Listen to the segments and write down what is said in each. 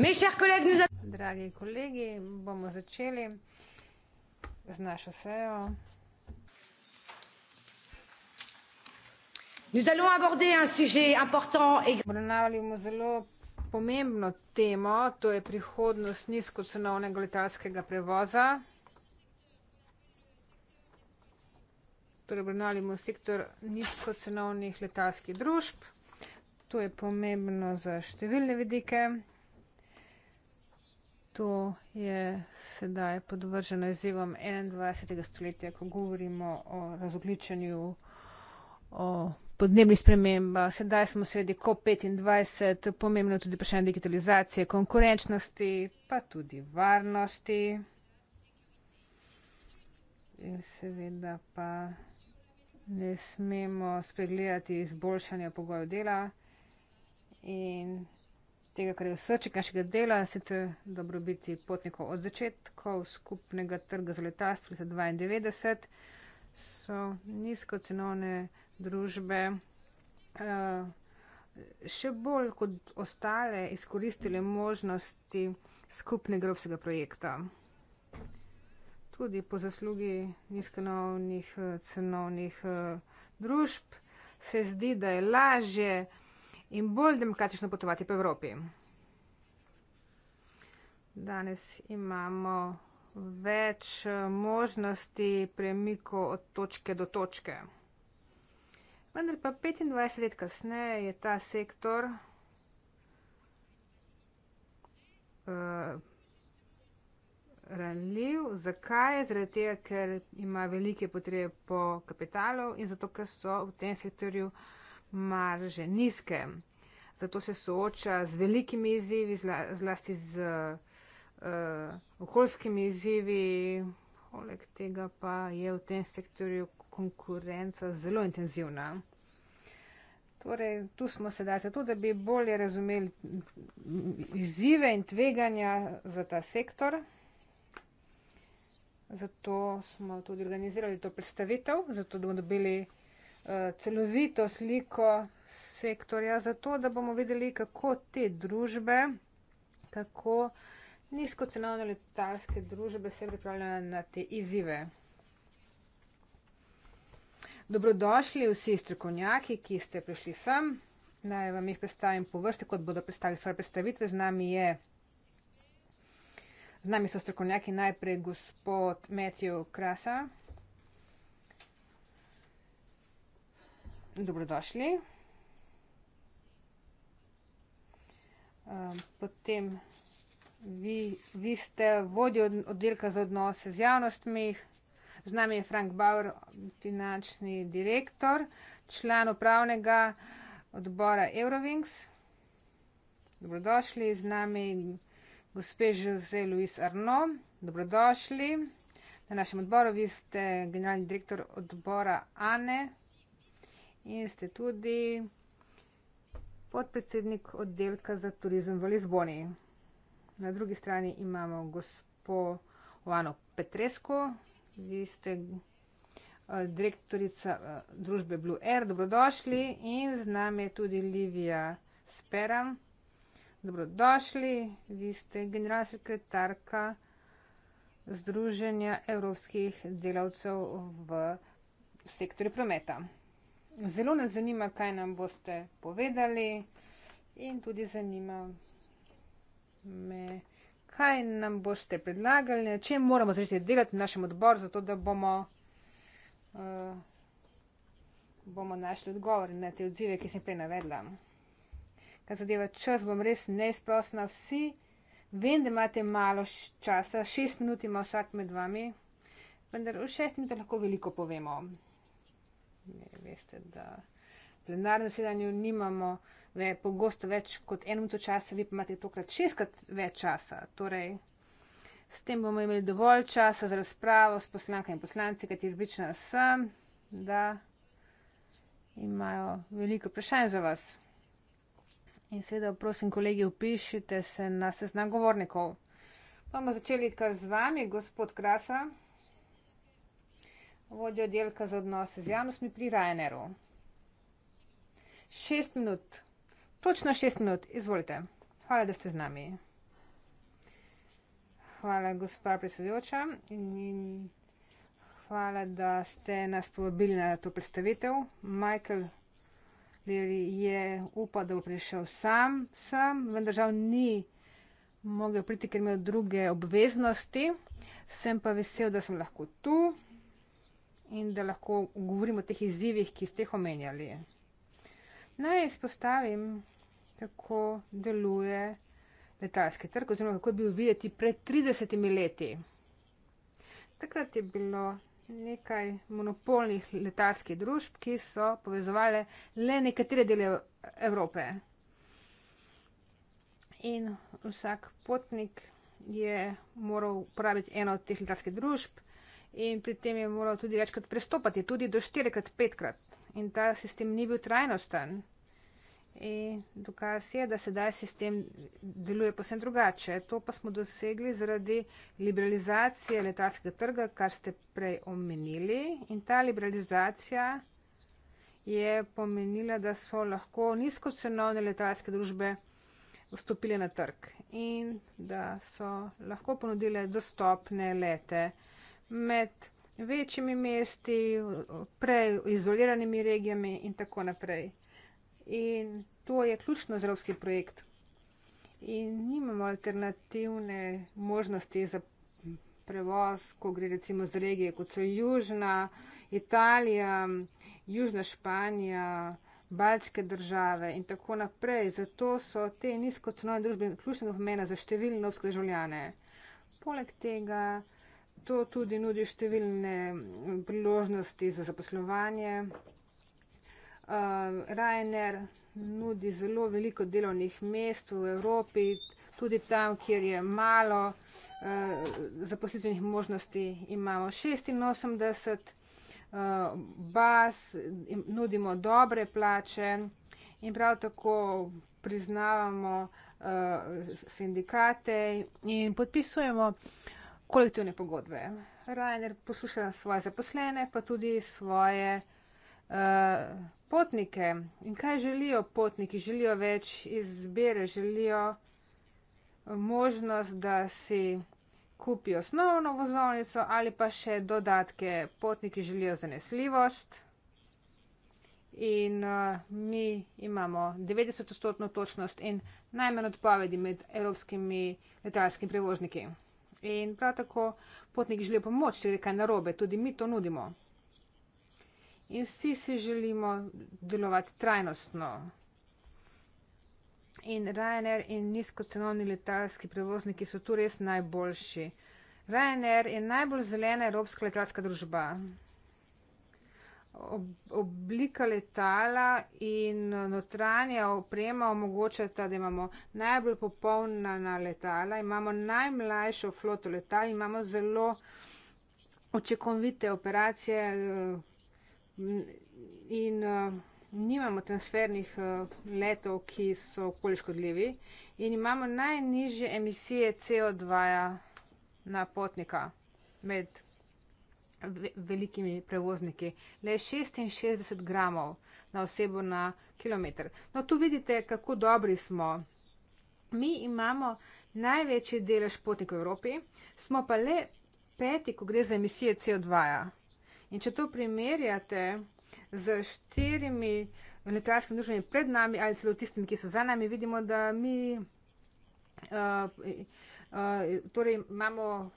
Dragi kolegi, bomo začeli z našo sejo. Nous allons aborder un sujet important et... Obravnavljamo zelo pomembno temo, to je prihodnost nizkocenovnega letalskega prevoza. Torej obravnavljamo sektor nizkocenovnih letalskih družb. To je pomembno za številne vidike. To je sedaj podvrženo izzivom 21. stoletja, ko govorimo o razogličenju, o podnebnih spremembah. Sedaj smo sredi COP25, pomembno je tudi vprašanje digitalizacije, konkurenčnosti, pa tudi varnosti. In seveda pa ne smemo spregledati izboljšanja pogojev dela. In tega, kar je v srčik našega dela, sicer dobrobiti potnikov od začetkov skupnega trga za letalstvo leta 92, so nizkocenovne družbe eh, še bolj kot ostale izkoristile možnosti skupnega evropskega projekta. Tudi po zaslugi nizkocenovnih eh, eh, družb se zdi, da je lažje in bolj demokratično potovati po Evropi. Danes imamo več eh, možnosti premiko od točke do točke. Vendar pa 25 let kasneje je ta sektor uh, ranljiv. Zakaj? Zaradi tega, ker ima velike potrebe po kapitalu in zato, ker so v tem sektorju uh, marže nizke. Zato se sooča z velikimi izzivi, zla, zlasti z uh, okoljskimi izzivi. Poleg tega pa je v tem sektorju konkurenca zelo intenzivna. Torej, tu smo sedaj, zato da bi bolje razumeli izzive in tveganja za ta sektor. Zato smo tudi organizirali to predstavitev, zato da bomo dobili Eh, celovito sliko sektorja, zato da bomo videli, kako te družbe, kako nizkocenovne letalske družbe se pripravljajo na te izzive. Dobrodošli vsi strokovnjaki, ki ste prišli sem. Naj vam jih predstavim po vrsti, kot bodo predstavili svoje predstavitve. Z nami je Z nami so strokovnjaki najprej gospod Matthew Krasa. dobrodošli. Ehm, potem vi, vi ste vodjo oddelka za odnose z javnostmi. Z nami je Frank Bauer, finančni direktor, član upravnega odbora Eurowings. Dobrodošli z nami, gospe Jose Luis Arno. Dobrodošli na našem odboru. Vi ste generalni direktor odbora Ane in ste tudi podpredsednik oddelka za turizem v Lizboni. Na drugi strani imamo gospo Oano Petresko, vi ste eh, direktorica eh, družbe Blue Air, dobrodošli in z nami je tudi Livija Spera. Dobrodošli, vi ste generalna sekretarka Združenja evropskih delavcev v sektorju prometa. Zelo nas zanima, kaj nam boste povedali in tudi zanima me, kaj nam boste predlagali, na čem moramo začeti delati v našem odboru, zato da bomo, uh, bomo našli odgovore na te odzive, ki sem prej navedla. Kar zadeva čas, bom res neizprosna vsi. Vem, da imate malo časa, šest minut ima vsak med vami, vendar v šest minut lahko veliko povemo ne, veste, da plenarne zasedanje nimamo ve, pogosto več kot eno minuto časa, vi pa imate tokrat šestkrat več časa. Torej, s tem bomo imeli dovolj časa za razpravo s poslankami in poslanci, katerih pričana sem, da imajo veliko vprašanj za vas. In seveda, prosim, kolegi, upišite se na seznam govornikov. Bomo začeli kar z vami, gospod Krasa vodjo oddelka za odnose z javnostmi pri Rajneru. Šest minut, točno šest minut, izvolite. Hvala, da ste z nami. Hvala, gospa predsedujoča, in hvala, da ste nas povabili na to predstavitev. Michael Leary je upal, da bo prišel sam, sam vendar žal ni mogel priti, ker imel druge obveznosti. Sem pa vesel, da sem lahko tu in da lahko govorimo o teh izzivih, ki ste jih omenjali. Naj izpostavim, kako deluje letalski trg, oziroma kako je bil videti pred 30 leti. Takrat je bilo nekaj monopolnih letalskih družb, ki so povezovali le nekatere dele Evrope. In vsak potnik je moral uporabiti eno od teh letalskih družb in pri tem je moral tudi večkrat prestopati, tudi do štirikrat, petkrat. In ta sistem ni bil trajnosten. In dokaz je, da sedaj sistem deluje posem drugače. To pa smo dosegli zaradi liberalizacije letalskega trga, kar ste prej omenili. In ta liberalizacija je pomenila, da so lahko nizkocenovne letalske družbe vstopile na trg in da so lahko ponudile dostopne lete med večjimi mesti, prej izoliranimi regijami in tako naprej. In to je ključno za evropski projekt. In nimamo alternativne možnosti za prevoz, ko gre recimo za regije, kot so Južna Italija, Južna Španija, Balčke države in tako naprej. Zato so te nizkocenovne družbe ključnega pomena za številne evropske državljane. Poleg tega To tudi nudi številne mm, priložnosti za zaposlovanje. Ehm, Ryanair nudi zelo veliko delovnih mest v Evropi, tudi tam, kjer je malo eh, zaposlitvenih možnosti, imamo 86 eh, baz, nudimo dobre plače in prav tako priznavamo eh, sindikate in podpisujemo kolektivne pogodbe. Rajner posluša svoje zaposlene, pa tudi svoje uh, potnike. In kaj želijo potniki? Želijo več izbire, želijo eh, možnost, da si kupijo osnovno vozovnico ali pa še dodatke. Potniki želijo zanesljivost. In uh, mi imamo 90-odstotno točnost in najmanj odpovedi med evropskimi letalskimi prevozniki. In prav tako potniki želijo pomoč, če gre kaj narobe, tudi mi to nudimo. In vsi si želimo delovati trajnostno. In Ryanair in nizkocenovni letalski prevozniki so tu res najboljši. Ryanair je najbolj zelena evropska letalska družba ob, oblika letala in notranja oprema omogočata, da imamo najbolj popolnjena letala, imamo najmlajšo floto letal, imamo zelo očekovite operacije eh, in eh, nimamo transfernih eh, letov, ki so okolje škodljivi in imamo najnižje emisije CO2 na potnika med velikimi prevozniki, le 66 gramov na osebo na kilometr. No, tu vidite, kako dobri smo. Mi imamo največji delež potnikov v Evropi, smo pa le peti, ko gre za emisije CO2. -ja. In če to primerjate z štirimi letalskimi družbami pred nami ali celo tistimi, ki so za nami, vidimo, da mi uh, uh, torej imamo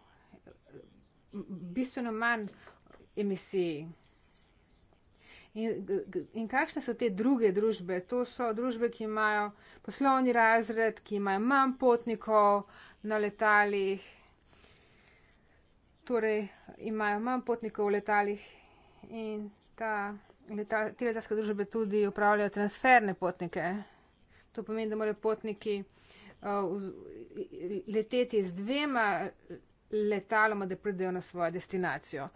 bistveno manj emisij. In, in kakšne so te druge družbe? To so družbe, ki imajo poslovni razred, ki imajo manj potnikov na letalih, torej imajo manj potnikov v letalih in ta, letal, te letalske družbe tudi upravljajo transferne potnike. To pomeni, da morajo potniki uh, leteti z dvema letaloma, da pridejo na svojo destinacijo.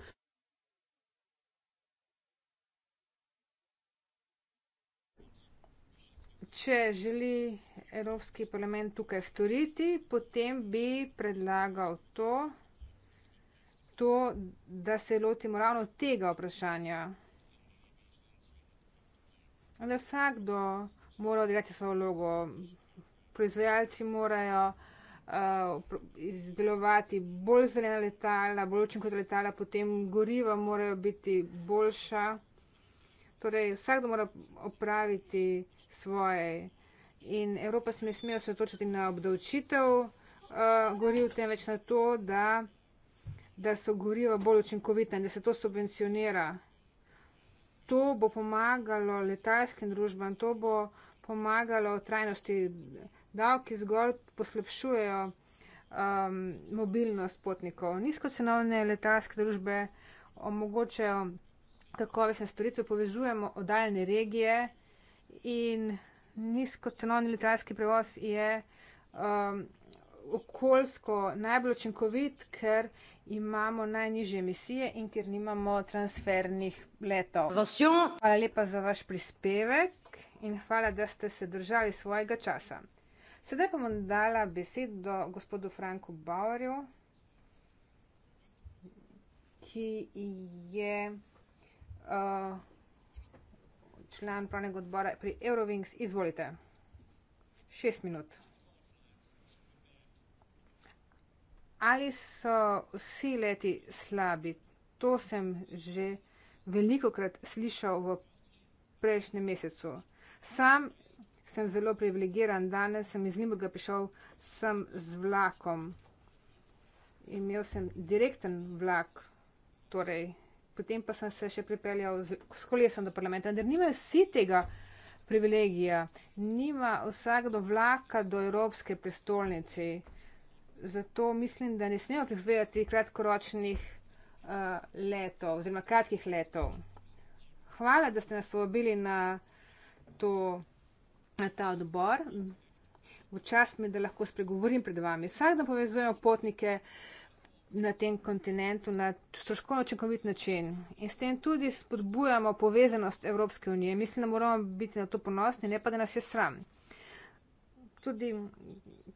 Če želi Evropski parlament tukaj storiti, potem bi predlagal to, to da se lotimo ravno tega vprašanja. Da vsakdo mora odigrati svojo vlogo. Proizvajalci morajo uh, izdelovati bolj zelena letala, bolj učinkovita letala, potem goriva morajo biti boljša. Torej, vsakdo mora opraviti svoje. In Evropa se ne sme osredotočiti na obdavčitev uh, goriv, temveč na to, da, da so goriva bolj učinkovita in da se to subvencionira. To bo pomagalo letalskim družbam, to bo pomagalo trajnosti davki zgolj poslepšujejo um, mobilnost potnikov. Nizkocenovne letalske družbe omogočajo kakovostne storitve, povezujemo oddaljne regije in nizkocenovni letalski prevoz je um, okoljsko najbolj učinkovit, ker imamo najnižje emisije in ker nimamo transfernih letov. Hvala lepa za vaš prispevek in hvala, da ste se držali svojega časa. Sedaj pa bom dala besed do gospodu Franku Bauerju, ki je uh, član pravnega odbora pri Eurowings. Izvolite, šest minut. Ali so vsi leti slabi? To sem že veliko krat slišal v prejšnjem mesecu. Sam sem zelo privilegiran. Danes sem iz Limburga prišel sem z vlakom. Imel sem direkten vlak, torej. Potem pa sem se še pripeljal z, s kolesom do parlamenta. Ampak nimajo vsi tega privilegija. Nima vsakdo vlaka do Evropske prestolnice. Zato mislim, da ne smemo pripovedati kratkoročnih uh, letov oziroma kratkih letov. Hvala, da ste nas povabili na to na ta odbor. Včas mi je, da lahko spregovorim pred vami. Vsak dan povezujemo potnike na tem kontinentu na stroškovno učinkovit način in s tem tudi spodbujamo povezanost Evropske unije. Mislim, da moramo biti na to ponosni, ne pa da nas je sram. Tudi,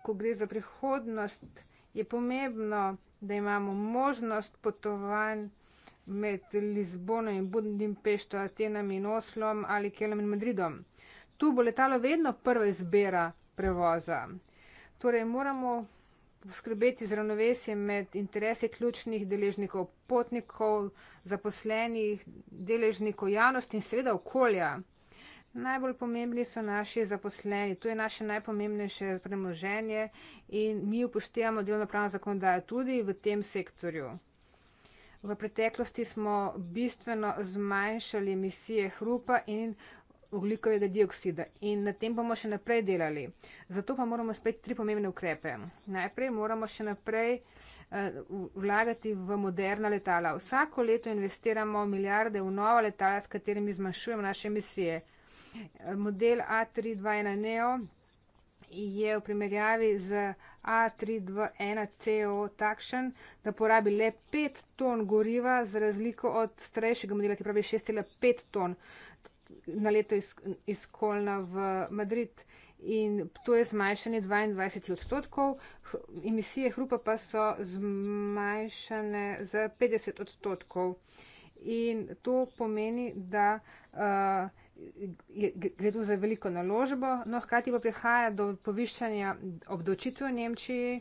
ko gre za prihodnost, je pomembno, da imamo možnost potovanj med Lizbono in Budimpešto, Atenami in Oslom ali Kelom in Madridom tu bo letalo vedno prva izbira prevoza. Torej moramo poskrbeti z ravnovesjem med interesi ključnih deležnikov, potnikov, zaposlenih, deležnikov javnosti in seveda okolja. Najbolj pomembni so naši zaposleni, to je naše najpomembnejše premoženje in mi upoštevamo delovno pravno zakonodajo tudi v tem sektorju. V preteklosti smo bistveno zmanjšali emisije hrupa in oglikovega dioksida in na tem bomo še naprej delali. Zato pa moramo sprejeti tri pomembne ukrepe. Najprej moramo še naprej eh, vlagati v moderna letala. Vsako leto investiramo milijarde v nova letala, s katerimi zmanjšujemo naše emisije. Eh, model A321 NEO je v primerjavi z A321CO takšen, da porabi le 5 ton goriva za razliko od starejšega modela, ki pravi 6,5 ton na leto iz Kolna v Madrid. In to je zmanjšanje 22 odstotkov, emisije hrupa pa so zmanjšane za 50 odstotkov. In to pomeni, da uh, gre tu za veliko naložbo, no hkrati pa prihaja do povišanja obdočitve v Nemčiji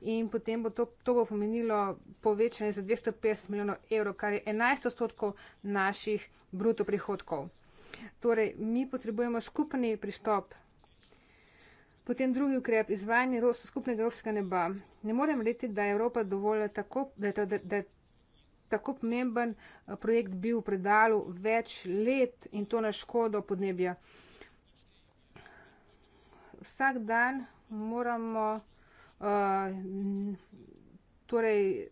in potem bo to, to bo pomenilo povečanje za 250 milijonov evrov, kar je 11 odstotkov naših bruto prihodkov. Torej, mi potrebujemo skupni pristop. Potem drugi ukrep, izvajanje skupnega evropskega neba. Ne morem reči, da je Evropa dovolj tako, da, da, da, da tako pomemben eh, projekt bil v predalu več let in to na škodo podnebja. Vsak dan moramo uh, torej,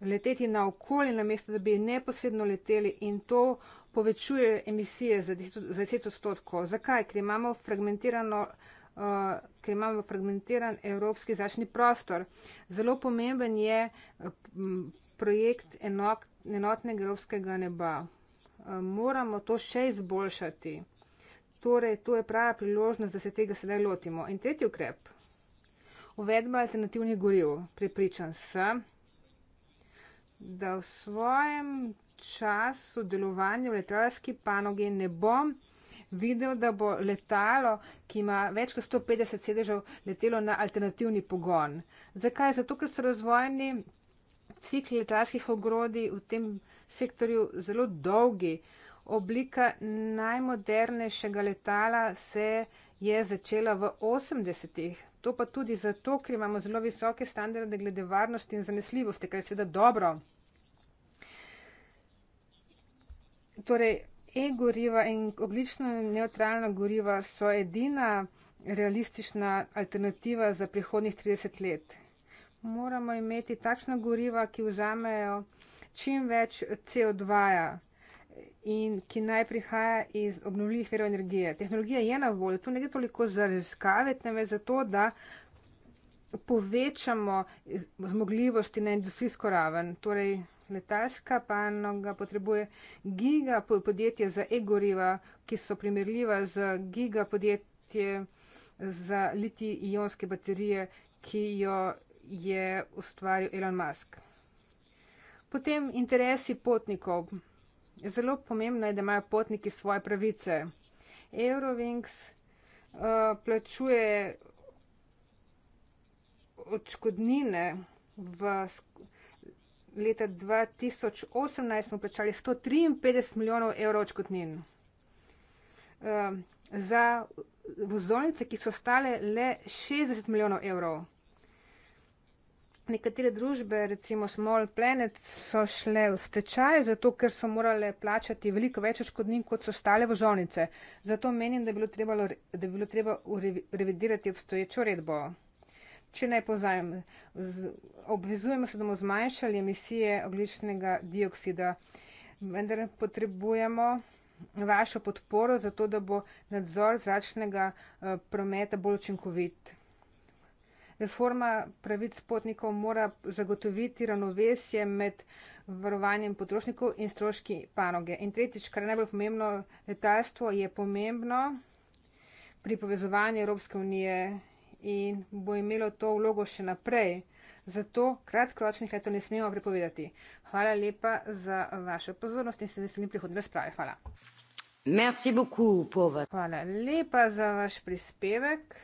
leteti na okolje, na mesto, da bi neposredno leteli in to uh, povečujejo emisije za 10 odstotkov. Zakaj? Ker imamo, uh, ker imamo fragmentiran evropski zračni prostor. Zelo pomemben je projekt enok, enotnega evropskega neba. Uh, moramo to še izboljšati. Torej, to je prava priložnost, da se tega sedaj lotimo. In tretji ukrep. Uvedba alternativnih goriv. Pripričan sem, da v svojem času delovanja v letalski panogi ne bom videl, da bo letalo, ki ima več kot 150 sedežev, letelo na alternativni pogon. Zakaj? Zato, ker so razvojni cikli letalskih ogrodij v tem sektorju zelo dolgi. Oblika najmodernejšega letala se je začela v 80-ih. To pa tudi zato, ker imamo zelo visoke standarde glede varnosti in zanesljivosti, kar je seveda dobro. Torej, e-goriva in oglično neutralna goriva so edina realistična alternativa za prihodnih 30 let. Moramo imeti takšna goriva, ki vzamejo čim več CO2-ja in ki naj prihaja iz obnovljivih verov energije. Tehnologija je na voljo, tu ne gre toliko za raziskave, temveč za to, da povečamo zmogljivosti na industrijsko raven. Torej, letalska panoga potrebuje giga podjetje za e-goriva, ki so primerljiva z giga podjetje za litij-ionske baterije, ki jo je ustvaril Elon Musk. Potem interesi potnikov. Zelo pomembno je, da imajo potniki svoje pravice. Eurowings uh, eh, plačuje odškodnine v skupnosti leta 2018 smo plačali 153 milijonov evrov očkotnin. Ehm, za vozovnice, ki so stale le 60 milijonov evrov. Nekatere družbe, recimo Small Planet, so šle v stečaj, zato ker so morale plačati veliko več škodnin, kot so stale vožovnice. Zato menim, da je bilo treba, da je bilo treba revidirati obstoječo redbo. Če ne pozajem, obvezujemo se, da bomo zmanjšali emisije ogličnega dioksida, vendar potrebujemo vašo podporo za to, da bo nadzor zračnega eh, prometa bolj učinkovit. Reforma pravic potnikov mora zagotoviti ravnovesje med varovanjem potrošnikov in stroški panoge. In tretjič, kar je najbolj pomembno, letalstvo je pomembno pri povezovanju Evropske unije in bo imelo to vlogo še naprej. Zato kratkoročni fetov ne smemo prepovedati. Hvala lepa za vašo pozornost in se veselim prihodnje razprave. Hvala. Hvala lepa za vaš prispevek.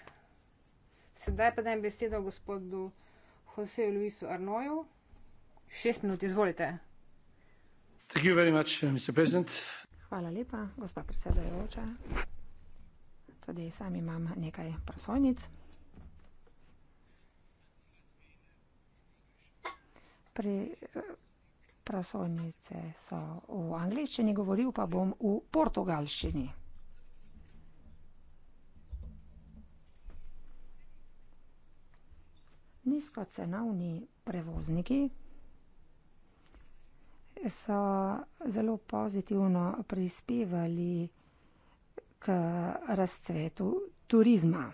Sedaj pa dajem besedo gospodu Joseju Luisu Arnoju. Šest minut, izvolite. Thank you very much, Mr. President. Hvala lepa, gospa predsedajoča. Tudi sam imam nekaj prosojnic. pri eh, prosojnice so v angleščini, govoril pa bom v portugalščini. Nizkocenovni prevozniki so zelo pozitivno prispevali k razcvetu turizma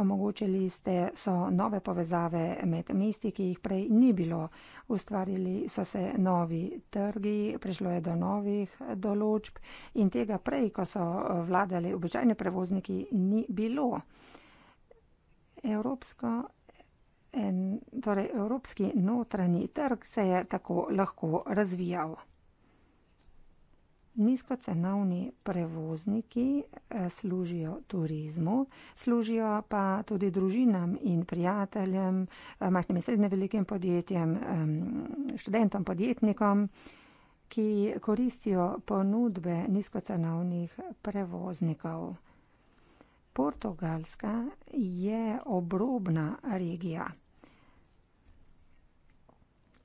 omogočili ste so nove povezave med mesti, ki jih prej ni bilo. Ustvarili so se novi trgi, prišlo je do novih določb in tega prej, ko so eh, vladali običajni prevozniki, ni bilo. Evropsko, en, torej, evropski notranji trg se je tako lahko razvijal. Nizkocenovni prevozniki eh, služijo turizmu, služijo pa tudi družinam in prijateljem, eh, majhnim in srednje velikim podjetjem, študentom, podjetnikom, ki koristijo ponudbe nizkocenovnih prevoznikov. Portugalska je obrobna regija.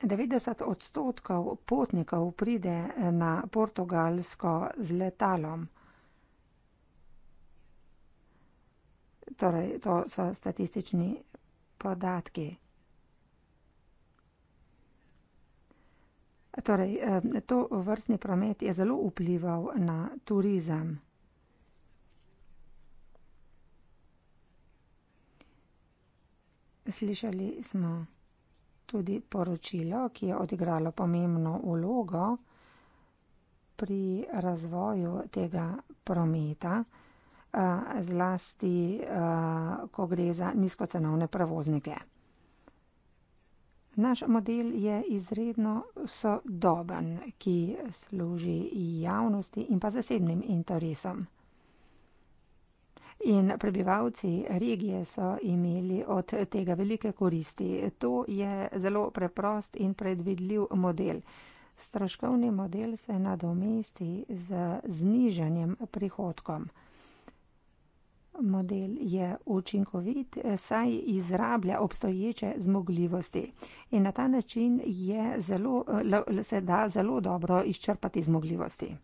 90 odstotkov potnikov pride na Portugalsko z letalom. Torej, to so statistični podatki. Torej, eh, to vrstni promet je zelo vplival na turizem. Slišali smo tudi poročilo, ki je odigralo pomembno vlogo pri razvoju tega prometa, eh, zlasti eh, ko gre za nizkocenovne prevoznike. Naš model je izredno sodoben, ki služi javnosti in pa zasebnim interesom in prebivalci regije so imeli od tega velike koristi. To je zelo preprost in predvidljiv model. Stroškovni model se nadomesti z znižanjem prihodkom. Model je učinkovit, saj izrablja obstoječe zmogljivosti in na ta način zelo, se da zelo dobro izčrpati zmogljivosti.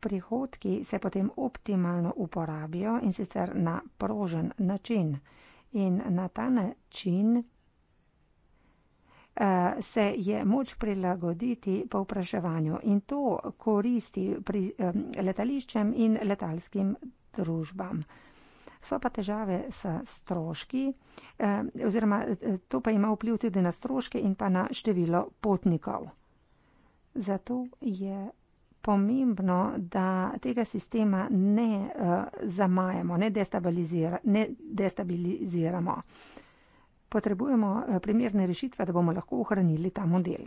prihodki se potem optimalno uporabijo in sicer na prožen način. In na ta način uh, se je moč prilagoditi povpraševanju in to koristi pri, um, letališčem in letalskim družbam. So pa težave s stroški, eh, oziroma eh, to pa ima vpliv tudi na stroške in pa na število potnikov. Zato je pomembno, da tega sistema ne uh, zamajamo, ne, destabilizira, ne destabiliziramo. Potrebujemo uh, primerne rešitve, da bomo lahko ohranili ta model.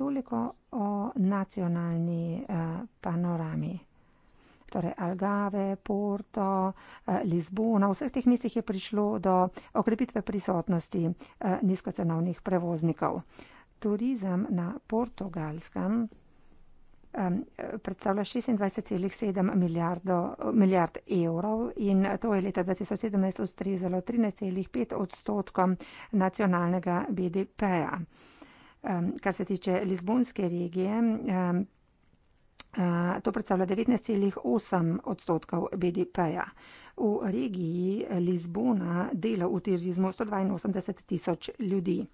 Toliko o nacionalni uh, panorami. Torej, Algave, Porto, Lizbona, v vseh teh mestih je prišlo do okrepitve prisotnosti nizkocenovnih prevoznikov turizem na portugalskem um, predstavlja 26,7 milijardo, milijard evrov in to je leta 2017 ustrezalo 13,5 odstotkom nacionalnega BDP-ja. Um, kar se tiče Lizbonske regije, um, uh, to predstavlja 19,8 odstotkov BDP-ja. V regiji Lizbona dela v turizmu 182 tisoč ljudi.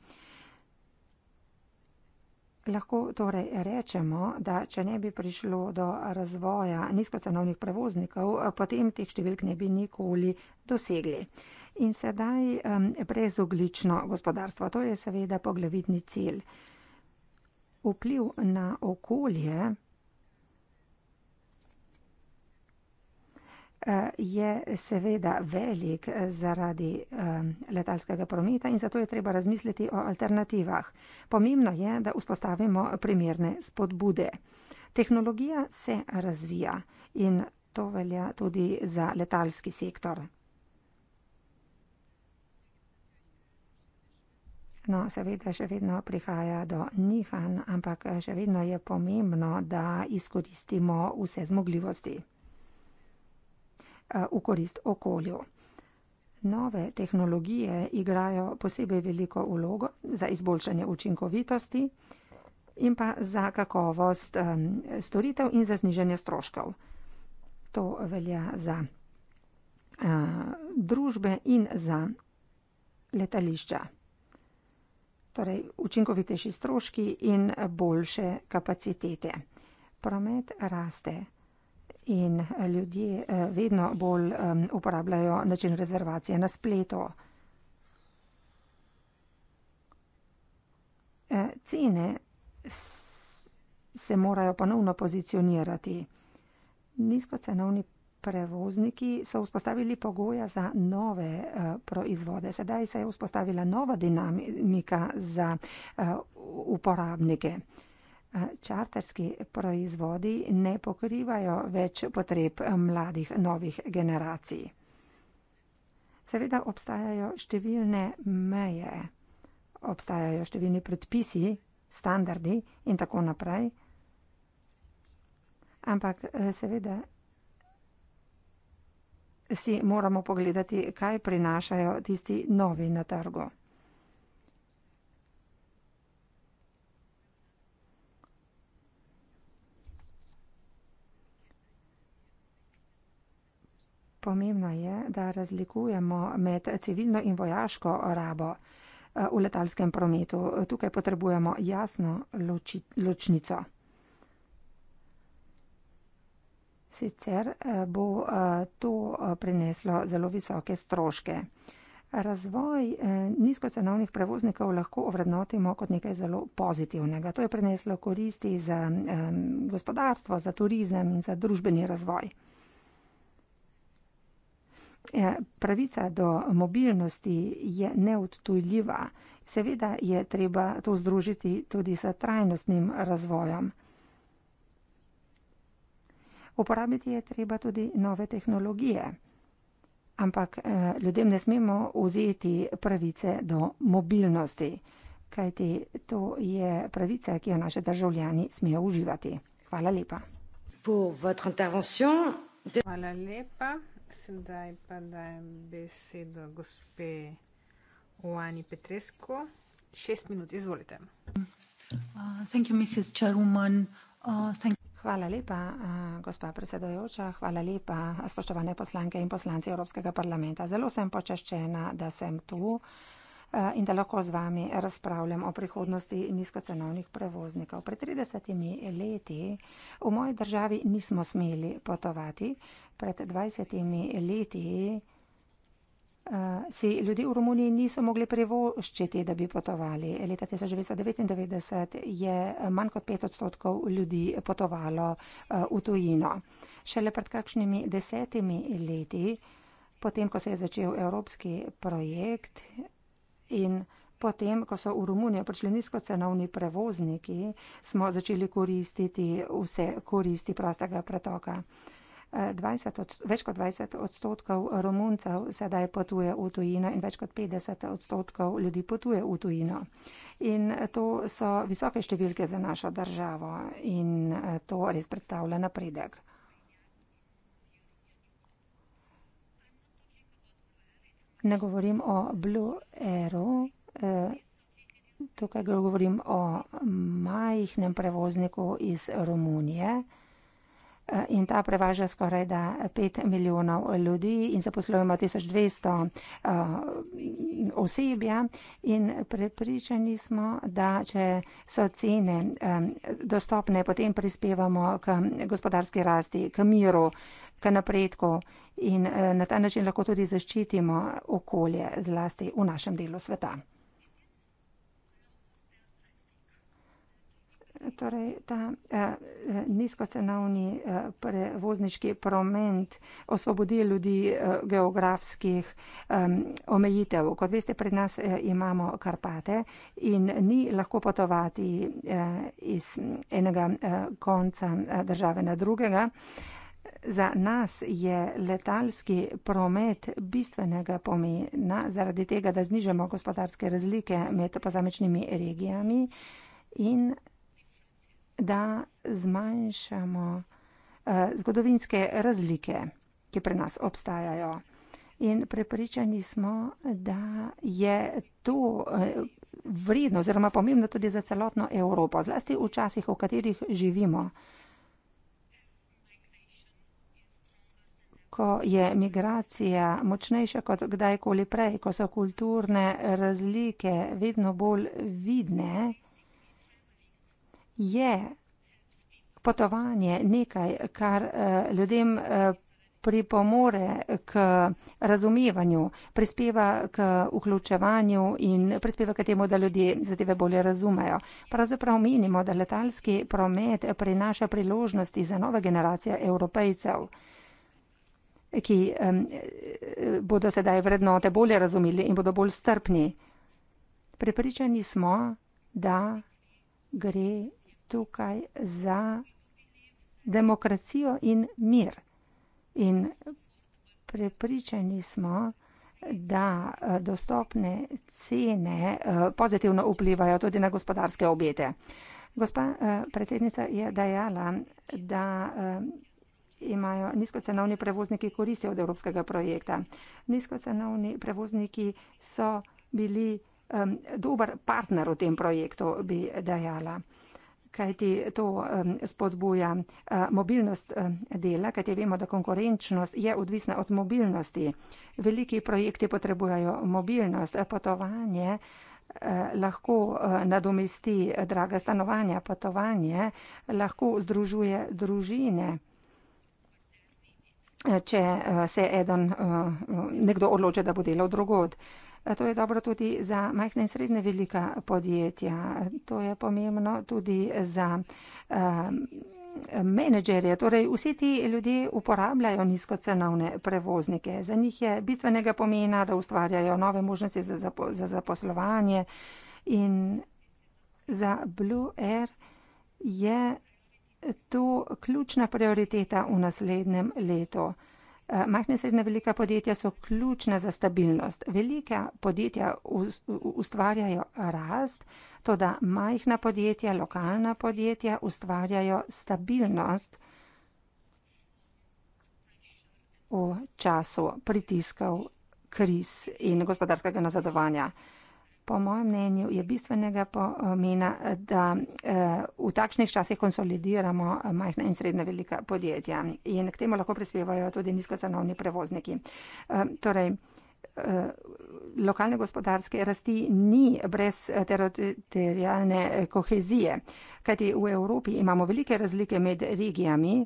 Lahko torej rečemo, da če ne bi prišlo do razvoja nizkocenovnih prevoznikov, potem teh številk ne bi nikoli dosegli. In sedaj um, brezoglično gospodarstvo, to je seveda poglavitni cilj. Vpliv na okolje je seveda velik eh, zaradi eh, letalskega prometa in zato je treba razmisliti o alternativah. Pomembno je, da vzpostavimo primerne spodbude. Tehnologija se razvija in to velja tudi za letalski sektor. No, seveda še vedno prihaja do nihan, ampak eh, še vedno je pomembno, da izkoristimo vse zmogljivosti. Eh, v korist okolju. Nove tehnologije igrajo posebej veliko vlogo za izboljšanje učinkovitosti in pa za kakovost storitev in za znižanje stroškov. To velja za eh, družbe in za letališča. Torej, učinkovitejši stroški in boljše kapacitete. Promet raste in eh, ljudje eh, vedno bolj uporabljajo način rezervacije na spletu. Eh, cene se morajo ponovno pozicionirati. Nizkocenovni prevozniki so vzpostavili pogoja za nove proizvode. Sedaj se je vzpostavila nova dinamika za uporabnike čarterski proizvodi ne pokrivajo več potreb mladih novih generacij. Seveda obstajajo številne meje, obstajajo številni predpisi, standardi in tako naprej. Ampak eh, seveda si moramo pogledati, kaj prinašajo tisti novi na trgu. Pomembno je, da razlikujemo med civilno in vojaško rabo eh, v letalskem prometu. Tukaj potrebujemo jasno loči, ločnico. Sicer eh, bo eh, to prineslo zelo visoke stroške. Razvoj nizkocenovnih prevoznikov lahko ovrednotimo kot nekaj zelo pozitivnega. To je prineslo koristi za gospodarstvo, za turizem in za družbeni razvoj. Eh, pravica do mobilnosti je neodtujljiva. Seveda je treba to združiti tudi s trajnostnim razvojem. Uporabiti je treba tudi nove tehnologije. Ampak eh, ljudem ne smemo vzeti pravice do mobilnosti, kajti to je pravica, ki jo naše državljani smejo uživati. Hvala lepa. Hvala lepa. Sedaj pa dajem besedo gospe Oani Petresko. Šest minut, izvolite. Uh, you, uh, hvala lepa, uh, gospa predsedojoča, hvala lepa, spoštovane poslanke in poslanci Evropskega parlamenta. Zelo sem počaščena, da sem tu uh, in da lahko z vami razpravljam o prihodnosti nizkocenovnih prevoznikov. Pred 30 leti v moji državi nismo smeli potovati, pred 20 leti uh, si ljudi v Romuniji niso mogli privoščiti, da bi potovali. Leta 1999 je manj kot 5 odstotkov ljudi potovalo uh, v tujino. Šele pred kakšnimi desetimi leti, potem, ko se je začel evropski projekt in Potem, ko so v Romunijo prišli nizkocenovni prevozniki, smo začeli koristiti vse koristi prostega pretoka. Uh, 20, več kot 20 odstotkov Romuncev sedaj potuje v tujino in več kot 50 odstotkov ljudi potuje v tujino. In to so visoke številke za našo državo in to res predstavlja napredek. Ne govorim o Blue Aero, eh, tukaj govorim o majhnem prevozniku iz Romunije in ta prevaža skoraj da 5 milijonov ljudi in zaposlujemo 1200 uh, eh, osebja in prepričani smo, da če so cene um, dostopne, potem prispevamo k gospodarski rasti, k miru, k napredku in uh, na ta način lahko tudi zaščitimo okolje zlasti v našem delu sveta. Torej, ta eh, nizkocenovni eh, prevozniški promet osvobodi ljudi eh, geografskih eh, omejitev. Kot veste, pred nas eh, imamo Karpate in ni lahko potovati eh, iz enega eh, konca eh, države na drugega. Za nas je letalski promet bistvenega pomena zaradi tega, da znižamo gospodarske razlike med posamečnimi regijami in da zmanjšamo eh, zgodovinske razlike, ki pri nas obstajajo. In prepričani smo, da je to eh, vredno oziroma pomembno tudi za celotno Evropo, zlasti v časih, v katerih živimo, ko je migracija močnejša kot kdajkoli prej, ko so kulturne razlike vedno bolj vidne je potovanje nekaj, kar eh, ljudem eh, pripomore k razumevanju, prispeva k vključevanju in prispeva k temu, da ljudje zadeve bolje razumejo. Pravzaprav menimo, da letalski promet prinaša priložnosti za nove generacije evropejcev ki um, bodo sedaj vrednote bolje razumeli in bodo bolj strpni. Prepričani smo, da gre tukaj za demokracijo in mir. In prepričani smo, da eh, dostopne cene eh, pozitivno vplivajo tudi na gospodarske obete. Gospa eh, predsednica je dejala, da imajo nizkocenovni prevozniki koristi od evropskega projekta. Nizkocenovni prevozniki so bili dober partner v tem projektu, bi dejala kajti to spodbuja eh, mobilnost eh, dela, kajti vemo, da konkurenčnost je odvisna od mobilnosti. Veliki projekti potrebujejo mobilnost, eh, potovanje lahko nadomesti draga stanovanja, potovanje lahko združuje družine. Če se eden, nekdo odloče, da bo delal drugod. To je dobro tudi za majhne in srednje velika podjetja. To je pomembno tudi za eh, menedžerje. Torej, vsi ti ljudje uporabljajo nizkocenovne prevoznike. Za njih je bistvenega pomena, da ustvarjajo nove možnosti za, zapo za zaposlovanje. In za Blue Air je to ključna prioriteta v naslednjem letu. Eh, Majhne in srednje velika podjetja so ključna za stabilnost. Velika podjetja ustvarjajo rast, to da majhna podjetja, lokalna podjetja ustvarjajo stabilnost v času pritiskov, kriz in gospodarskega nazadovanja po mojem mnenju, je bistvenega pomena, da eh, v takšnih časih konsolidiramo eh, majhna in srednja velika podjetja in k temu lahko prispevajo tudi nizkocenovni prevozniki. Eh, torej, lokalne gospodarske rasti ni brez teritorijalne kohezije, kajti v Evropi imamo velike razlike med regijami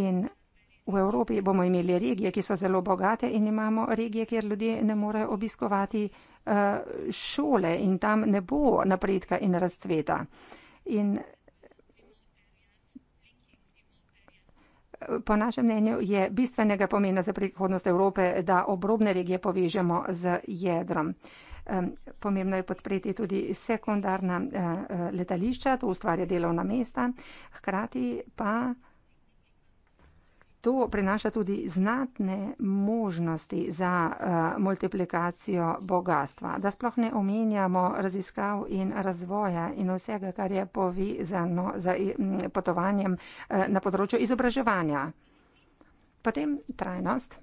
in v Evropi bomo imeli regije, ki so zelo bogate in imamo regije, kjer ljudje ne morejo obiskovati Eh, šole in tam ne bo napredka in razcveta. In eh, po našem mnenju je bistvenega pomena za prihodnost Evrope, da obrobne regije povežemo z jedrom. Pomembno je podpreti tudi sekundarna eh, letališča, to ustvarja delovna mesta, hkrati pa to prenaša tudi znatne možnosti za uh, multiplikacijo bogatstva. Da sploh ne omenjamo raziskav in razvoja in vsega, kar je povezano z eh, potovanjem uh, na področju izobraževanja. Potem trajnost.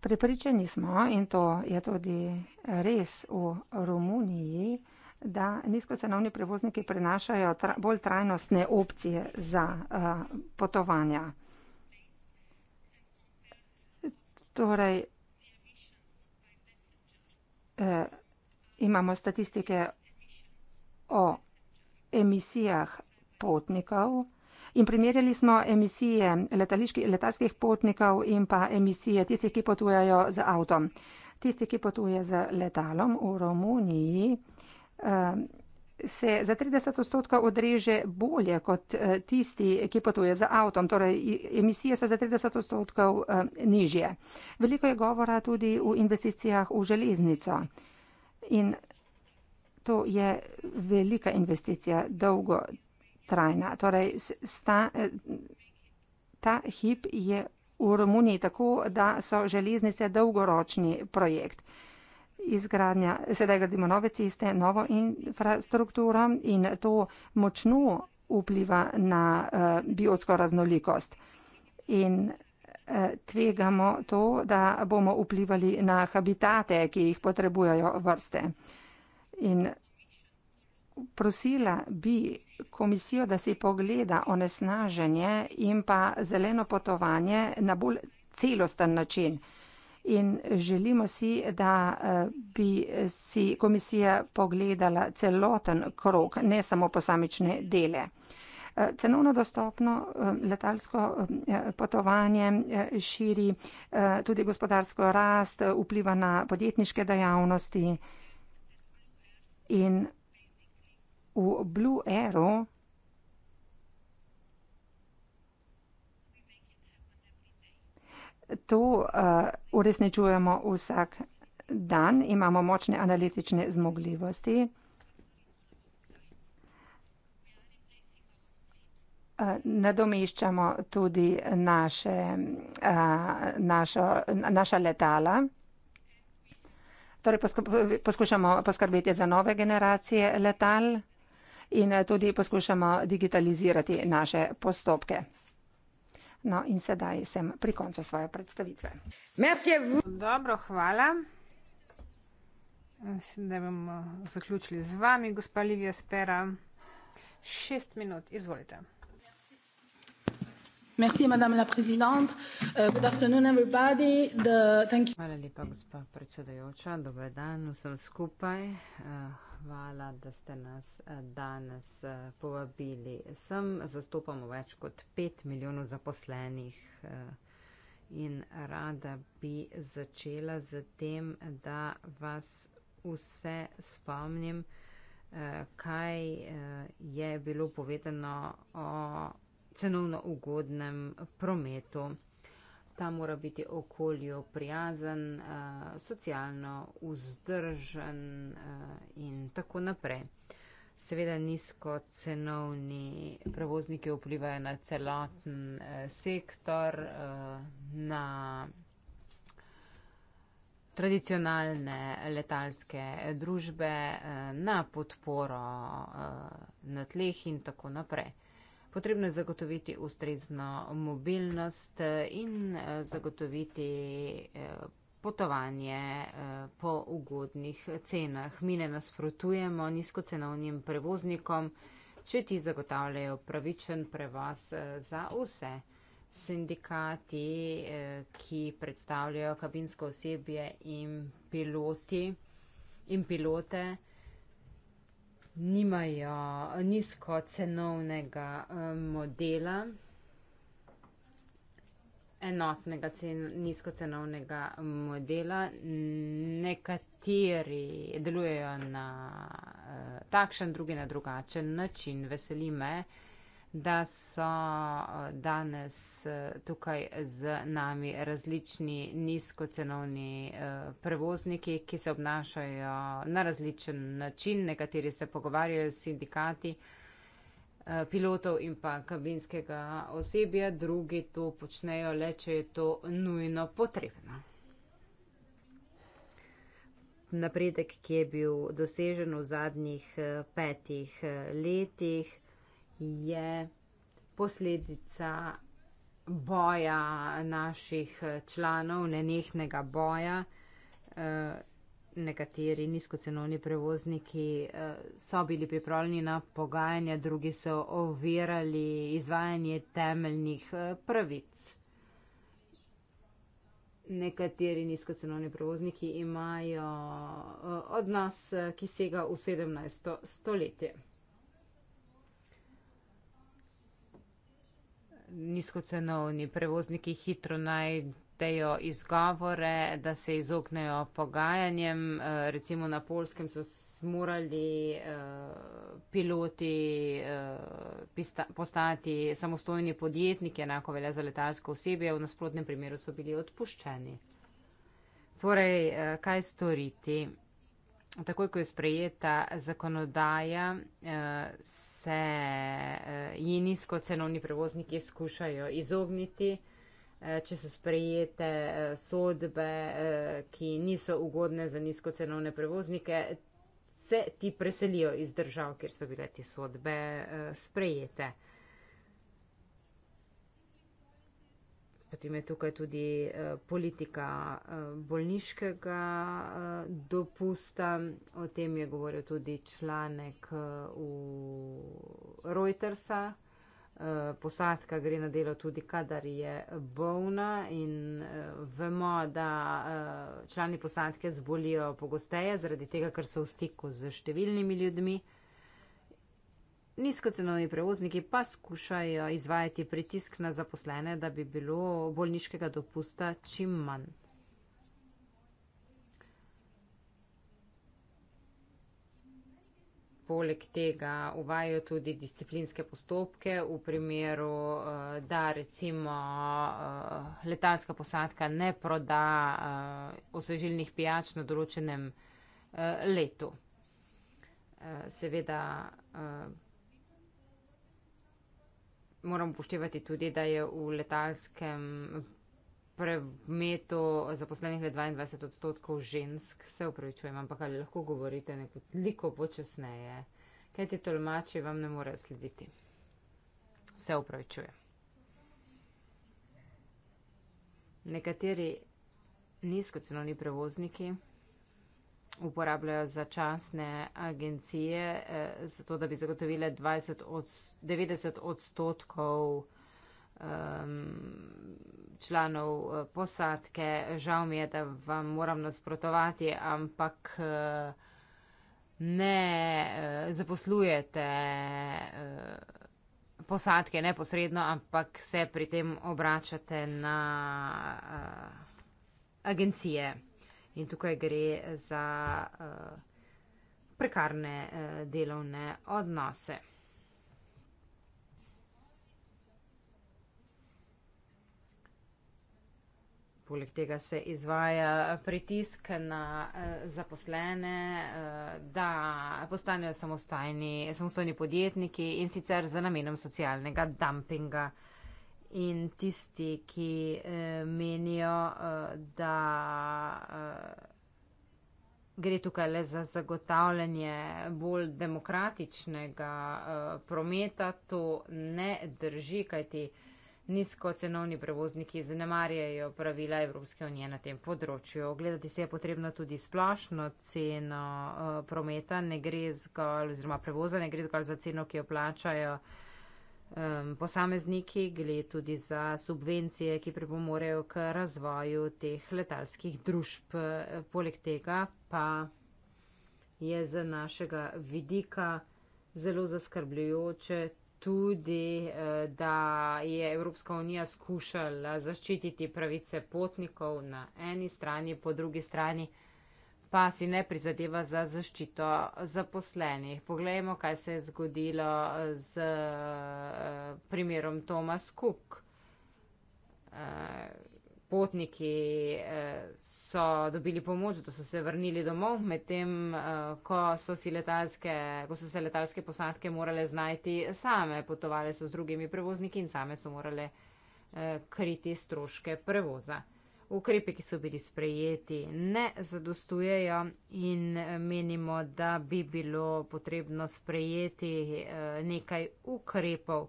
Prepričani smo, in to je tudi res v Romuniji, da nizkocenovni prevozniki prenašajo tra bolj trajnostne opcije za uh, potovanja. Torej, eh, imamo statistike o emisijah potnikov, in primerjali smo emisije letalskih potnikov in pa emisije tistih, ki potujajo z avtom. Tisti, ki potuje z letalom v Romuniji, eh, se za 30 odstotkov odreže bolje kot eh, tisti, ki potuje z avtom. Torej, emisije so za 30 odstotkov eh, nižje. Veliko je govora tudi o investicijah v železnico. In to je velika investicija, dolgo trajna. Torej, sta, eh, ta hip je v Romuniji tako, da so železnice dolgoročni projekt. Izgradnja, sedaj gradimo nove ceste, novo infrastrukturo in to močno vpliva na uh, biotsko raznolikost. In uh, tvegamo to, da bomo vplivali na habitate, ki jih potrebujejo vrste. In prosila bi, komisijo, da si pogleda onesnaženje in pa zeleno potovanje na bolj celosten način. In želimo si, da eh, bi si komisija pogledala celoten krok, ne samo posamične dele. Eh, cenovno dostopno eh, letalsko potovanje širi tudi gospodarsko rast, vpliva na podjetniške dejavnosti in v Blue Aero to uh, uresničujemo vsak dan, imamo močne analitične zmogljivosti. Eh, nadomeščamo tudi naše, eh, našo, naša letala. Torej poskušamo poskrbeti za nove generacije letal in eh, tudi poskušamo digitalizirati naše postopke. No, in sedaj sem pri koncu svoje predstavitve. V... Dobro, hvala. Mislim, da bomo zaključili z vami, gospa Livija Spera. Šest minut, izvolite. Merci, uh, Hvala lepa, gospa predsedajoča. Dobar dan vsem skupaj. Uh, hvala, da ste nas eh, danes eh, povabili. Sem zastopamo več kot pet milijonov zaposlenih eh, in rada bi začela z tem, da vas vse spomnim, kaj je bilo povedano o cenovno ugodnem prometu ta mora biti okolju prijazen, eh, socialno vzdržen eh, in tako naprej. Seveda nizko cenovni prevozniki vplivajo na celoten eh, sektor, na tradicionalne letalske družbe, na podporo na tleh in tako naprej. Potrebno je zagotoviti ustrezno mobilnost eh, in eh, zagotoviti eh, potovanje po ugodnih cenah. Mi ne nasprotujemo nizkocenovnim prevoznikom, če ti zagotavljajo pravičen prevoz za vse. Sindikati, ki predstavljajo kabinsko osebje in piloti in pilote, nimajo nizkocenovnega eh, modela, enotnega cen, nizkocenovnega modela. Nekateri delujejo na eh, takšen, drugi na drugačen način. Veseli me, da so eh, danes eh, tukaj z nami različni nizkocenovni eh, prevozniki, ki se obnašajo na različen način, nekateri se pogovarjajo s sindikati pilotov in pa kabinskega osebja, drugi to počnejo le, če je to nujno potrebno. Napredek, ki je bil dosežen v zadnjih petih letih, je posledica boja naših članov, nenehnega boja. Eh, nekateri nizkocenovni prevozniki eh, so bili pripravljeni na pogajanja, drugi so ovirali izvajanje temeljnih eh, pravic. Nekateri nizkocenovni prevozniki imajo odnos, ki sega v 17. stoletje. nizkocenovni prevozniki hitro naj. Dejo izgovore, da se izognejo pogajanjem. Eh, recimo na polskem so morali eh, piloti eh, postati samostojni podjetniki, enako velja za letalsko osebje, v nasprotnem primeru so bili odpuščeni. Torej, kaj storiti? takoj, ko je sprejeta zakonodaja, eh, se eh, ji nizko cenovni prevozniki skušajo izogniti. Eh, če so sprejete sodbe, ki niso ugodne za nizko cenovne prevoznike, se ti preselijo iz držav, kjer so bile te sodbe sprejete. Potem je tukaj tudi eh, politika eh, bolniškega eh, dopusta, o tem je govoril tudi članek eh, v Reutersa. Eh, posadka gre na delo tudi, kadar je bolna in eh, vemo, da eh, člani posadke zbolijo pogosteje, zaradi tega, ker so v stiku z številnimi ljudmi. Eh, Nizkocenovni prevozniki pa skušajo izvajati pritisk na zaposlene, da bi bilo bolniškega dopusta čim manj. Poleg tega uvajajo tudi disciplinske postopke v primeru, eh, da recimo eh, letalska posadka ne proda eh, osvežilnih pijač na določenem letu. Seveda moramo poštevati tudi, da je v letalskem premetu zaposlenih le 22 odstotkov žensk, se upravičujem, ampak ali lahko govorite nekoliko počasneje, kaj ti tolmači vam ne morejo slediti. Se upravičujem. Nekateri nizkocenovni prevozniki uporabljajo začasne agencije, eh, zato da bi zagotovile 20 od, 90 odstotkov ehm, članov eh, posadke. Žal mi je, da vam moram nasprotovati, ampak eh, ne eh, zaposlujete posadke neposredno, ampak se pri tem obračate na agencije. In tukaj gre za eh, prekarne eh, delovne odnose. Poleg tega se izvaja pritisk na eh, zaposlene, da postanejo samostojni podjetniki in sicer za namenom socialnega dumpinga in tisti, ki eh, menijo, eh, da eh, gre tukaj le za zagotavljanje bolj demokratičnega eh, prometa, to ne drži, kajti nizkocenovni prevozniki zanemarjajo pravila Evropske unije na tem področju. Gledati se je potrebno tudi splošno ceno eh, prometa, ne gre zgolj, oziroma prevoza, ne gre zgolj za ceno, ki jo plačajo um, posamezniki, gre tudi za subvencije, ki pripomorejo k razvoju teh letalskih družb. E, poleg tega pa je z našega vidika zelo zaskrbljujoče tudi, e, da je Evropska unija skušala zaščititi pravice potnikov na eni strani, po drugi strani pa si ne prizadeva za zaščito zaposlenih. Poglejmo, kaj se je zgodilo z eh, primerom Thomas Cook. Eh, potniki eh, so dobili pomoč, da so se vrnili domov, medtem ko, ko so se letalske posadke morale znajti same, potovali so z drugimi prevozniki in same so morale kriti stroške prevoza ukrepe, ki so bili sprejeti, ne zadostujejo in menimo, da bi bilo potrebno sprejeti eh, nekaj ukrepov, eh,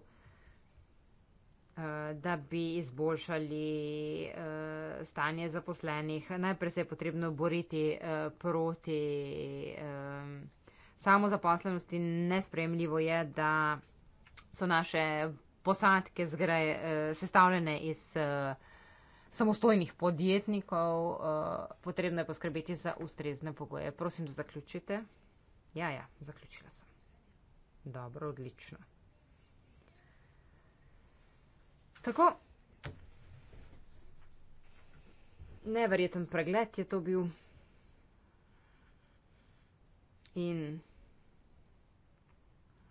da bi izboljšali eh, stanje zaposlenih. Najprej se je potrebno boriti proti samozaposlenosti. Nespremljivo je, da so naše posadke zgraje, sestavljene iz samostojnih podjetnikov, uh, potrebno je poskrbeti za ustrezne pogoje. Prosim, da zaključite. Ja, ja, zaključila sem. Dobro, odlično. Tako, neverjeten pregled je to bil. In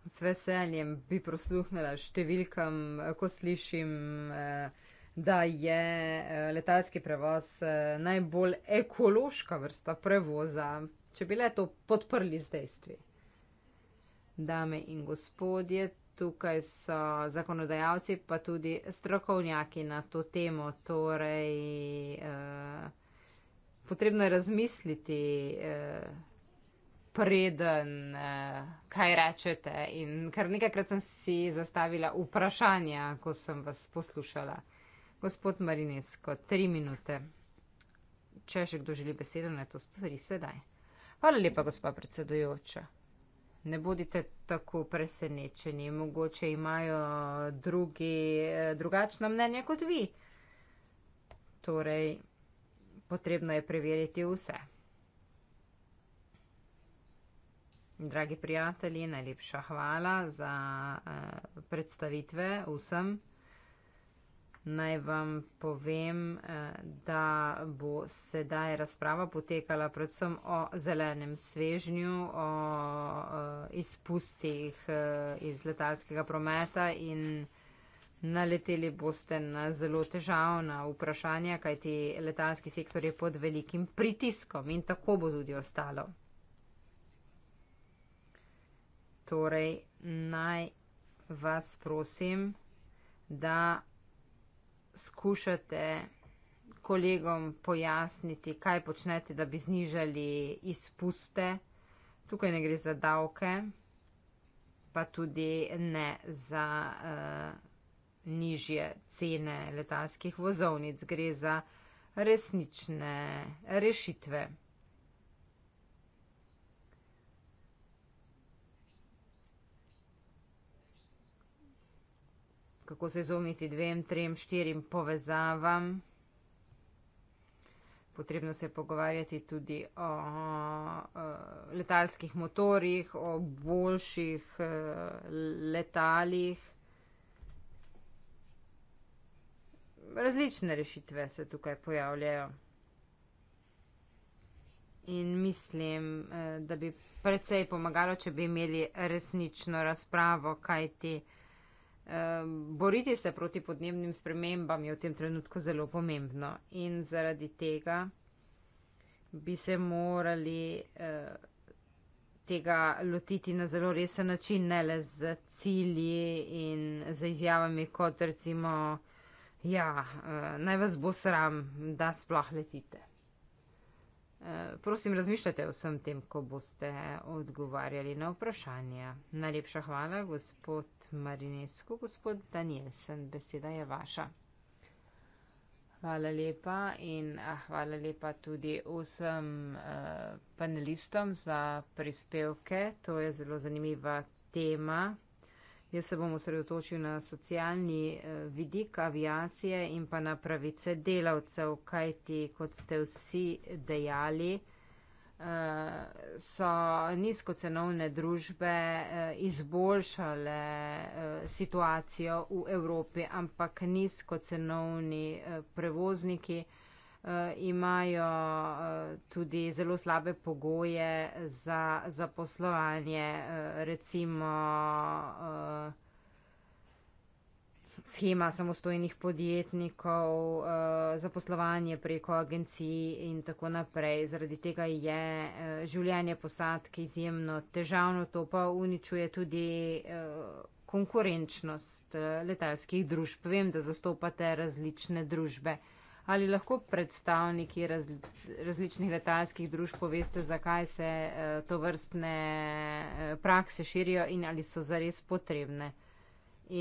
z veseljem bi prosluhnila številkam, eh, ko slišim. Uh, da je eh, letalski prevoz eh, najbolj ekološka vrsta prevoza, če bi le to podprli z dejstvi. Dame in gospodje, tukaj so zakonodajalci, pa tudi strokovnjaki na to temo. Torej, eh, potrebno je razmisliti, eh, preden eh, kaj rečete. In kar nekajkrat sem si zastavila vprašanja, ko sem vas poslušala. Gospod Marinesko, tri minute. Če še kdo želi besedo, naj to stori sedaj. Hvala lepa, gospa predsedujoča. Ne bodite tako presenečeni, mogoče imajo drugi eh, drugačno mnenje kot vi. Torej, potrebno je preveriti vse. Dragi prijatelji, najlepša hvala za eh, predstavitve vsem naj vam povem, eh, da bo sedaj razprava potekala predvsem o zelenem svežnju, o eh, izpustih eh, iz letalskega prometa in naleteli boste na zelo težavna vprašanja, kajti letalski sektor je pod velikim pritiskom in tako bo tudi ostalo. Torej, naj vas prosim, da skušate kolegom pojasniti, kaj počnete, da bi znižali izpuste. Tukaj ne gre za davke, pa tudi ne za uh, nižje cene letalskih vozovnic. Gre za resnične rešitve. kako se izogniti dvem, trem, štirim povezavam. Potrebno se je pogovarjati tudi o, o letalskih motorjih, o boljših o, e, letalih. Različne rešitve se tukaj pojavljajo. In mislim, e, da bi precej pomagalo, če bi imeli resnično razpravo, kaj ti boriti se proti podnebnim spremembam je v tem trenutku zelo pomembno in zaradi tega bi se morali eh, tega lotiti na zelo resen način, ne le z cilji in z izjavami kot recimo, ja, eh, naj vas bo sram, da sploh letite. Eh, prosim, razmišljajte o vsem tem, ko boste odgovarjali na vprašanja. Najlepša hvala, gospod Marinesko, gospod Danielsen, beseda je vaša. Hvala lepa in ah, hvala lepa tudi vsem eh, panelistom za prispevke. To je zelo zanimiva tema. Jaz se bom osredotočil na socialni eh, vidik aviacije in pa na pravice delavcev, kajti, kot ste vsi dejali, eh, so nizkocenovne družbe eh, izboljšale situacijo v Evropi, ampak nizkocenovni prevozniki. Eh, imajo eh, tudi zelo slabe pogoje za zaposlovanje, eh, recimo schema samostojnih podjetnikov, zaposlovanje preko agencij in tako naprej. Zaradi tega je življenje posadke izjemno težavno, to pa uničuje tudi konkurenčnost letalskih družb. Vem, da zastopate različne družbe. Ali lahko predstavniki raz, različnih letalskih družb poveste, zakaj se uh, eh, to vrstne uh, eh, prakse širijo in ali so zares potrebne?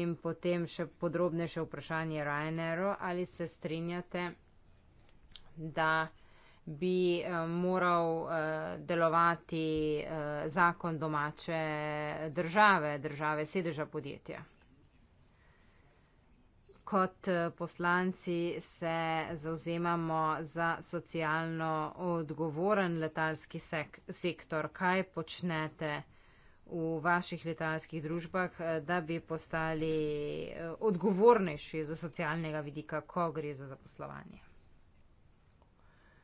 In potem še podrobnejše vprašanje Ryanairu, ali se strinjate, da bi eh, moral delovati zakon domače države, države sedeža podjetja kot eh, poslanci se zauzemamo za socialno odgovoren letalski sek sektor. Kaj počnete v vaših letalskih družbah, eh, da bi postali eh, odgovornejši za socialnega vidika, ko gre za zaposlovanje?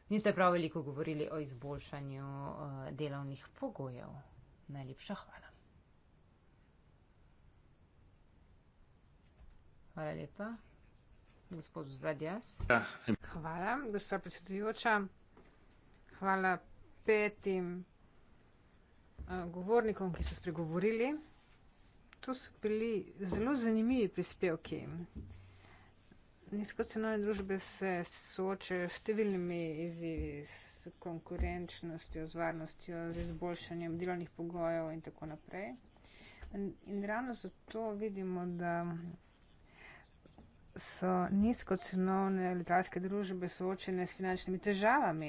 Niste prav veliko govorili o izboljšanju delovnih pogojev. Najlepša hvala. Hvala lepa. Gospod Zadjas. Ja. Hvala, gospa predsedujoča. Hvala petim eh, govornikom, ki so spregovorili. To so bili zelo zanimivi prispevki. Nizkocenovne družbe se soočajo s številnimi izzivi, s konkurenčnostjo, z varnostjo, z izboljšanjem delovnih pogojev in tako naprej. In, in ravno zato vidimo, da so nizkocenovne letalske družbe soočene s finančnimi težavami.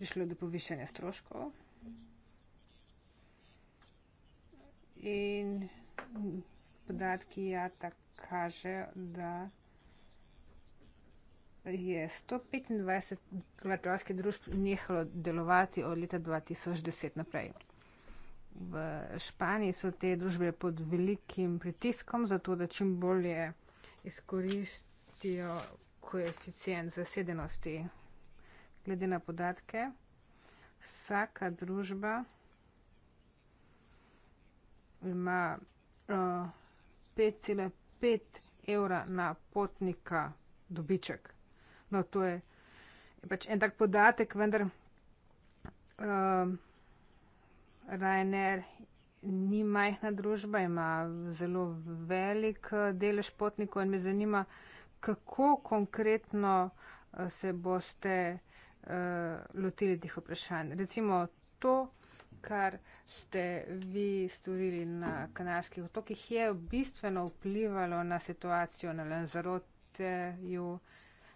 Prišlo je do povišanja stroškov in podatki JATA kažejo, da je 125 letalskih družb nehalo delovati od leta 2010 naprej. V Španiji so te družbe pod velikim pritiskom, zato da čim bolje izkoristijo koeficient zasedenosti. Glede na podatke, vsaka družba ima uh, eh, 5,5 evra na potnika dobiček. No, to je, je pač en tak podatek, vendar uh, eh, Rainer ni majhna družba, ima zelo velik eh, delež potnikov in me zanima, kako konkretno eh, se boste eh, lotili teh vprašanj. Recimo to, kar ste vi storili na kanarskih otokih, je bistveno vplivalo na situacijo na Lanzaroteju,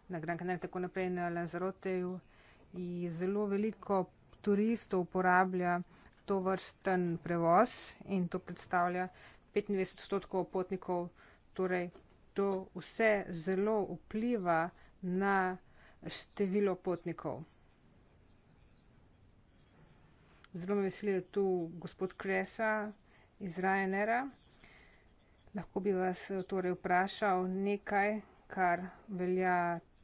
na Gran Canaria in tako naprej na Lanzaroteju. Zelo veliko turistov uporablja uh, to vrsten prevoz in to predstavlja 25 odstotkov potnikov. Torej, to vse zelo vpliva na število potnikov. Zelo me veseli, da je tu gospod Kresa iz Ryanaira. Lahko bi vas torej vprašal nekaj, kar velja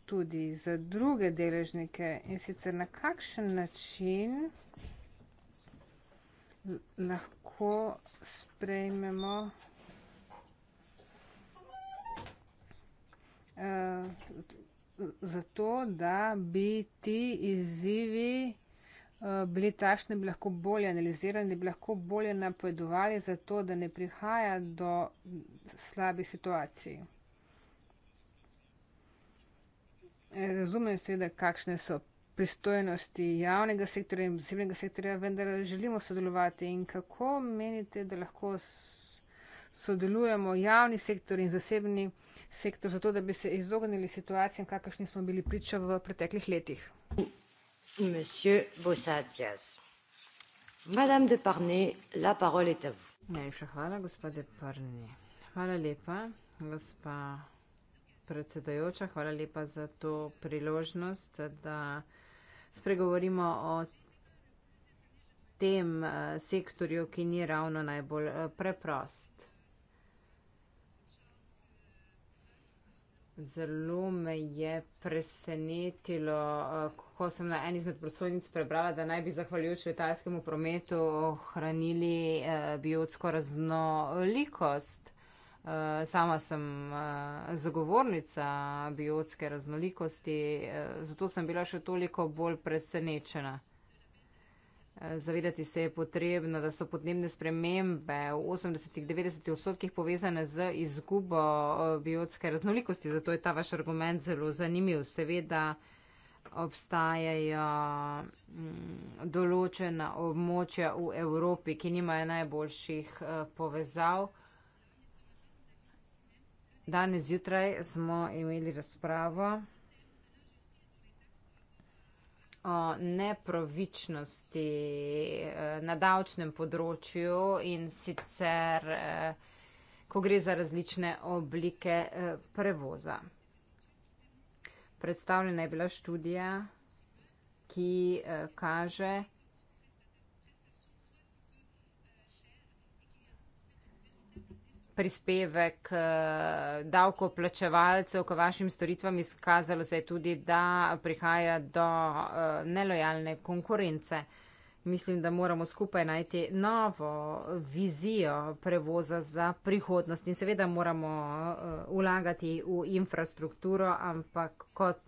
tudi za druge deležnike in sicer na kakšen način lahko sprejmemo eh, zato, da bi ti izzivi eh, bili tašni, da bi lahko bolje analizirali, da bi lahko bolje napovedovali zato, da ne prihaja do slabih situacij. Razumem seveda, kakšne so pristojnosti javnega sektorja in zasebnega sektorja, vendar želimo sodelovati in kako menite, da lahko sodelujemo javni sektor in zasebni sektor zato, da bi se izognili situacijam, kakršni smo bili priča v preteklih letih. Monsieur Bosatjas. Madame de Parne, la parole est à vous. Najlepša hvala, gospod de Parne. Hvala lepa, gospa predsedajoča, hvala lepa za to priložnost, da spregovorimo o tem eh, sektorju, ki ni ravno najbolj eh, preprost. Zelo me je presenetilo, eh, ko sem na eni izmed prosojnic prebrala, da naj bi zahvaljujoč letalskemu prometu ohranili biotsko raznolikost. Eh, sama sem eh, zagovornica biotske raznolikosti, eh, zato sem bila še toliko bolj presenečena. Zavedati se je potrebno, da so podnebne spremembe v 80-90 odstotkih povezane z izgubo biotske raznolikosti, zato je ta vaš argument zelo zanimiv. Seveda obstajajo mm, določena območja v Evropi, ki nimajo najboljših povezav. Danes zjutraj smo imeli razpravo o nepravičnosti eh, na davčnem področju in sicer, eh, ko gre za različne oblike eh, prevoza. Predstavljena je bila študija, ki kaže, prispevek eh, davkoplačevalcev k vašim storitvam, izkazalo se je tudi, da prihaja do eh, nelojalne konkurence. Mislim, da moramo skupaj najti novo vizijo prevoza za prihodnost in seveda moramo ulagati eh, v infrastrukturo, ampak kot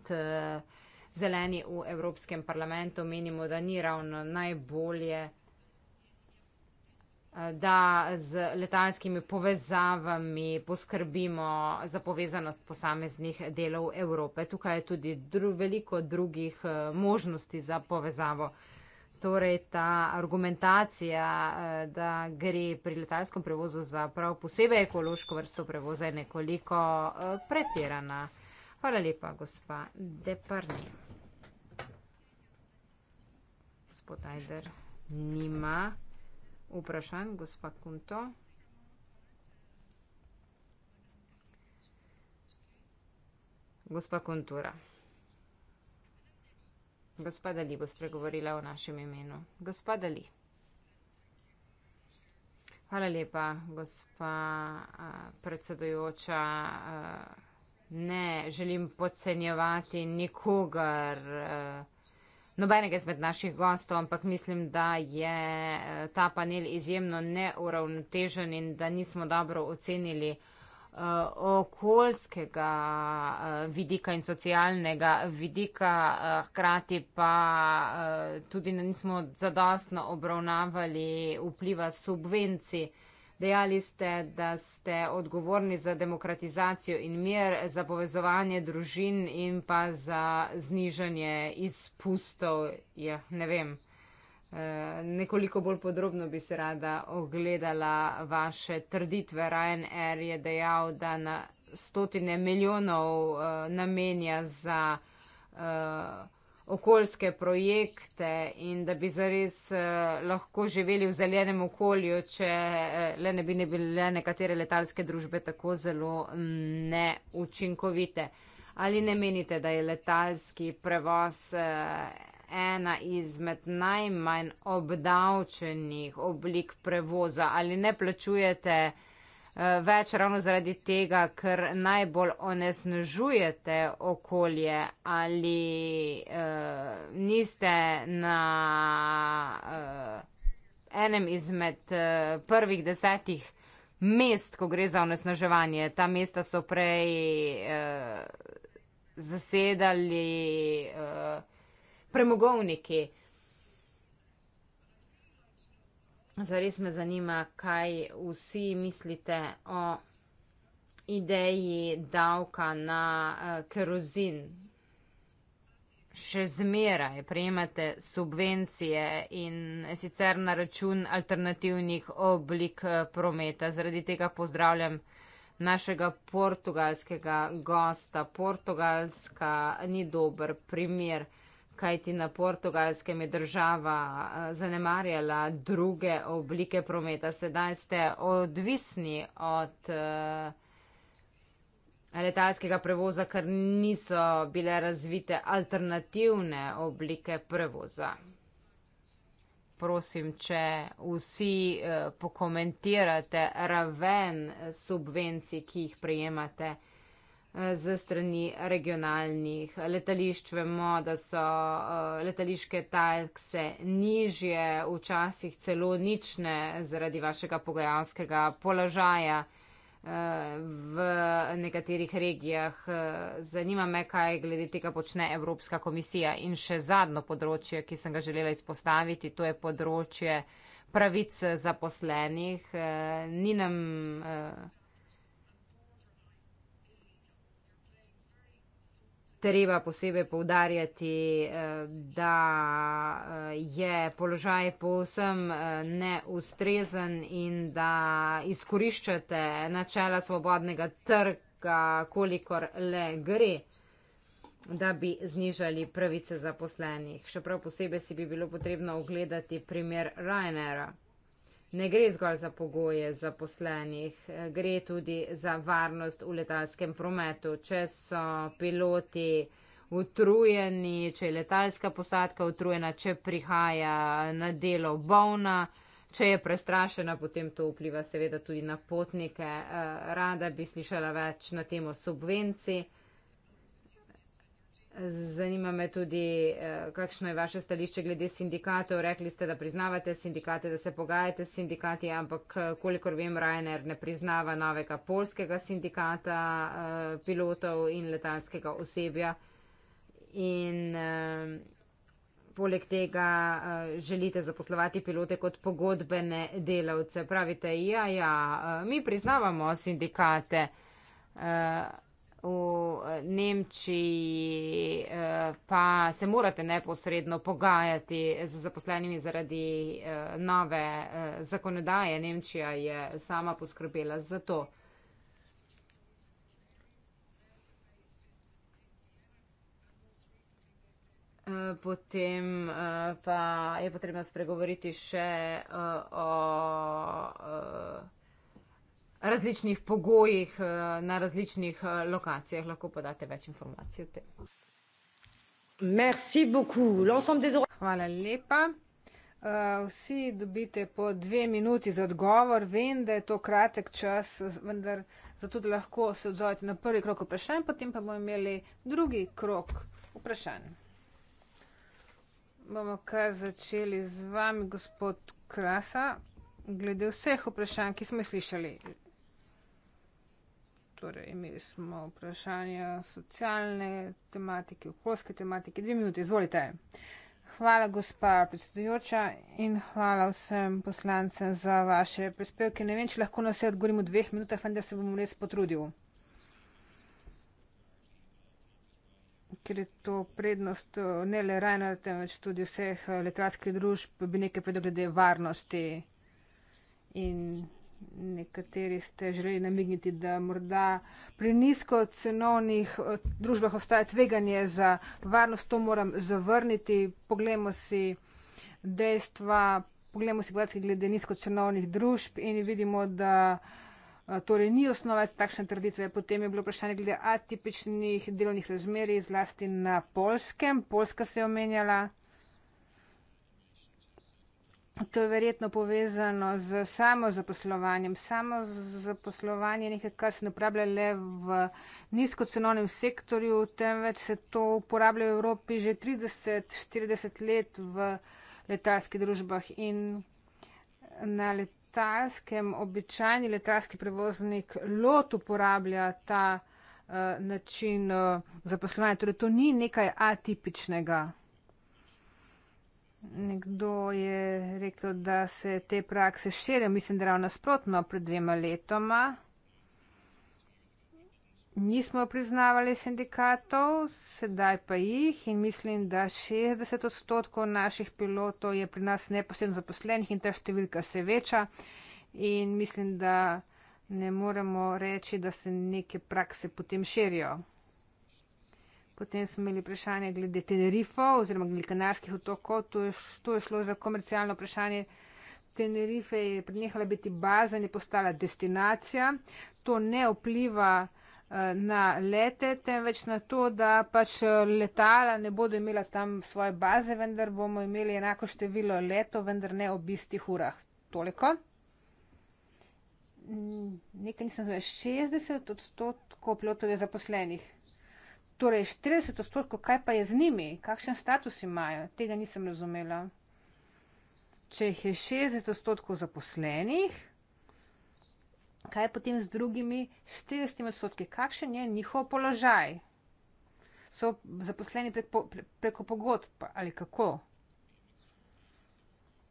zeleni v Evropskem parlamentu menimo, da ni ravno najbolje da z letalskimi povezavami poskrbimo za povezanost posameznih delov Evrope. Tukaj je tudi dru veliko drugih eh, možnosti za povezavo. Torej ta argumentacija, eh, da gre pri letalskem prevozu za prav posebej ekološko vrsto prevoza, je nekoliko eh, pretirana. Hvala lepa, gospa Deparni. Gospod Ajder nima vprašanj, gospa Kunto. Gospa Kontura. Gospoda Li bo spregovorila v našem imenu. Gospoda Li. Hvala lepa, gospa a, predsedojoča. A, ne želim podcenjevati nikogar. A, nobenega izmed naših gostov, ampak mislim, da je eh, ta panel izjemno neuravnotežen in da nismo dobro ocenili uh, okoljskega uh, vidika in socialnega vidika, uh, hkrati pa uh, tudi nismo zadostno obravnavali vpliva subvencij. Dejali ste, da ste odgovorni za demokratizacijo in mir, za povezovanje družin in pa za znižanje izpustov. Ja, ne vem. Eh, nekoliko bolj podrobno bi se rada ogledala vaše trditve. Ryanair je dejal, da na stotine milijonov eh, namenja za. Uh, okoljske projekte in da bi zares eh, lahko živeli v zelenem okolju, če eh, le ne bi ne bile nekatere letalske družbe tako zelo mm, neučinkovite. Ali ne menite, da je letalski prevoz eh, ena izmed najmanj obdavčenih oblik prevoza ali ne plačujete? več ravno zaradi tega, ker najbolj onesnažujete okolje ali uh, niste na uh, enem izmed uh, prvih desetih mest, ko gre za onesnaževanje. Ta mesta so prej uh, zasedali uh, premogovniki. Zares me zanima, kaj vsi mislite o ideji davka na eh, kerozin. Še zmeraj prejemate subvencije in sicer na račun alternativnih oblik eh, prometa. Zaradi tega pozdravljam našega portugalskega gosta. Portugalska ni dober primer kajti na portugalskem je država eh, zanemarjala druge oblike prometa. Sedaj ste odvisni od eh, letalskega prevoza, ker niso bile razvite alternativne oblike prevoza. Prosim, če vsi eh, pokomentirate raven subvencij, ki jih prejemate z strani regionalnih letališč. Vemo, da so eh, letališke takse nižje, včasih celo nične zaradi vašega pogajalskega položaja eh, v nekaterih regijah. Eh, zanima me, kaj glede tega počne Evropska komisija. In še zadnjo področje, ki sem ga želela izpostaviti, to je področje pravic zaposlenih. Ni nam treba posebej povdarjati, eh, da eh, je položaj povsem eh, neustrezen in da izkoriščate načela svobodnega trga, kolikor le gre, da bi znižali pravice zaposlenih. Še prav posebej si bi bilo potrebno ogledati primer Rajnera ne gre zgolj za pogoje zaposlenih, gre tudi za varnost v letalskem prometu. Če so piloti utrujeni, če je letalska posadka utrujena, če prihaja na delo bolna, če je prestrašena, potem to vpliva seveda tudi na potnike. Eh, rada bi slišala več na temo subvencij. Zanima me tudi, eh, kakšno je vaše stališče glede sindikatov. Rekli ste, da priznavate sindikate, da se pogajate s sindikati, ampak eh, kolikor vem, Rainer ne priznava novega polskega sindikata eh, pilotov in letalskega osebja. In poleg tega želite zaposlovati pilote kot pogodbene delavce. Pravite, ja, ja, mi priznavamo sindikate v eh, Nemčiji, eh, pa se morate neposredno pogajati z zaposlenimi zaradi eh, nove zakonodaje. Nemčija je sama poskrbela za to. Potem pa je potrebno spregovoriti še o. o različnih pogojih, eh, na različnih eh, lokacijah. Lahko podate več informacij o tem. Hvala lepa. Eh, vsi dobite po dve minuti za odgovor. Vem, da je to kratek čas, vendar zato, da lahko se odzovete na prvi krok vprašanj, potem pa bomo imeli drugi krok vprašanj. Bomo kar začeli z vami, gospod Krasa, glede vseh vprašanj, ki smo jih slišali. Torej, imeli smo vprašanja socialne tematike, okoljske tematike. Dve minuti, izvolite. Hvala, gospa predsedujoča in hvala vsem poslancem za vaše prispevke. Ne vem, če lahko na vse odgovorim v dveh minutah, vendar se bom res potrudil. Ker je to prednost ne le Rajnar, temveč tudi vseh letalskih družb, bi nekaj povedal glede varnosti in nekateri ste želeli namigniti, da morda pri nizko cenovnih eh, družbah obstaja tveganje za varnost, to moram zavrniti. Poglejmo si dejstva, poglejmo si podatke glede nizko cenovnih družb in vidimo, da. Eh, torej, ni osnovec takšne tradicije. Potem je bilo vprašanje glede atipičnih delovnih razmerij, zlasti na polskem. Polska se je omenjala. To je verjetno povezano z samozaposlovanjem. Samozaposlovanje je nekaj, kar se ne uporablja le v nizkocenovnem sektorju, temveč se to uporablja v Evropi že 30-40 let v letalskih družbah. In na letalskem običajni letalski prevoznik lot uporablja ta uh, način uh, zaposlovanja. Torej, to ni nekaj atipičnega. Nekdo je rekel, da se te prakse širijo, mislim, da ravno sprotno pred dvema letoma. Nismo priznavali sindikatov, sedaj pa jih in mislim, da 60 odstotkov naših pilotov je pri nas neposredno zaposlenih in ta številka se veča in mislim, da ne moremo reči, da se neke prakse potem širijo. Potem smo imeli vprašanje glede Tenerifa oziroma glede kanarskih otokov. To je, to je šlo za komercialno vprašanje. Tenerife je prenehala biti baza in je postala destinacija. To ne vpliva eh, na lete, temveč na to, da pač eh, letala ne bodo imela tam svoje baze, vendar bomo imeli enako število leto, vendar ne ob istih urah. Toliko. Nekaj nisem znala, 60 odstotkov pilotov je zaposlenih. Torej, 40 odstotkov, kaj pa je z njimi, kakšen status imajo, tega nisem razumela. Če jih je 60 odstotkov zaposlenih, kaj je potem z drugimi 40 odstotki, kakšen je njihov položaj? So zaposleni preko, preko pogodb ali kako?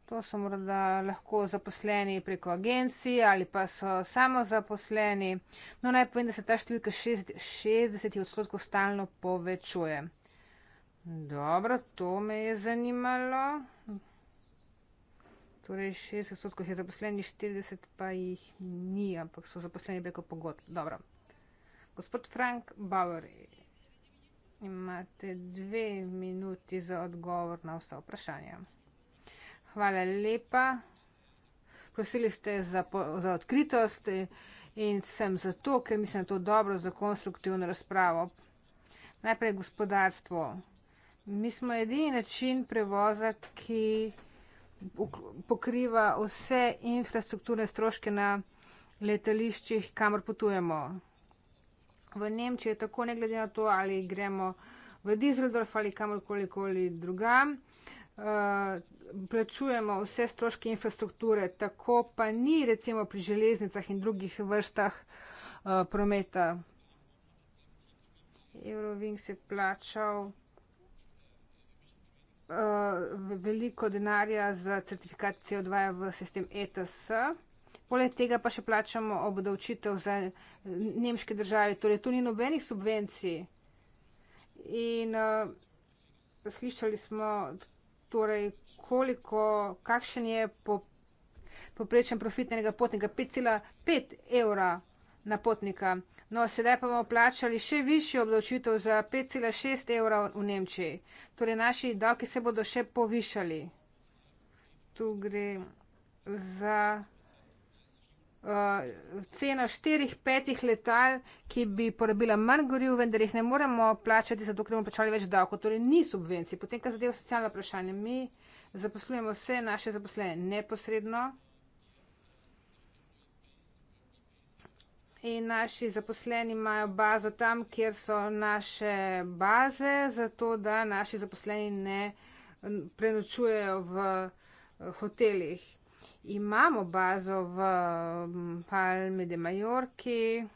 To so morda lahko zaposleni preko agencij ali pa so samozaposleni. No, naj povem, da se ta številka 60 odstotkov stalno povečuje. Dobro, to me je zanimalo. Torej, 60 odstotkov je zaposleni, 40 pa jih ni, ampak so zaposleni preko pogodb. Dobro. Gospod Frank Bauer, imate dve minuti za odgovor na vsa vprašanja. Hvala lepa. Prosili ste za, za odkritost in sem zato, ker mislim, da je to dobro za konstruktivno razpravo. Najprej gospodarstvo. Mi smo edini način prevoza, ki pokriva vse infrastrukturne stroške na letališčih, kamor potujemo. V Nemčiji je tako, ne glede na to, ali gremo v Dizeldorf ali kamorkoli drugam. Eh, plačujemo vse stroške infrastrukture, tako pa ni recimo pri železnicah in drugih vrstah uh, prometa. Eurowing se je plačal uh, veliko denarja za certifikat CO2 v sistem ETS. Poleg tega pa še plačamo obdavčitev za nemške države, torej tu ni nobenih subvencij. In uh, slišali smo torej koliko, kakšen je poprečen profit enega potnika? 5,5 evra na potnika. No, sedaj pa bomo plačali še višjo obdavčitev za 5,6 evra v Nemčiji. Torej, naši davki se bodo še povišali. Tu gre za uh, ceno 4-5 letal, ki bi porabila manj goriv, vendar jih ne moremo plačati, zato ker bomo plačali več davkov. Torej, ni subvencij. Potem, kar zadeva socialno vprašanje, mi zaposlujemo vse naše zaposlene neposredno. In naši zaposleni imajo bazo tam, kjer so naše baze, zato da naši zaposleni ne prenočujejo v eh, hotelih imamo bazo v mm, Palmi de Majorki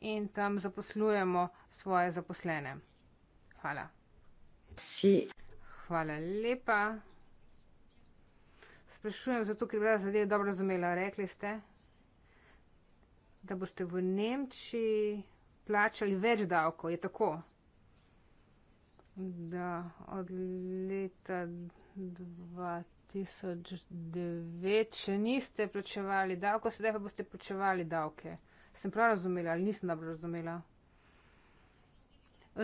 in tam zaposlujemo svoje zaposlene. Hvala. Psi. Hvala lepa. Sprašujem zato, ker je bila zadeva dobro razumela. Rekli ste, da boste v Nemčiji plačali več davkov. Je tako? Da od leta 2000. 2009 še niste plačevali davko, sedaj pa boste plačevali davke. Sem prav razumela ali nisem dobro razumela?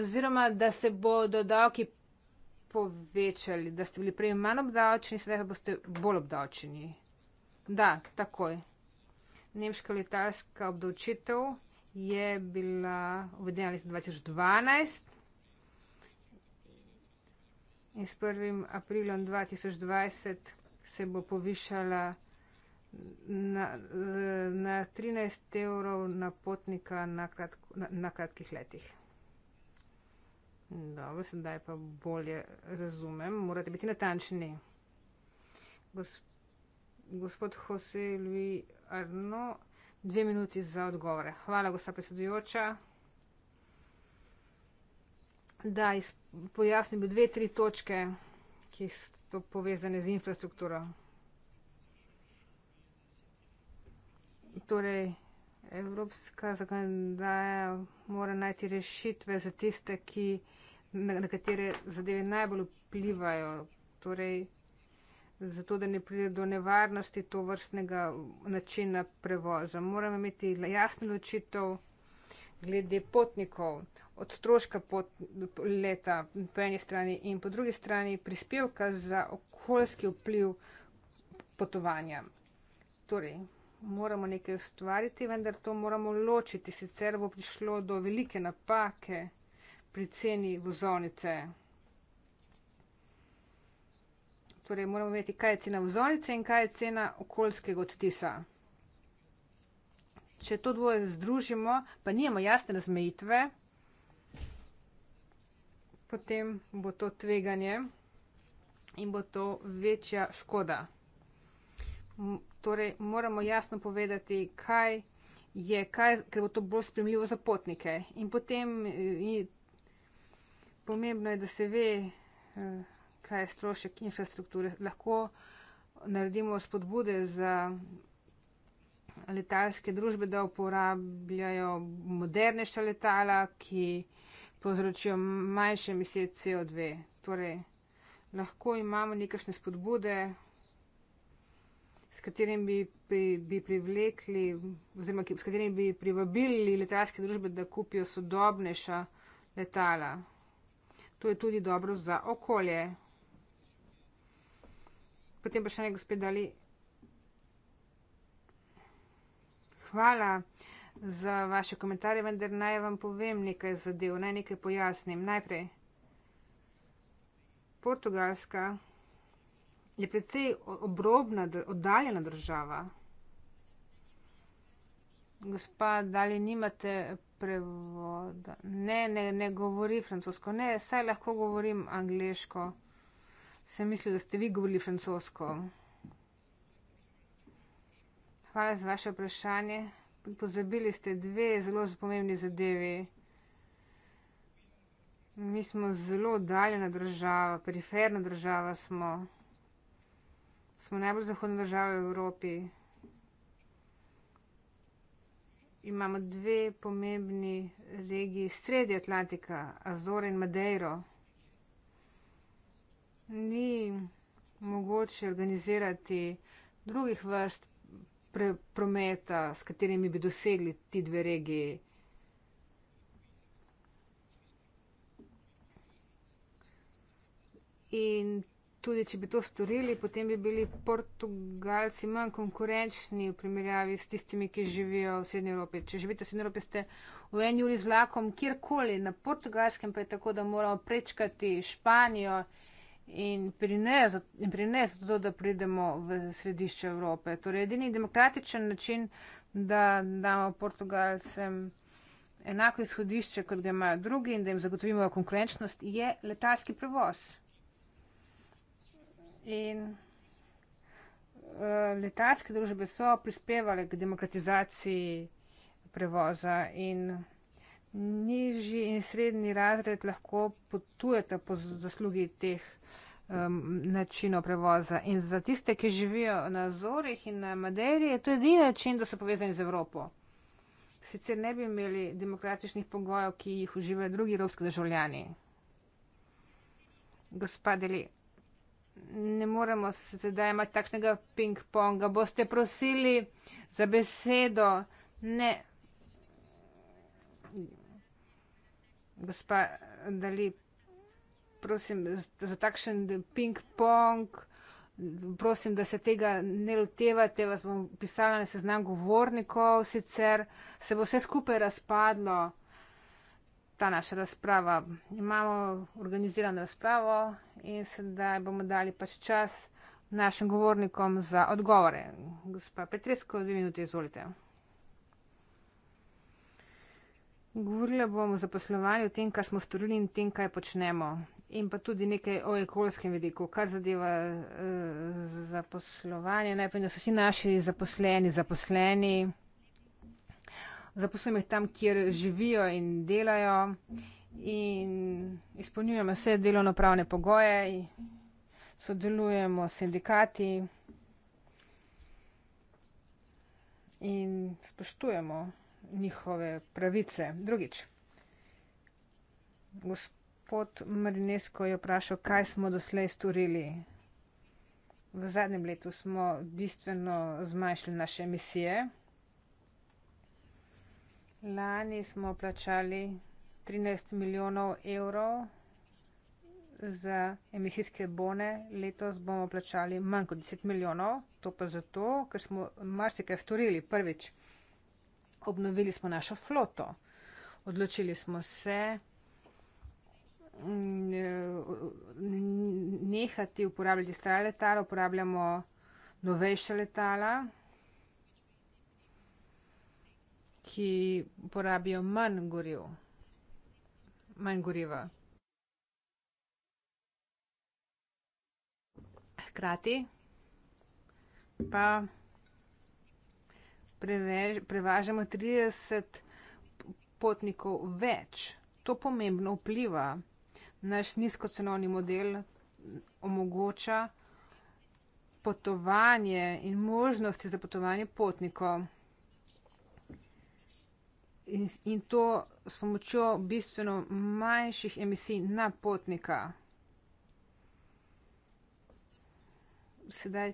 Oziroma, da se bodo davki povečali, da ste bili prej manj obdavčeni, sedaj pa boste bolj obdavčeni. Da, takoj. Nemška letalska obdavčitev je bila uvedena leta 2012 in s 1. aprilom 2020 se bo povišala na, na 13 evrov na potnika na, kratko, na, na kratkih letih. Dobro, sedaj pa bolje razumem. Morate biti natančni. Gospod Jose Luis Arno, dve minuti za odgovore. Hvala, gospa predsedujoča da pojasnim dve, tri točke, ki so povezane z infrastrukturo. Torej, evropska zakonodaja mora najti rešitve za tiste, ki, na, na katere zadeve najbolj vplivajo. Torej, zato, da ne pride do nevarnosti to vrstnega načina prevoza. Moramo imeti jasno ločitev glede potnikov, od stroška pot, leta po eni strani in po drugi strani prispevka za okoljski vpliv potovanja. Torej, moramo nekaj ustvariti, vendar to moramo ločiti, sicer bo prišlo do velike napake pri ceni vozovnice. Torej, moramo vedeti, kaj je cena vzornice in kaj je cena okoljskega odtisa če to dvoje združimo, pa nijemo jasne razmejitve, potem bo to tveganje in bo to večja škoda. Torej, moramo jasno povedati, kaj je, ker bo to bolj spremljivo za potnike. In potem eh, pomembno je, da se ve, eh, kaj je strošek infrastrukture. Lahko naredimo spodbude za potnike, letalske družbe, da uporabljajo modernejša letala, ki povzročijo manjše emisije CO2. Torej, lahko imamo nekašne spodbude, s katerim bi, bi, bi privlekli, oziroma s katerim bi privabili letalske družbe, da kupijo sodobnejša letala. To je tudi dobro za okolje. Potem pa še nekaj gospod dali. hvala za vaše komentarje, vendar naj vam povem nekaj zadev, naj nekaj pojasnim. Najprej, Portugalska je precej obrobna, oddaljena država. Gospa, da li nimate prevoda? Ne, ne, ne govori francosko. Ne, saj lahko govorim angliško. Sem mislil, da ste vi govorili francosko. Hvala za vaše vprašanje. Pozabili ste dve zelo pomembni zadevi. Mi smo zelo daljna država, periferna država smo. Smo najbolj zahodna država v Evropi. Imamo dve pomembni regiji sredi Atlantika, Azore in Madeiro. Ni mogoče organizirati drugih vrst pre, prometa, s katerimi bi dosegli ti dve regiji. In tudi, če bi to storili, potem bi bili Portugalci manj konkurenčni v primerjavi s tistimi, ki živijo v Srednji Evropi. Če živite v Srednji Evropi, ste v eni uri z vlakom kjerkoli, na Portugalskem pa je tako, da moramo prečkati Španijo in prinesel to, da pridemo v središče Evrope. Torej, edini demokratičen način, da damo Portugalcem enako izhodišče, kot ga imajo drugi in da jim zagotovimo konkurenčnost, je letalski prevoz. In uh, letalske družbe so prispevale k demokratizaciji prevoza in nižji in srednji razred lahko potujete po zaslugi teh um, načinov prevoza. In za tiste, ki živijo na Zorih in na Maderi, je to edini način, da so povezani z Evropo. Sicer ne bi imeli demokratičnih pogojev, ki jih uživajo drugi evropski državljani. Gospodeli, ne moremo se sedaj imeti takšnega ping-ponga. Boste prosili za besedo? Ne. gospa Dali, prosim, za takšen ping-pong, prosim, da se tega ne lotevate, vas bom pisala na seznam govornikov, sicer se bo vse skupaj razpadlo, ta naša razprava. Imamo organizirano razpravo in sedaj bomo dali pač čas našim govornikom za odgovore. Gospa Petresko, dve minute, izvolite. Govorila bom o zaposlovanju, o tem, kar smo storili in tem, kaj počnemo. In pa tudi nekaj o ekološkem vidiku, kar zadeva uh, zaposlovanje. Najprej, da so vsi naši zaposleni zaposleni. Zaposlujem jih tam, kjer živijo in delajo in izpolnjujemo vse delovno-pravne pogoje, sodelujemo s sindikati in spoštujemo njihove pravice. Drugič, gospod Marinesko je vprašal, kaj smo doslej storili. V zadnjem letu smo bistveno zmanjšali naše emisije. Lani smo plačali 13 milijonov evrov za emisijske bone, letos bomo plačali manj kot 10 milijonov, to pa zato, ker smo marsikaj storili. Prvič, obnovili smo našo floto. Odločili smo se mm, eh, nehati uporabljati stara letala, uporabljamo novejša letala, ki uporabijo manj goriv, manj goriva. Hkrati pa prevež, prevažamo 30 potnikov več. To pomembno vpliva. Naš nizkocenovni model omogoča potovanje in možnosti za potovanje potnikov. In, in to s pomočjo bistveno manjših emisij na potnika. Sedaj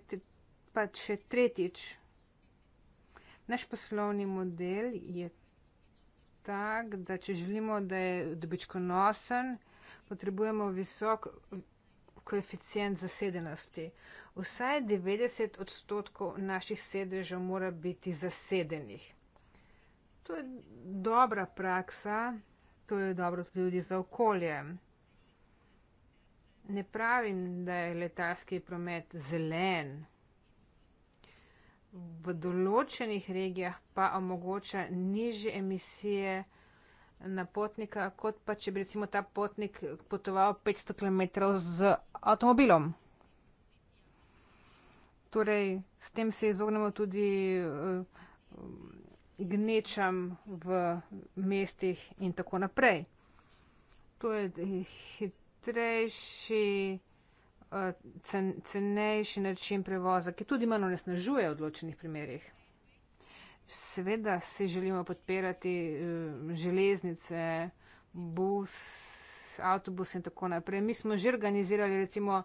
pa še tretjič. Naš poslovni model je tak, da če želimo, da je dobičkonosen, potrebujemo visok koeficient zasedenosti. Vsaj 90 odstotkov naših sedežev mora biti zasedenih. To je dobra praksa, to je dobro tudi za okolje. Ne pravim, da je letalski promet zelen v določenih regijah pa omogoča niže emisije na potnika, kot pa če bi recimo ta potnik potoval 500 km z avtomobilom. Torej, s tem se izognemo tudi eh, gnečam v mestih in tako naprej. To je eh, hitrejši cen, cenejši način prevoza, ki tudi manj onesnažuje v odločenih primerjih. Seveda si želimo podpirati eh, železnice, bus, avtobus in tako naprej. Mi smo že organizirali recimo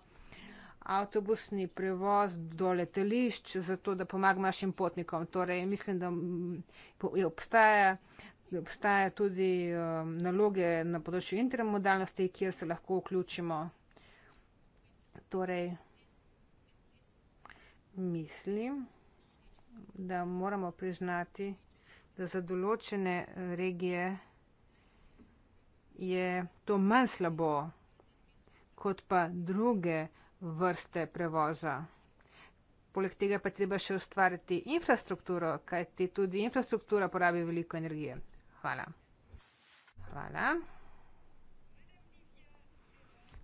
avtobusni prevoz do letališč, zato da pomagam našim potnikom. Torej, mislim, da mm, obstaja, obstaja tudi eh, naloge na področju intermodalnosti, kjer se lahko vključimo. Torej, mislim, da moramo priznati, da za določene eh, regije je to manj slabo kot pa druge vrste prevoza. Poleg tega pa treba še ustvariti infrastrukturo, kajti tudi infrastruktura porabi veliko energije. Hvala. Hvala.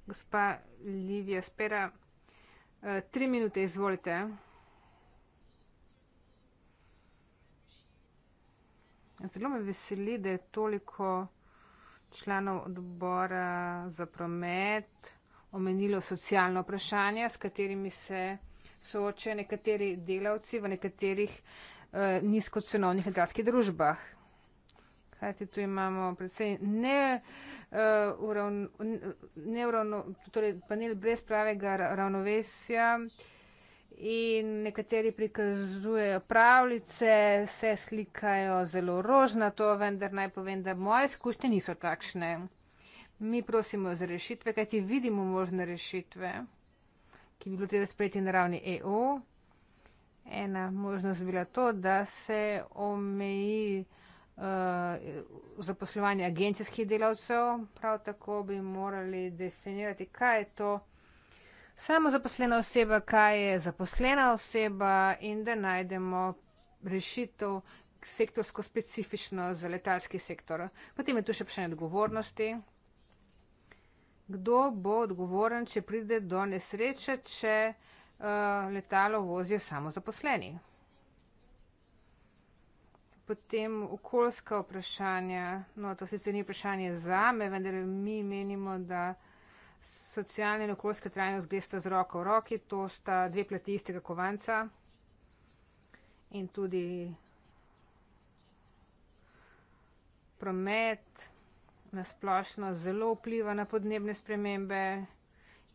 Gospa Livija Spera, eh, tri minute, izvolite. Zelo me veseli, da je toliko članov odbora za promet omenilo socialno vprašanje, s katerimi se soočajo nekateri delavci v nekaterih eh, nizkocenovnih agrarskih družbah. Hrati tu imamo predvsej ne, uh, uravn, ne uravno, torej panel brez pravega ravnovesja in nekateri prikazujejo pravljice, se slikajo zelo rožnato, vendar naj povem, da moje izkušnje niso takšne. Mi prosimo za rešitve, kajti vidimo možne rešitve, ki bi bilo treba sprejeti na ravni EU. Ena možnost bi bila to, da se omeji. Eh, zaposlovanje agencijskih delavcev, prav tako bi morali definirati, kaj je to samo zaposlena oseba, kaj je zaposlena oseba in da najdemo rešitev sektorsko specifično za letalski sektor. Potem je tu še vprašanje odgovornosti. Kdo bo odgovoren, če pride do nesreče, če uh, letalo vozijo samo zaposleni? potem okoljska vprašanja. No, to sicer ni vprašanje za me, vendar mi menimo, da socialne in okoljske trajnost gresta z roko v roki. To sta dve plati istega kovanca in tudi promet nasplošno zelo vpliva na podnebne spremembe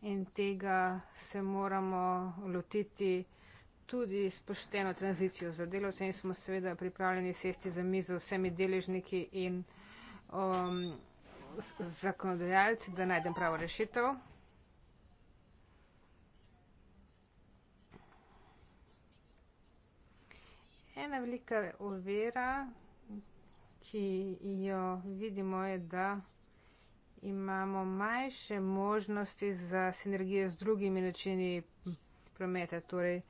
in tega se moramo lotiti tudi s pošteno tranzicijo za delovce in smo seveda pripravljeni sesti za mizo z vsemi deležniki in um, zakonodajalci, da najdem pravo rešitev. Ena velika ovira, ki jo vidimo, je, da imamo manjše možnosti za sinergijo z drugimi načini prometa. Torej, uh,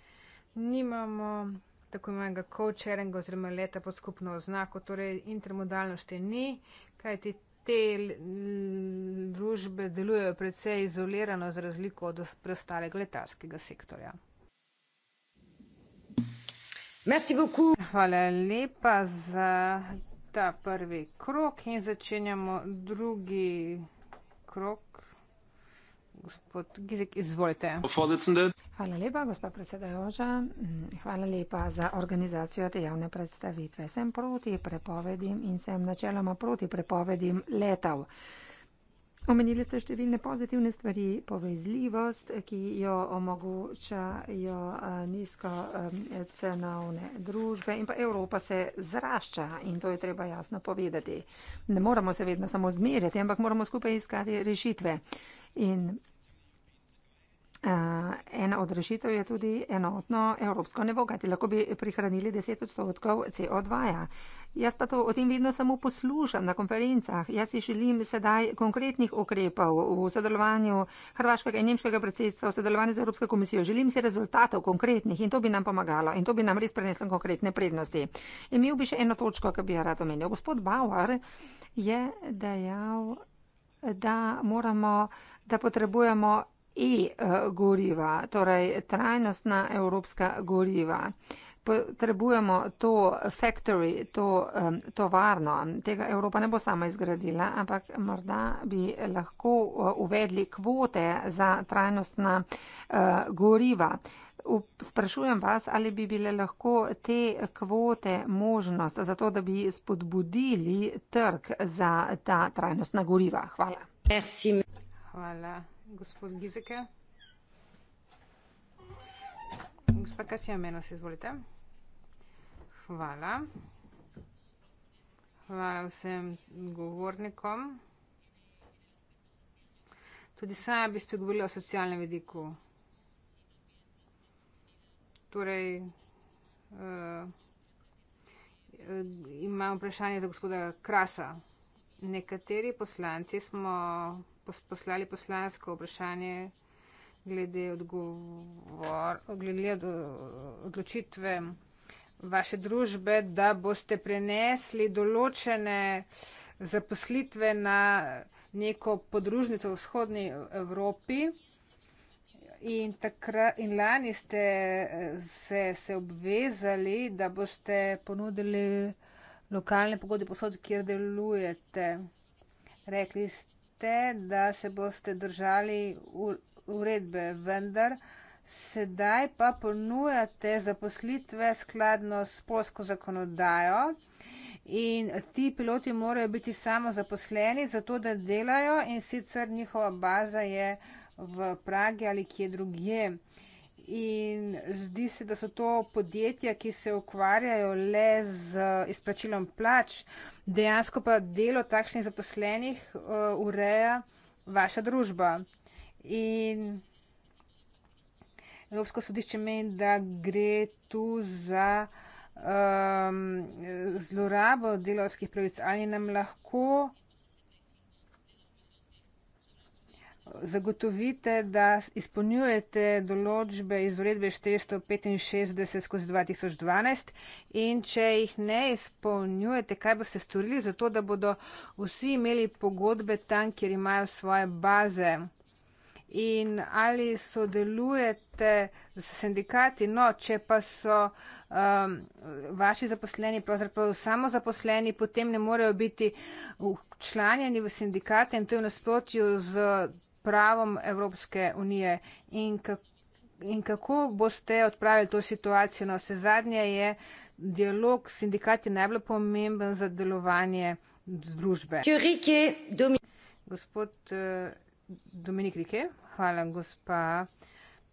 nimamo tako imenega co-charinga oziroma leta pod skupno oznako, torej intermodalnosti ni, kajti te družbe delujejo predvsej izolirano z razliko od preostalega letalskega sektorja. Merci beaucoup. Hvala lepa za ta prvi krok in začenjamo drugi krok gospod Gizek, izvolite. Hvala lepa, gospod predsedajoča. Hvala lepa za organizacijo te javne predstavitve. Sem proti prepovedim in sem načeloma proti prepovedim letal. Omenili ste številne pozitivne stvari, povezljivost, ki jo omogočajo nizko cenovne družbe in pa Evropa se zrašča in to je treba jasno povedati. Ne moramo se vedno samo zmerjati, ampak moramo skupaj iskati rešitve. In Eh, ena od rešitev je tudi enotno evropsko nivo, kajti lahko bi prihranili 10 odstotkov CO2. -ja. Jaz pa to o tem vedno samo poslušam na konferencah. Jaz si želim sedaj konkretnih ukrepov v sodelovanju Hrvaškega in Nemškega predsedstva, v sodelovanju z Evropsko komisijo. Želim si rezultatov konkretnih in to bi nam pomagalo in to bi nam res preneslo konkretne prednosti. Imel bi še eno točko, ki bi jo rad omenil. Gospod Bauer je dejal, da moramo, da potrebujemo e-goriva, torej trajnostna evropska goriva. Potrebujemo to factory, to tovarno. Tega Evropa ne bo sama izgradila, ampak morda bi lahko eh, uvedli kvote za trajnostna eh, goriva. Sprašujem vas, ali bi bile lahko te kvote možnost za to, da bi spodbudili trg za ta trajnostna goriva. Hvala. Merci. Hvala. Gospod Gizeke. Gospa Kasija Menos, izvolite. Hvala. Hvala vsem govornikom. Tudi sama bi spregovorila o socialnem vidiku. Torej, uh, imam vprašanje za gospoda Krasa. Nekateri poslanci smo poslali poslansko vprašanje glede, odgovor, glede odločitve vaše družbe, da boste prenesli določene zaposlitve na neko podružnico v vzhodni Evropi. In, takra, in lani ste se, se obvezali, da boste ponudili lokalne pogodbe posod, kjer delujete. Rekli ste, trdite, da se boste držali uredbe, vendar sedaj pa ponujate zaposlitve skladno s polsko zakonodajo in ti piloti morajo biti samo zaposleni za to, da delajo in sicer njihova baza je v Pragi ali kje drugje in zdi se, da so to podjetja, ki se ukvarjajo le z izplačilom plač, dejansko pa delo takšnih zaposlenih uh, ureja vaša družba. In Evropsko sodišče meni, da gre tu za um, zlorabo delovskih pravic. Ali nam lahko zagotovite, da izpolnjujete določbe iz uredbe 465 skozi 2012 in če jih ne izpolnjujete, kaj boste storili za to, da bodo vsi imeli pogodbe tam, kjer imajo svoje baze. In ali sodelujete s sindikati, no, če pa so um, vaši zaposleni pravzaprav samo zaposleni, potem ne morejo biti včlanjeni v sindikate in to je v nasprotju z pravom Evropske unije in, in kako boste odpravili to situacijo. Na no, vse zadnje je dialog s sindikati najbolj pomemben za delovanje družbe. Gospod eh, Dominik Rike, hvala gospa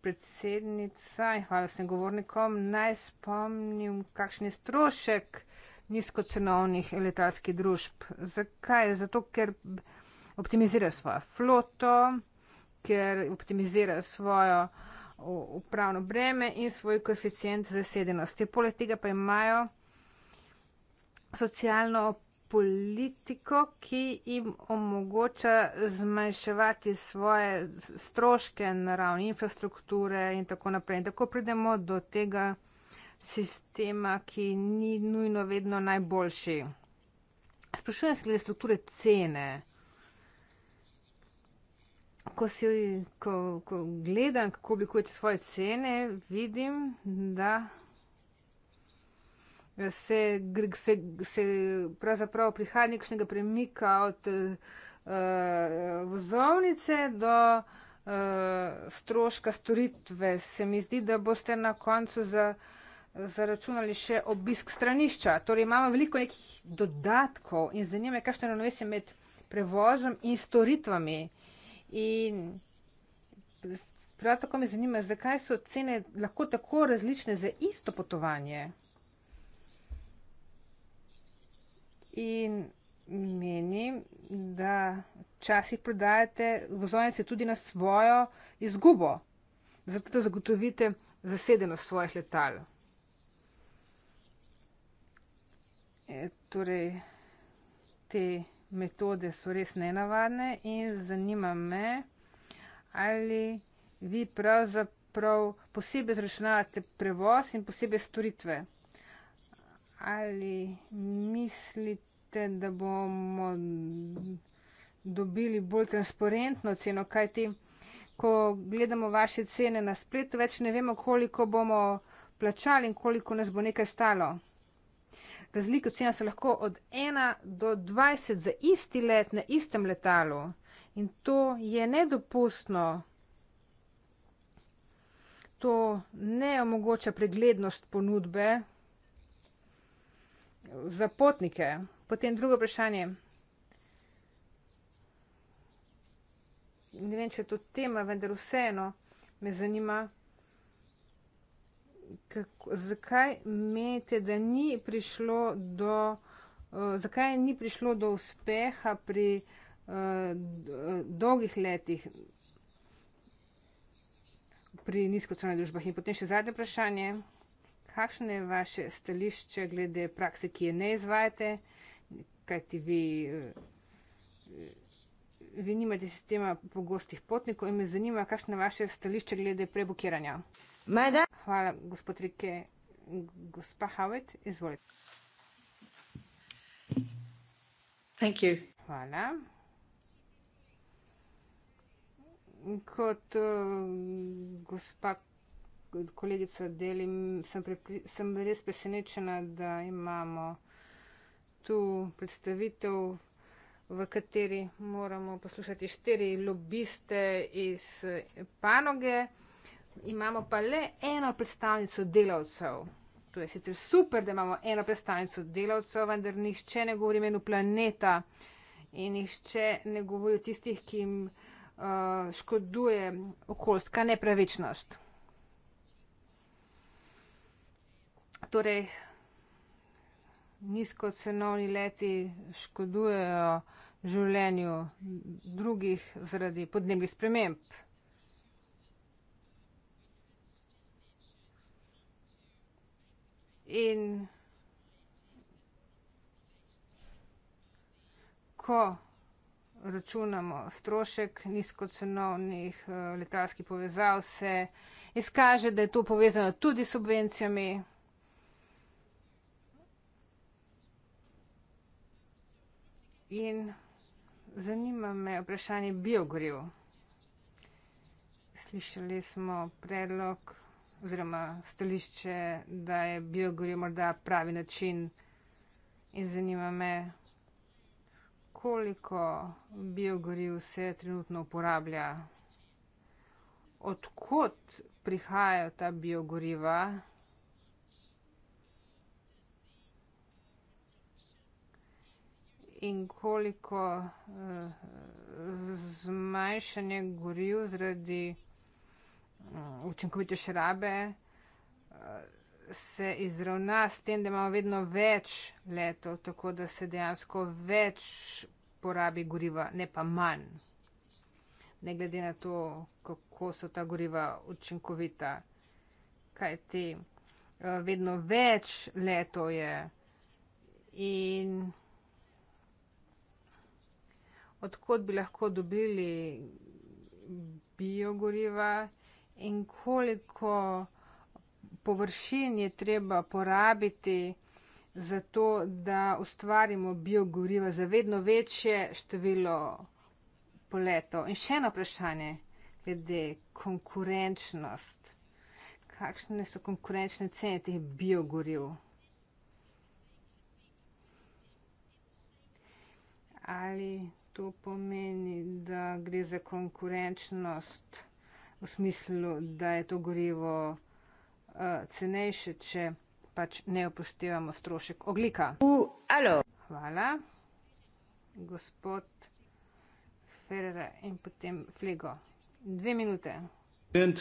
predsednica in hvala vsem govornikom. Naj spomnim, kakšen je strošek nizkocenovnih letalskih družb. Zakaj? Zato, ker optimizirajo svojo floto, ker optimizirajo svojo upravno breme in svoj koeficient zasedenosti. Poleg tega pa imajo socialno politiko, ki jim omogoča zmanjševati svoje stroške na ravni infrastrukture in tako naprej. In tako pridemo do tega sistema, ki ni nujno vedno najboljši. Sprašujem se glede strukture cene ko, si, ko, ko gledam, kako oblikujete svoje cene, vidim, da se, se, se pravzaprav prihaja nekšnega premika od uh, vozovnice do uh, stroška storitve. Se mi zdi, da boste na koncu za zaračunali še obisk stranišča. Torej imamo veliko nekih dodatkov in zanima me, kakšno ravnovesje med prevozom in storitvami. Uh, In prav tako me zanima, zakaj so cene lahko tako različne za isto potovanje. In menim, da včasih prodajate vozovnice tudi na svojo izgubo, zato da zagotovite zasedenost svojih letal. E, torej, te metode so res nenavadne in zanima me, ali vi pravzaprav posebej zračunavate prevoz in posebej storitve. Ali mislite, da bomo dobili bolj transparentno ceno, kajti ko gledamo vaše cene na spletu, več ne vemo, koliko bomo plačali in koliko nas bo nekaj stalo razlika cena se lahko od 1 do 20 za isti let na istem letalu. In to je nedopustno. To ne omogoča preglednost ponudbe za potnike. Potem drugo vprašanje. Ne vem, če je to tema, vendar vseeno me zanima kako, zakaj menite, da ni prišlo do, uh, zakaj ni prišlo do uspeha pri uh, dolgih letih pri nizkocenovnih družbah? In potem še zadnje vprašanje. Kakšno je vaše stališče glede prakse, ki je ne izvajate, kajti vi, eh, vi nimate sistema pogostih potnikov in me zanima, kakšno je vaše stališče glede prebukiranja? Majda. Hvala, gospod Rike. Gospa Havet, izvolite. Thank you. Hvala. Kot uh, gospa kolegica delim, sem, pripri, sem res presenečena, da imamo tu predstavitev, v kateri moramo poslušati štiri lobiste iz panoge imamo pa le eno predstavnico delavcev. To je sicer super, da imamo eno predstavnico delavcev, vendar nišče ne govori o imenu planeta in nišče ne govori o tistih, ki jim uh, škoduje okoljska nepravičnost. Torej, nizkocenovni leti škodujejo življenju drugih zaradi podnebnih sprememb. in ko računamo strošek nizkocenovnih eh, letalskih povezav, se izkaže, da je to povezano tudi s subvencijami. In zanima me vprašanje biogoriv. Slišali smo predlog oziroma stališče, da je biogorivo morda pravi način in zanima me, koliko biogoriv se trenutno uporablja, odkot prihajajo ta biogoriva. In koliko uh, zmanjšanje goriv zaradi Mm, učinkovitejše rabe, eh, se izravna s tem, da imamo vedno več letov, tako da se dejansko več porabi goriva, ne pa manj. Ne glede na to, kako so ta goriva učinkovita, kaj ti. Eh, vedno več letov je in odkot bi lahko dobili biogoriva in koliko površin je treba porabiti za to, da ustvarimo biogoriva za vedno večje število poletov. In še eno vprašanje glede konkurenčnost. Kakšne so konkurenčne cene teh biogoriv? Ali to pomeni, da gre za konkurenčnost? v smislu, da je to gorivo uh, cenejše, če pač ne upoštevamo strošek oglika. U, Hvala, gospod Ferrer in potem Flego. Dve minute. Eh,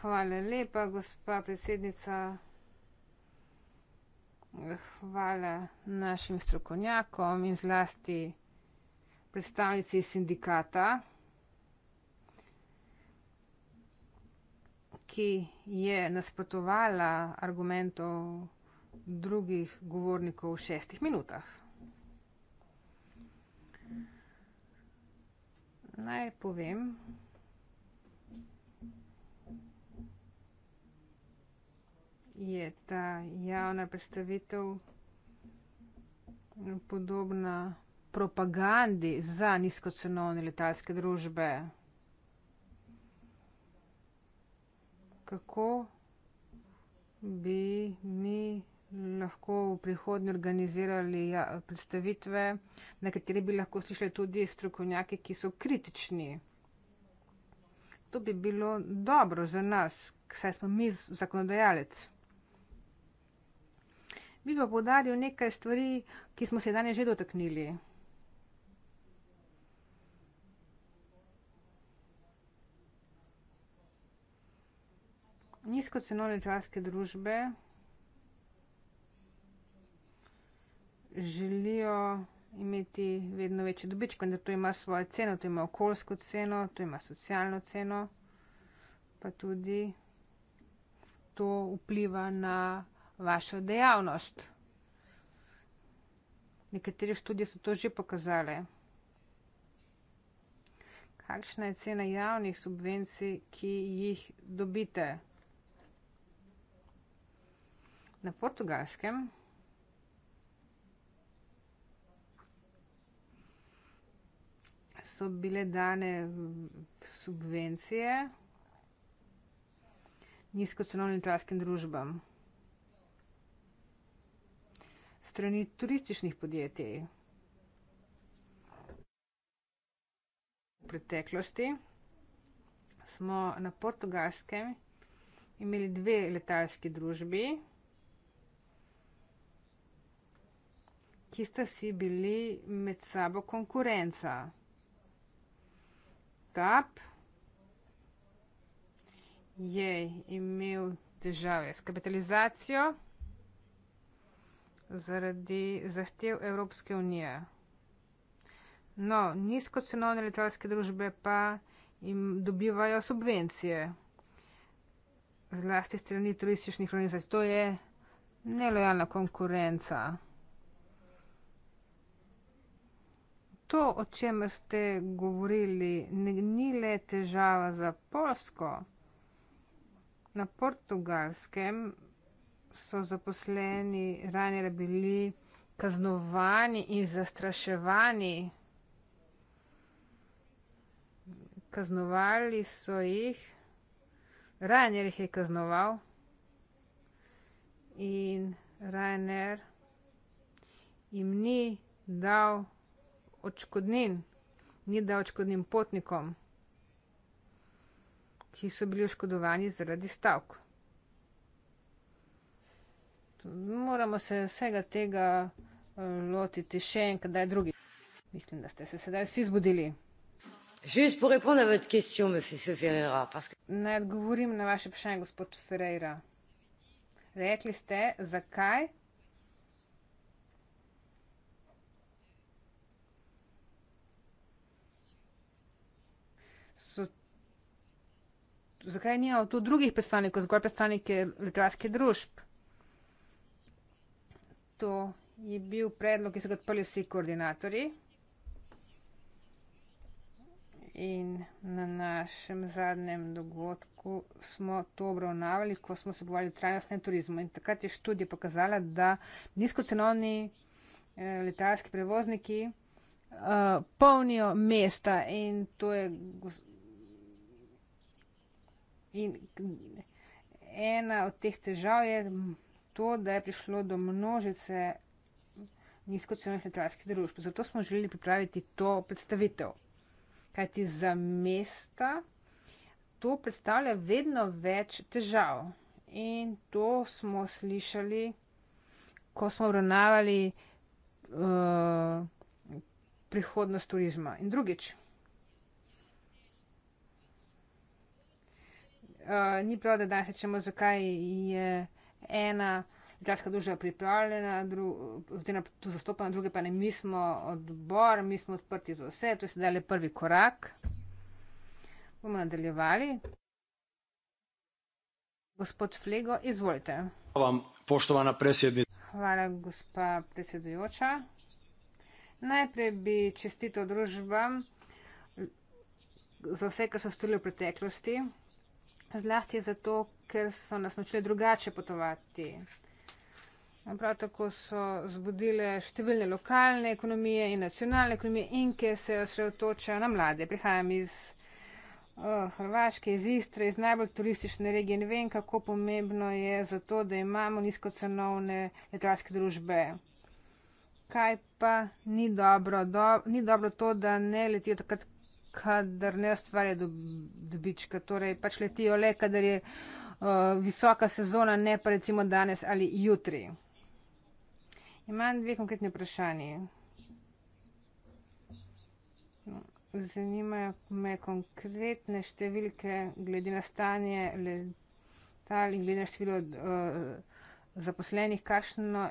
Hvala lepa, gospa predsednica. Hvala našim strokovnjakom in zlasti predstavnici sindikata. ki je nasprotovala argumentov drugih govornikov v šestih minutah. Naj povem, je ta javna predstavitev podobna propagandi za nizkocenovne letalske družbe. kako bi mi lahko v prihodnje organizirali ja, predstavitve, na kateri bi lahko slišali tudi strokovnjake, ki so kritični. To bi bilo dobro za nas, saj smo mi zakonodajalec. Bi pa podaril nekaj stvari, ki smo se danes že dotaknili. nizkocenovne letalske družbe želijo imeti vedno večje dobičko, vendar to ima svojo ceno, to ima okoljsko ceno, to ima socialno ceno, pa tudi to vpliva na vašo dejavnost. Nekatere študije so to že pokazale. Kakšna je cena javnih subvencij, ki jih dobite? na portugalskem so bile dane subvencije nizkocenovnim letalskim družbam strani turističnih podjetij. V preteklosti smo na portugalskem imeli dve letalski družbi, ki sta si bili med sabo konkurenca. Tap je imel težave s kapitalizacijo zaradi zahtev Evropske unije. No, nizkocenovne letalske družbe pa jim dobivajo subvencije, zlasti strani turističnih organizacij. To je nelojalna konkurenca. to, o čemer ste govorili, ni le težava za Polsko. Na portugalskem so zaposleni ranjere bili kaznovani in zastraševani. Kaznovali so jih, ranjer jih je kaznoval in ranjer jim ni dal odškodnin, ni dal odškodnin potnikom, ki so bili oškodovani zaradi stavk. Moramo se vsega tega eh, lotiti še enkrat, da je drugi. Mislim, da ste se sedaj vsi zbudili. Juste pour répondre à votre question, M. Ferreira. Parce que... Ne odgovorim na vaše vprašanje, gospod Ferreira. Rekli ste, zakaj so, zakaj nijo tu drugih predstavnikov, zgolj predstavnike literarske družb. To je bil predlog, ki so ga odprli vsi koordinatorji. In na našem zadnjem dogodku smo to obravnavali, ko smo se bovali o trajnostnem turizmu. In takrat je študija pokazala, da nizkocenovni eh, letalski prevozniki eh, polnijo mesta in to je In ena od teh težav je to, da je prišlo do množice nizkocenih letalskih družb. Zato smo želeli pripraviti to predstavitev. Kajti za mesta to predstavlja vedno več težav. In to smo slišali, ko smo obravnavali uh, prihodnost turizma. In drugič. uh, ni prav, da danes rečemo, zakaj je ena gradska družba pripravljena, druge, tu zastopana, druge pa ne. Mi smo odbor, mi smo odprti za vse, to je sedaj le prvi korak. Bomo nadaljevali. Gospod Flego, izvolite. Hvala vam, poštovana predsednica. Hvala, gospa predsedujoča. Najprej bi čestito družbam za vse, kar so storili v preteklosti zlasti zato, ker so nas naučili drugače potovati. Prav tako so zbudile številne lokalne ekonomije in nacionalne ekonomije in ki se osredotočajo na mlade. Prihajam iz oh, Hrvaške, iz Istre, iz najbolj turistične regije in vem, kako pomembno je za to, da imamo nizkocenovne letalske družbe. Kaj pa ni dobro? Do, ni dobro to, da ne letijo takrat, kadar ne ustvarja dobička, torej pač letijo le, kadar je uh, visoka sezona, ne pa recimo danes ali jutri. Imam dve konkretni vprašanji. Zanimajo me konkretne številke glede na stanje letal in glede na število uh, zaposlenih, kakšno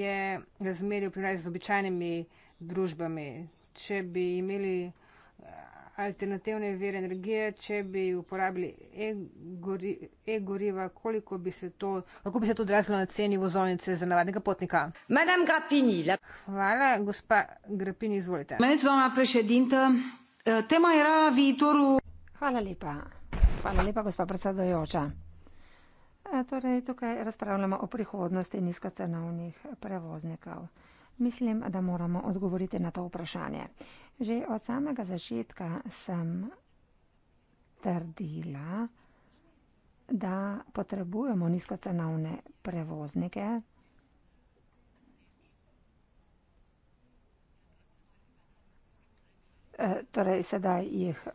je razmerje v primerjavi z običajnimi družbami. Če bi imeli alternativne vire energije, če bi uporabili e-goriva, kako bi se to odrazilo na ceni vozovnice za navadnega potnika? Hvala, gospa Grapini, izvolite. Hvala lepa. Hvala lepa, gospa predsedojoča. E, torej, tukaj razpravljamo o prihodnosti nizkocenovnih prevoznikov. Mislim, da moramo odgovoriti na to vprašanje. Že od samega začetka sem trdila, da potrebujemo nizkocenovne prevoznike. E, torej, sedaj jih e,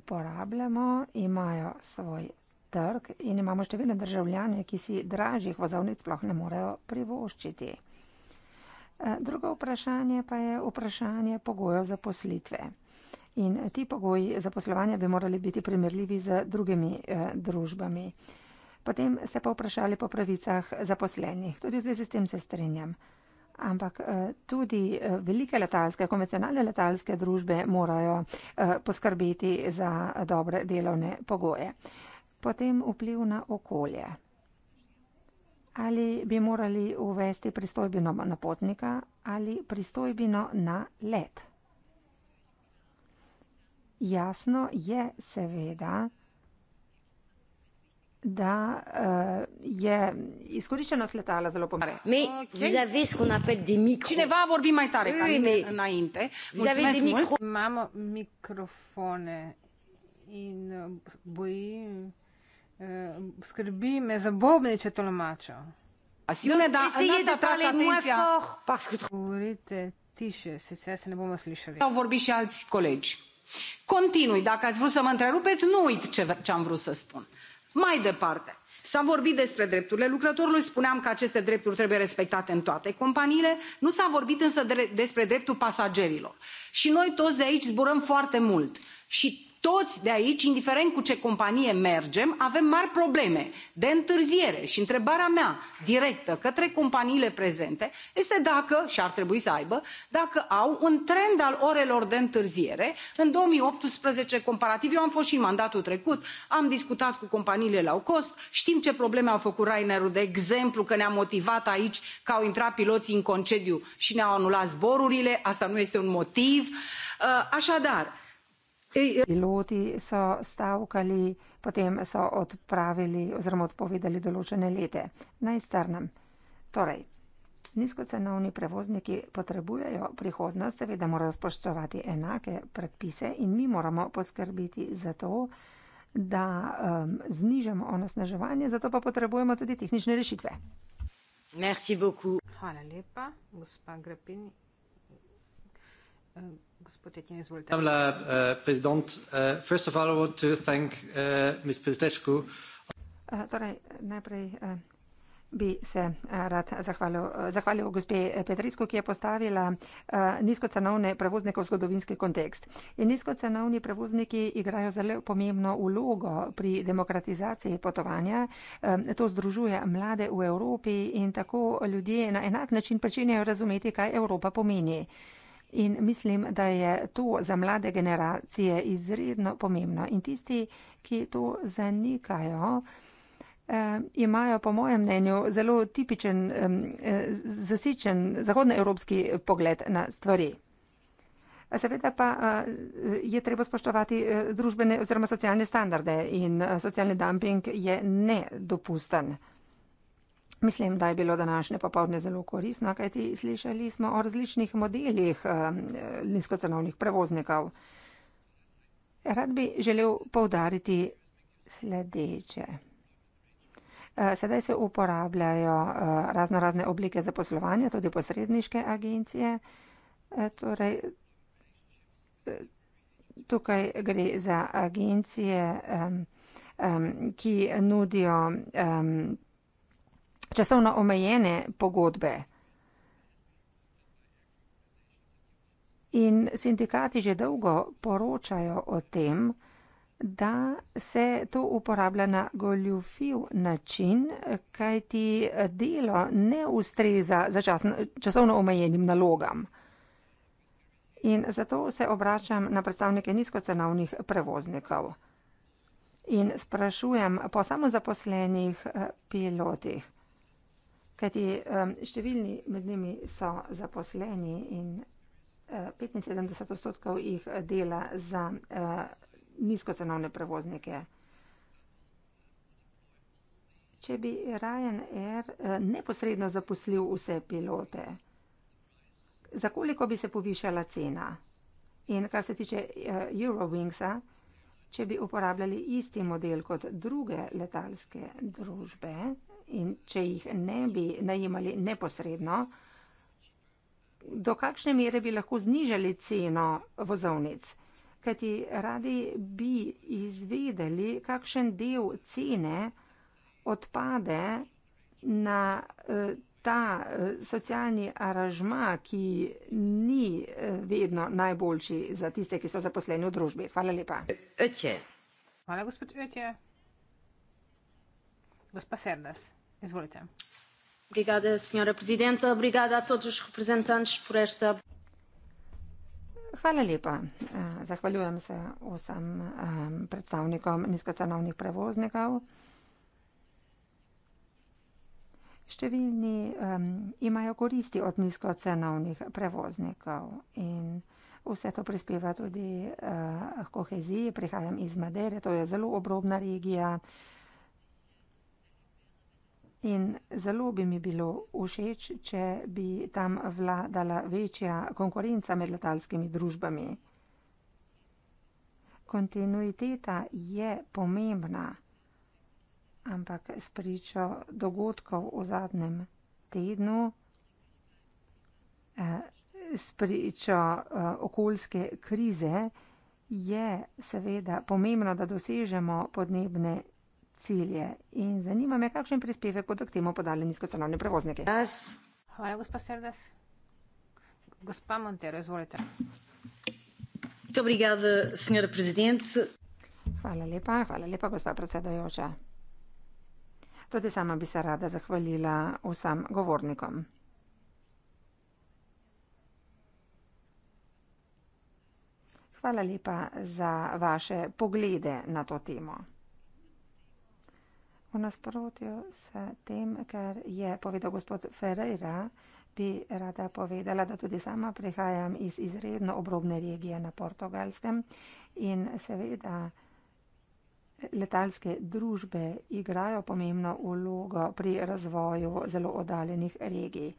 uporabljamo, imajo svoj trg in imamo številne državljane, ki si dražjih vozovnic sploh ne morejo privoščiti. Drugo vprašanje pa je vprašanje pogojev zaposlitve. In ti pogoji zaposlovanja bi morali biti primerljivi z drugimi eh, družbami. Potem ste pa vprašali po pravicah zaposlenih. Tudi v zvezi s tem se strinjam. Ampak eh, tudi eh, velike letalske, konvencionalne letalske družbe morajo poskrbeti za dobre delovne pogoje. Potem vpliv na okolje ali bi morali uvesti pristojbino na potnika ali pristojbino na let? Jasno je seveda, da uh, je izkoriščenost letala zelo pomembna. Mi zavisko na pet dimikov. Če ne vavor bi maj tare, kaj mi na inte. Imamo mikrofone in bojim. Euh, skrbi me za bobne, če tolmačijo. Govorite tiše, sicer se ne bomo slišali. Ja, vorbi še alci koleč. Continui, dacă ați vrut să mă întrerupeți, nu uit ce, ce am vrut să spun. Mai departe, s-a vorbit despre drepturile lucrătorului, spuneam că aceste drepturi trebuie respectate în toate companiile, nu s-a vorbit însă despre dreptul pasagerilor. Și noi toți de aici zburăm foarte mult. Și toți de aici, indiferent cu ce companie mergem, avem mari probleme de întârziere. Și întrebarea mea directă către companiile prezente este dacă, și ar trebui să aibă, dacă au un trend al orelor de întârziere. În 2018, comparativ, eu am fost și în mandatul trecut, am discutat cu companiile la cost, știm ce probleme au făcut Rainerul, de exemplu, că ne-a motivat aici că au intrat piloții în concediu și ne-au anulat zborurile, asta nu este un motiv. Așadar, Piloti so stavkali, potem so odpravili oziroma odpovedali določene lete. Naj strnem. Torej, nizkocenovni prevozniki potrebujejo prihodnost, seveda morajo spoštovati enake predpise in mi moramo poskrbiti za to, da um, znižamo onosnaževanje, zato pa potrebujemo tudi tehnične rešitve. Hvala lepa, gospa Grapini. Madam eh, President, uh, first of all, I want to thank uh, eh, Ms. Petrescu. Torej, najprej bi se rad zahvalil, zahvalil gospe Petrisko, ki je postavila nizkocenovne prevoznike v zgodovinski kontekst. In nizkocenovni prevozniki igrajo zelo pomembno vlogo pri demokratizaciji potovanja. To združuje mlade v Evropi in tako ljudje na enak način pričenjajo razumeti, kaj Evropa pomeni. In mislim, da je to za mlade generacije izredno pomembno. In tisti, ki to zanikajo, eh, imajo po mojem mnenju zelo tipičen, eh, zasičen zahodnoevropski pogled na stvari. Seveda pa eh, je treba spoštovati eh, družbene oziroma socialne standarde in eh, socialni dumping je nedopusten. Mislim, da je bilo današnje popovdne zelo korisno, kajti slišali smo o različnih modelih eh, nizkocenovnih prevoznikov. Rad bi želel povdariti sledeče. Uh, sedaj se uporabljajo uh, razno razne oblike zaposlovanja, tudi posredniške agencije. Uh, torej, tukaj gre za agencije, um, um, ki nudijo časovno omejene pogodbe. In sindikati že dolgo poročajo o tem, da se to uporablja na goljufiv način, kajti delo ne ustreza za časovno omejenim nalogam. In zato se obračam na predstavnike nizkocenovnih prevoznikov in sprašujem po samozaposlenih eh, pilotih. Kajti številni med njimi so zaposleni in 75 e, odstotkov jih dela za e, nizkocenovne prevoznike. Če bi Ryanair e, neposredno zaposlil vse pilote, za koliko bi se povišala cena? In kar se tiče Eurowingsa, če bi uporabljali isti model kot druge letalske družbe, in če jih ne bi najemali neposredno, do kakšne mere bi lahko znižali ceno vozovnic? Kajti radi bi izvedeli, kakšen del cene odpade na eh, ta eh, socialni aranžma, ki ni eh, vedno najboljši za tiste, ki so zaposleni v družbi. Hvala lepa. Hvala, gospod Ötje. Gospa Sernes, izvolite. Obrigada, senhora presidenta. Obrigada a todos os representantes por esta. Hvala lepa. Eh, zahvaljujem se vsem ehm, predstavnikom nizkocenovnih prevoznikov. Številni um, imajo koristi od nizkocenovnih prevoznikov in vse to prispeva tudi uh, koheziji. Prihajam iz Madere, to je zelo obrobna regija. Uh, In zelo bi mi bilo všeč, če bi tam vladala večja konkurenca med letalskimi družbami. Kontinuiteta je pomembna, ampak spričo dogodkov v zadnjem tednu, eh, spričo, eh, okoljske krize je seveda pomembno, da dosežemo podnebne cilje. In zanima me, kakšen prispevek bodo k temu podali nizkocenovni prevozniki. Yes. Hvala, gospa Serdes. Gospa Montero, izvolite. Obrigada, senjora prezidentka. Hvala lepa, hvala lepa, gospa predsedojoča. Tudi sama bi se rada zahvalila vsem govornikom. Hvala lepa za vaše poglede na to temo. V nasprotju s tem, kar je povedal gospod Ferreira, bi rada povedala, da tudi sama prihajam iz izredno obrobne regije na portugalskem in seveda letalske družbe igrajo pomembno vlogo pri razvoju zelo odaljenih regij.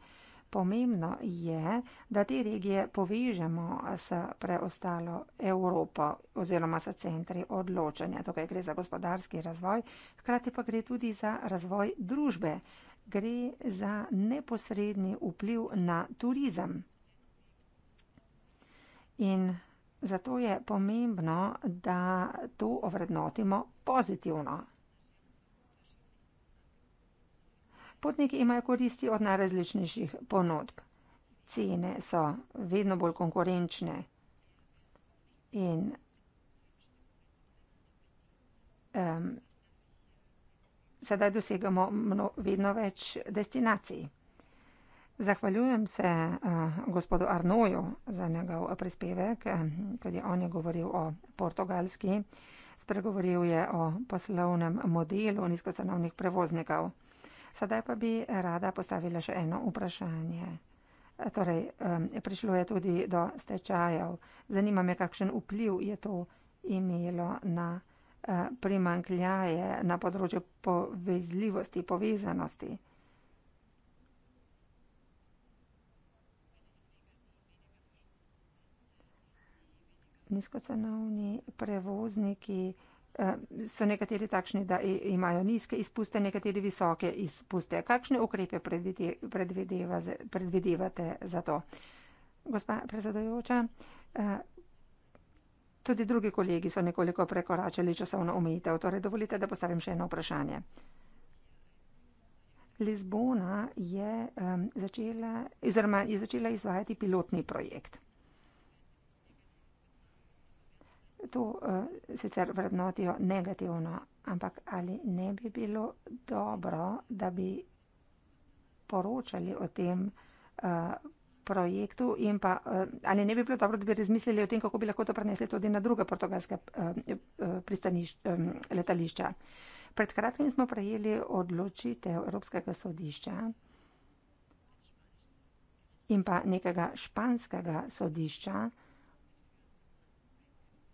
Pomembno je, da te regije povežemo s preostalo Evropo oziroma s centri odločanja. Tukaj gre za gospodarski razvoj, hkrati pa gre tudi za razvoj družbe. Gre za neposredni vpliv na turizem. In zato je pomembno, da to ovrednotimo pozitivno. Potniki imajo koristi od najrazličnejših ponudb. Cene so vedno bolj konkurenčne in um, sedaj dosegamo mno, vedno več destinacij. Zahvaljujem se uh, gospodu Arnoju za njegov prispevek, eh, tudi on je govoril o portugalski, spregovoril je o poslovnem modelu nizkocenovnih prevoznikov. Sedaj pa bi rada postavila še eno vprašanje. Torej, prišlo je tudi do stečajev. Zanima me, kakšen vpliv je to imelo na eh, primankljaje na področju povezljivosti, povezanosti. Nizkocenovni prevozniki. Eh, so nekateri takšni, da imajo nizke izpuste, nekateri visoke izpuste. Kakšne ukrepe predvideva, predvidevate za to? Gospa predsedojoča, eh, tudi drugi kolegi so nekoliko prekoračali časovno omejitev, torej dovolite, da postavim še eno vprašanje. Lizbona je eh, začela, je začela izvajati pilotni projekt. to uh, sicer vrednotijo negativno, ampak ali ne bi bilo dobro, da bi poročali o tem uh, projektu in pa uh, ali ne bi bilo dobro, da bi razmislili o tem, kako bi lahko to prenesli tudi na druge portugalske uh, uh, um, letališča. Pred kratkim smo prejeli odločitev Evropskega sodišča in pa nekega španskega sodišča,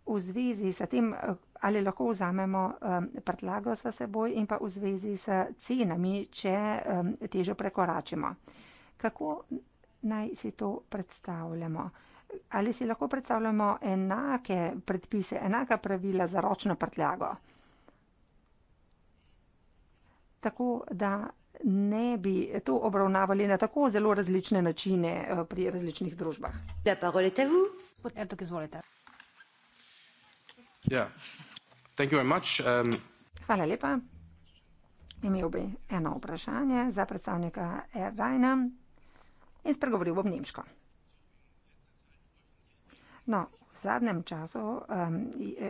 v zvezi s tem, eh, ali lahko vzamemo eh, prtljago s seboj in pa v zvezi s cenami, če eh, težo prekoračimo. Kako naj si to predstavljamo? Ali si lahko predstavljamo enake predpise, enaka pravila za ročno prtljago? Tako da ne bi to obravnavali na tako zelo različne načine pri različnih družbah. Da, pa, volite vi? Potem, tako izvolite. Um, Hvala lepa. Imel bi eno vprašanje za predstavnika Air Ryana in spregovoril bom nemško. No, v zadnjem času um,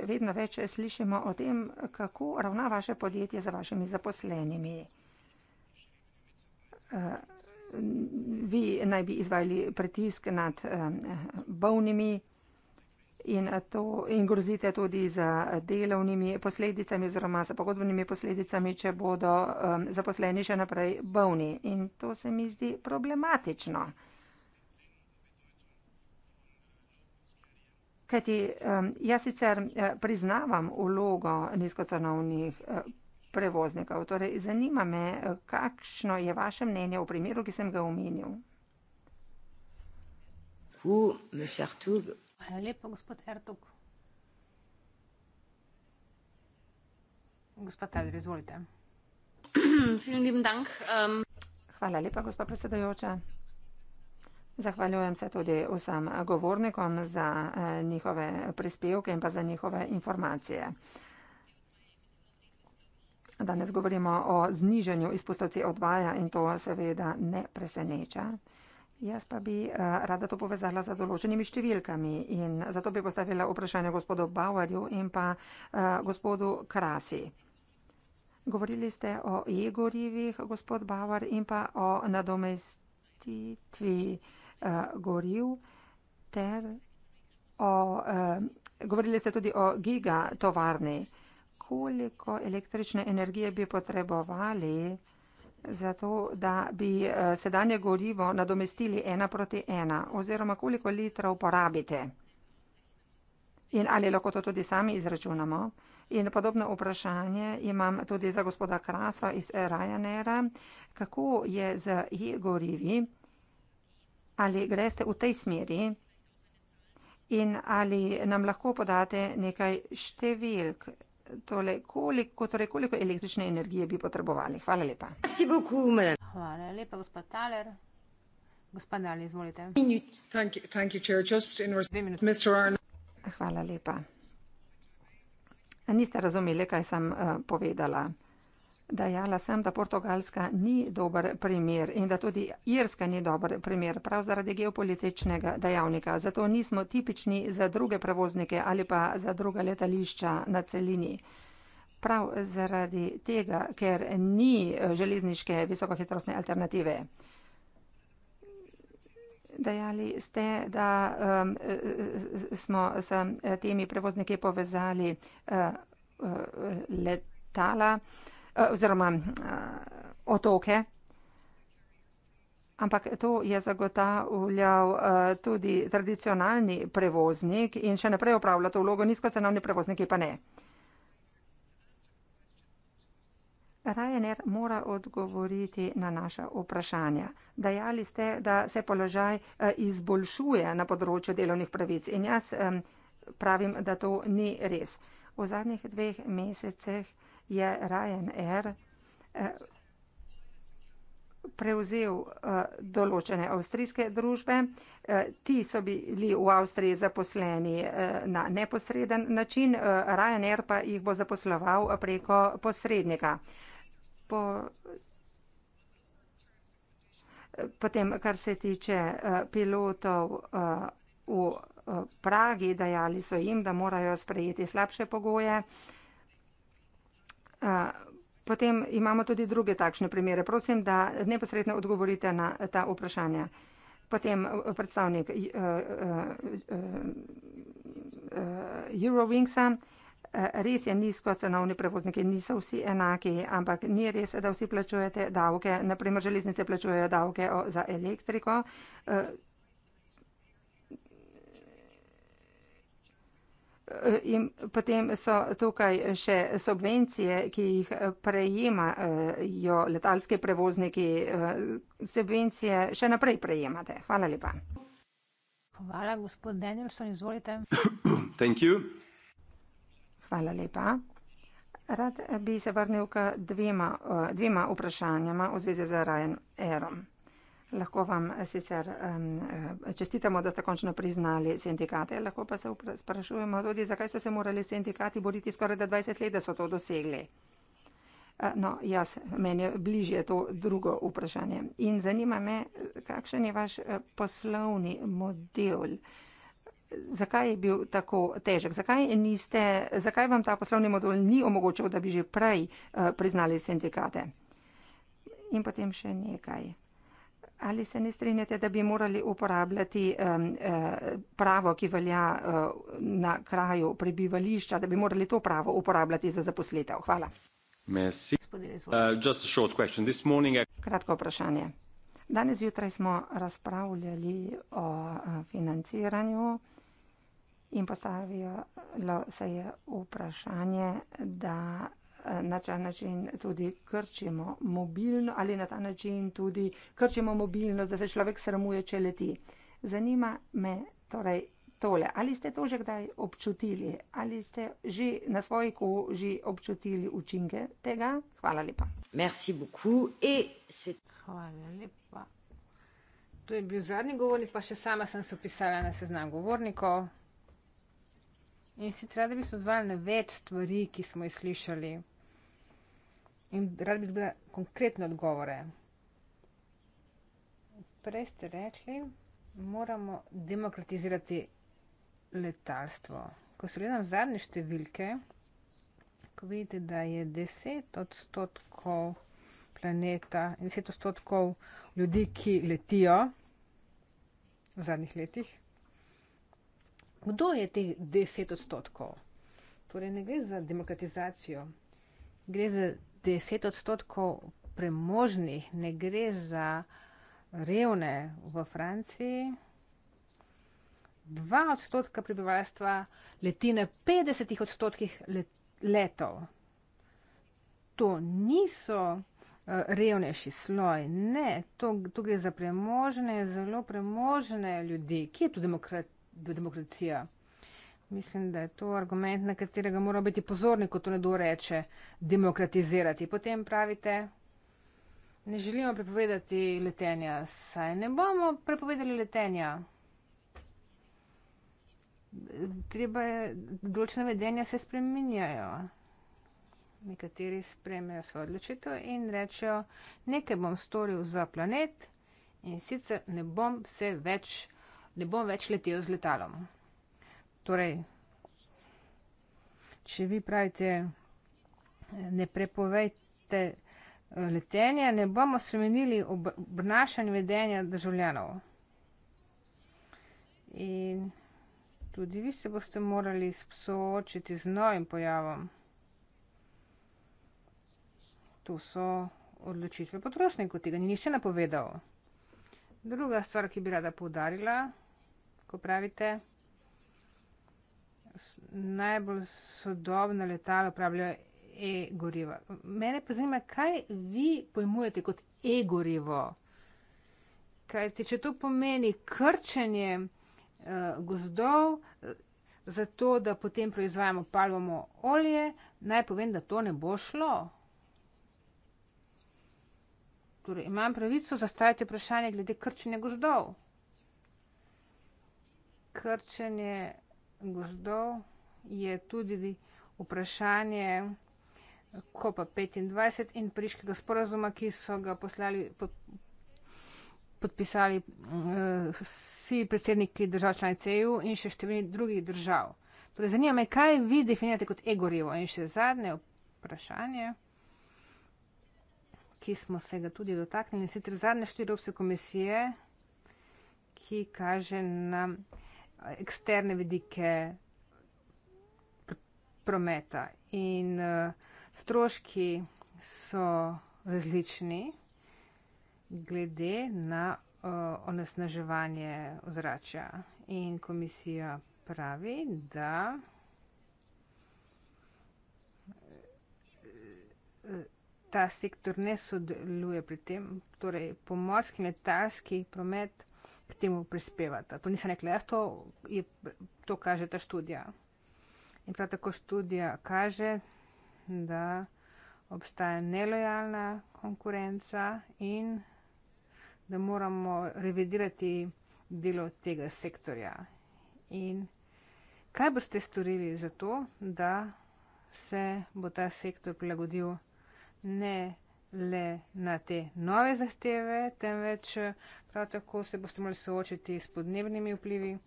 vedno več slišimo o tem, kako ravna vaše podjetje za vašimi zaposlenimi. Uh, vi naj bi izvajali pritisk nad um, bovnimi in, eh, to, in grozite tudi z eh, delovnimi posledicami oziroma z pogodbenimi posledicami, če bodo um, zaposleni še naprej bolni. In to se mi zdi problematično. Kajti um, jaz sicer priznavam ulogo nizkocenovnih prevoznikov. Torej, zanima me, kakšno je vaše mnenje v primeru, ki sem ga omenil. Hvala lepa, gospod Ertug. Gospod Tadri, izvolite. Ähm. Hvala lepa, gospod predsedojoča. Zahvaljujem se tudi vsem govornikom za eh, njihove prispevke in pa za njihove informacije. Danes govorimo o znižanju izpustov CO2 ja, in to seveda ne preseneča. Jaz pa bi uh, rada to povezala z določenimi številkami in zato bi postavila vprašanje gospodu Bauerju in pa uh, gospodu Krasi. Govorili ste o e-gorivih, gospod Bauer, in pa o nadomestitvi uh, goriv ter o, uh, govorili ste tudi o gigatovarni. Koliko električne energije bi potrebovali? Zato, da bi eh, sedanje gorivo nadomestili ena proti ena, oziroma koliko litrov porabite. In ali lahko to tudi sami izračunamo? In podobno vprašanje imam tudi za gospoda Kraso iz Ryanaira. Kako je z e-gorivi? Ali greste v tej smeri? In ali nam lahko podate nekaj številk? tole, koliko, torej koliko električne energije bi potrebovali. Hvala lepa. Hvala lepa, gospod Taler. Gospod Dali, izvolite. Thank you, thank you, Hvala lepa. Niste razumeli, kaj sem uh, povedala. Dajala sem, da Portugalska ni dober primer in da tudi Irska ni dober primer, prav zaradi geopolitičnega dejavnika. Zato nismo tipični za druge prevoznike ali pa za druga letališča na celini. Prav zaradi tega, ker ni eh, železniške visokohitrostne alternative. Dajali ste, da um, smo s eh, temi prevozniki povezali uh, letala. Uh, Eh, oziroma uh, otoke. Ampak to je zagotavljal uh, tudi tradicionalni prevoznik in še naprej upravlja to vlogo, nizkocenovni prevozniki pa ne. Ryanair mora odgovoriti na naša vprašanja. Dajali ste, da se položaj izboljšuje na področju delovnih pravic in jaz pravim, da to ni res. V zadnjih dveh mesecih je Ryanair eh, prevzel eh, določene avstrijske družbe. Eh, ti so bili v Avstriji zaposleni na neposreden način, Ryanair pa jih bo zaposloval preko posrednjega. Po Potem, kar se tiče pilotov v Pragi, dajali so jim, da morajo sprejeti slabše pogoje. Potem imamo tudi druge takšne primere. Prosim, da neposredno odgovorite na ta vprašanja. Potem e, predstavnik uh, uh, uh, Eurowingsa. E, res je nizko cenovni prevozniki, niso vsi enaki, ampak ni res, da vsi plačujete davke. Naprimer, železnice plačujejo davke za elektriko. Uh, In potem so tukaj še subvencije, ki jih prejemajo letalski prevozniki. Subvencije še naprej prejemate. Hvala lepa. Hvala, gospod Danielson, izvolite. Hvala lepa. Rad bi se vrnil k dvema, dvema vprašanjama v zvezi z Ryanairom. Lahko vam eh, sicer um, čestitamo, da ste končno priznali sindikate, lahko pa se sprašujemo tudi, zakaj so se morali sindikati boriti skoraj da 20 let, da so to dosegli. Eh, no, jaz, meni je bližje to drugo vprašanje. In zanima me, kakšen je vaš poslovni model? Zakaj je bil tako težek? Zakaj, niste, zakaj vam ta poslovni model ni omogočil, da bi že prej priznali sindikate? In potem še nekaj. Ali se ne strinjate, da bi morali uporabljati um, pravo, ki velja uh, na kraju prebivališča, da bi morali to pravo uporabljati za zaposlitev? Hvala. Uh, morning, I... Kratko vprašanje. Danes zjutraj smo razpravljali o eh, financiranju in postavilo se je vprašanje, da na ta način tudi krčimo mobilno ali na ta način tudi krčimo mobilnost, da se človek sramuje, če leti. Zanima me torej tole, ali ste to že kdaj občutili, ali ste že na svoji koži občutili učinke tega? Hvala lepa. Merci beaucoup et c'est... Hvala lepa. To je bil zadnji govornik, pa še sama sem se upisala na seznam govornikov. In sicer, da bi se odzvali na več stvari, ki smo jih slišali in rad bi dobila konkretne odgovore. Prej ste rekli, moramo demokratizirati letalstvo. Ko se gledam zadnje številke, ko vidite, da je 10 odstotkov planeta in 10 odstotkov ljudi, ki letijo v zadnjih letih, kdo je teh 10 odstotkov? Torej ne gre za demokratizacijo, gre za deset odstotkov premožnih ne gre za revne v Franciji. Dva odstotka prebivalstva leti na 50 odstotkih letov. To niso eh, revnejši sloj, ne, to, to gre za premožne, zelo premožne ljudi, ki je tu demokra, demokracija. Mislim, da je to argument, na katerega mora biti pozorni, ko to nekdo reče, demokratizirati. Potem pravite, ne želimo prepovedati letenja, saj ne bomo prepovedali letenja. Treba je, določene vedenja se spreminjajo. Nekateri spremejo svojo odločitev in rečejo, nekaj bom storil za planet in sicer ne bom se več, ne bom več letel z letalom. Torej, če vi pravite, ne prepovejte eh, letenje, ne bomo spremenili obnašanje vedenja državljanov. In tudi vi se boste morali soočiti z novim pojavom. To so odločitve potrošnikov, tega ni nišče napovedal. Druga stvar, ki bi rada poudarila, ko pravite, da najbolj sodobna letala uporabljajo e-goriva. Mene pa zanima, kaj vi pojmujete kot e-gorivo? Kaj ti, če to pomeni krčenje uh, gozdov, eh, zato da potem proizvajamo palvamo olje, naj povem, da to ne bo šlo. Torej, imam pravico zastaviti vprašanje glede krčenja gozdov. Krčenje gozdov, je tudi vprašanje Kopa 25 in priškega sporazuma, ki so ga poslali, pod, podpisali eh, vsi eh, predsedniki držav članic EU in še številni drugih držav. Torej, zanima me, kaj vi definirate kot egorivo in še zadnje vprašanje, ki smo se ga tudi dotaknili, sicer zadnje štiri opse komisije, ki kaže nam eksterne vidike prometa. In uh, stroški so različni glede na uh, onesnaževanje ozračja. In komisija pravi, da eh, ta sektor ne sodeluje pri tem, torej pomorski letalski promet k temu prispevata. To nisem rekla jaz, to, je, to kaže ta študija. In prav tako študija kaže, da obstaja nelojalna konkurenca in da moramo revidirati delo tega sektorja. In kaj boste storili za to, da se bo ta sektor prilagodil ne le na te nove zahteve, temveč prav tako se boste morali soočiti s podnebnimi vplivi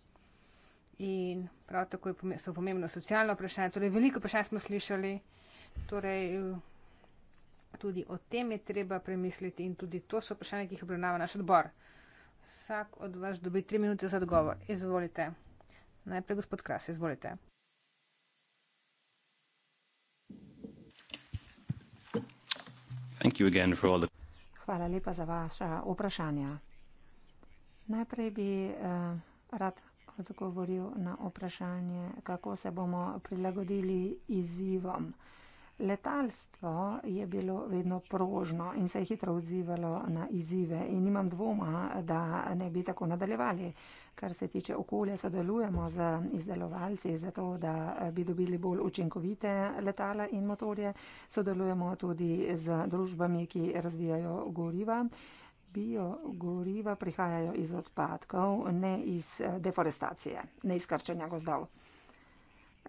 in prav tako so pomembno socialno vprašanje. Torej, veliko vprašanj smo slišali, torej tudi o tem je treba premisliti in tudi to so vprašanje, ki jih obravnava naš odbor. Vsak od vas dobi tri minute za odgovor. Izvolite. Najprej gospod Kras, izvolite. Hvala lepa za vaša vprašanja. Najprej bi uh, rad odgovoril na vprašanje, kako se bomo prilagodili izzivom. Uh, Letalstvo je bilo vedno prožno in se je hitro odzivalo na izzive in nimam dvoma, da ne bi tako nadaljevali. Kar se tiče okolja, sodelujemo z izdelovalci za to, da bi dobili bolj učinkovite letala in motorje. Sodelujemo tudi z družbami, ki razvijajo goriva. Biogoriva prihajajo iz odpadkov, ne iz deforestacije, ne iz krčenja gozdov.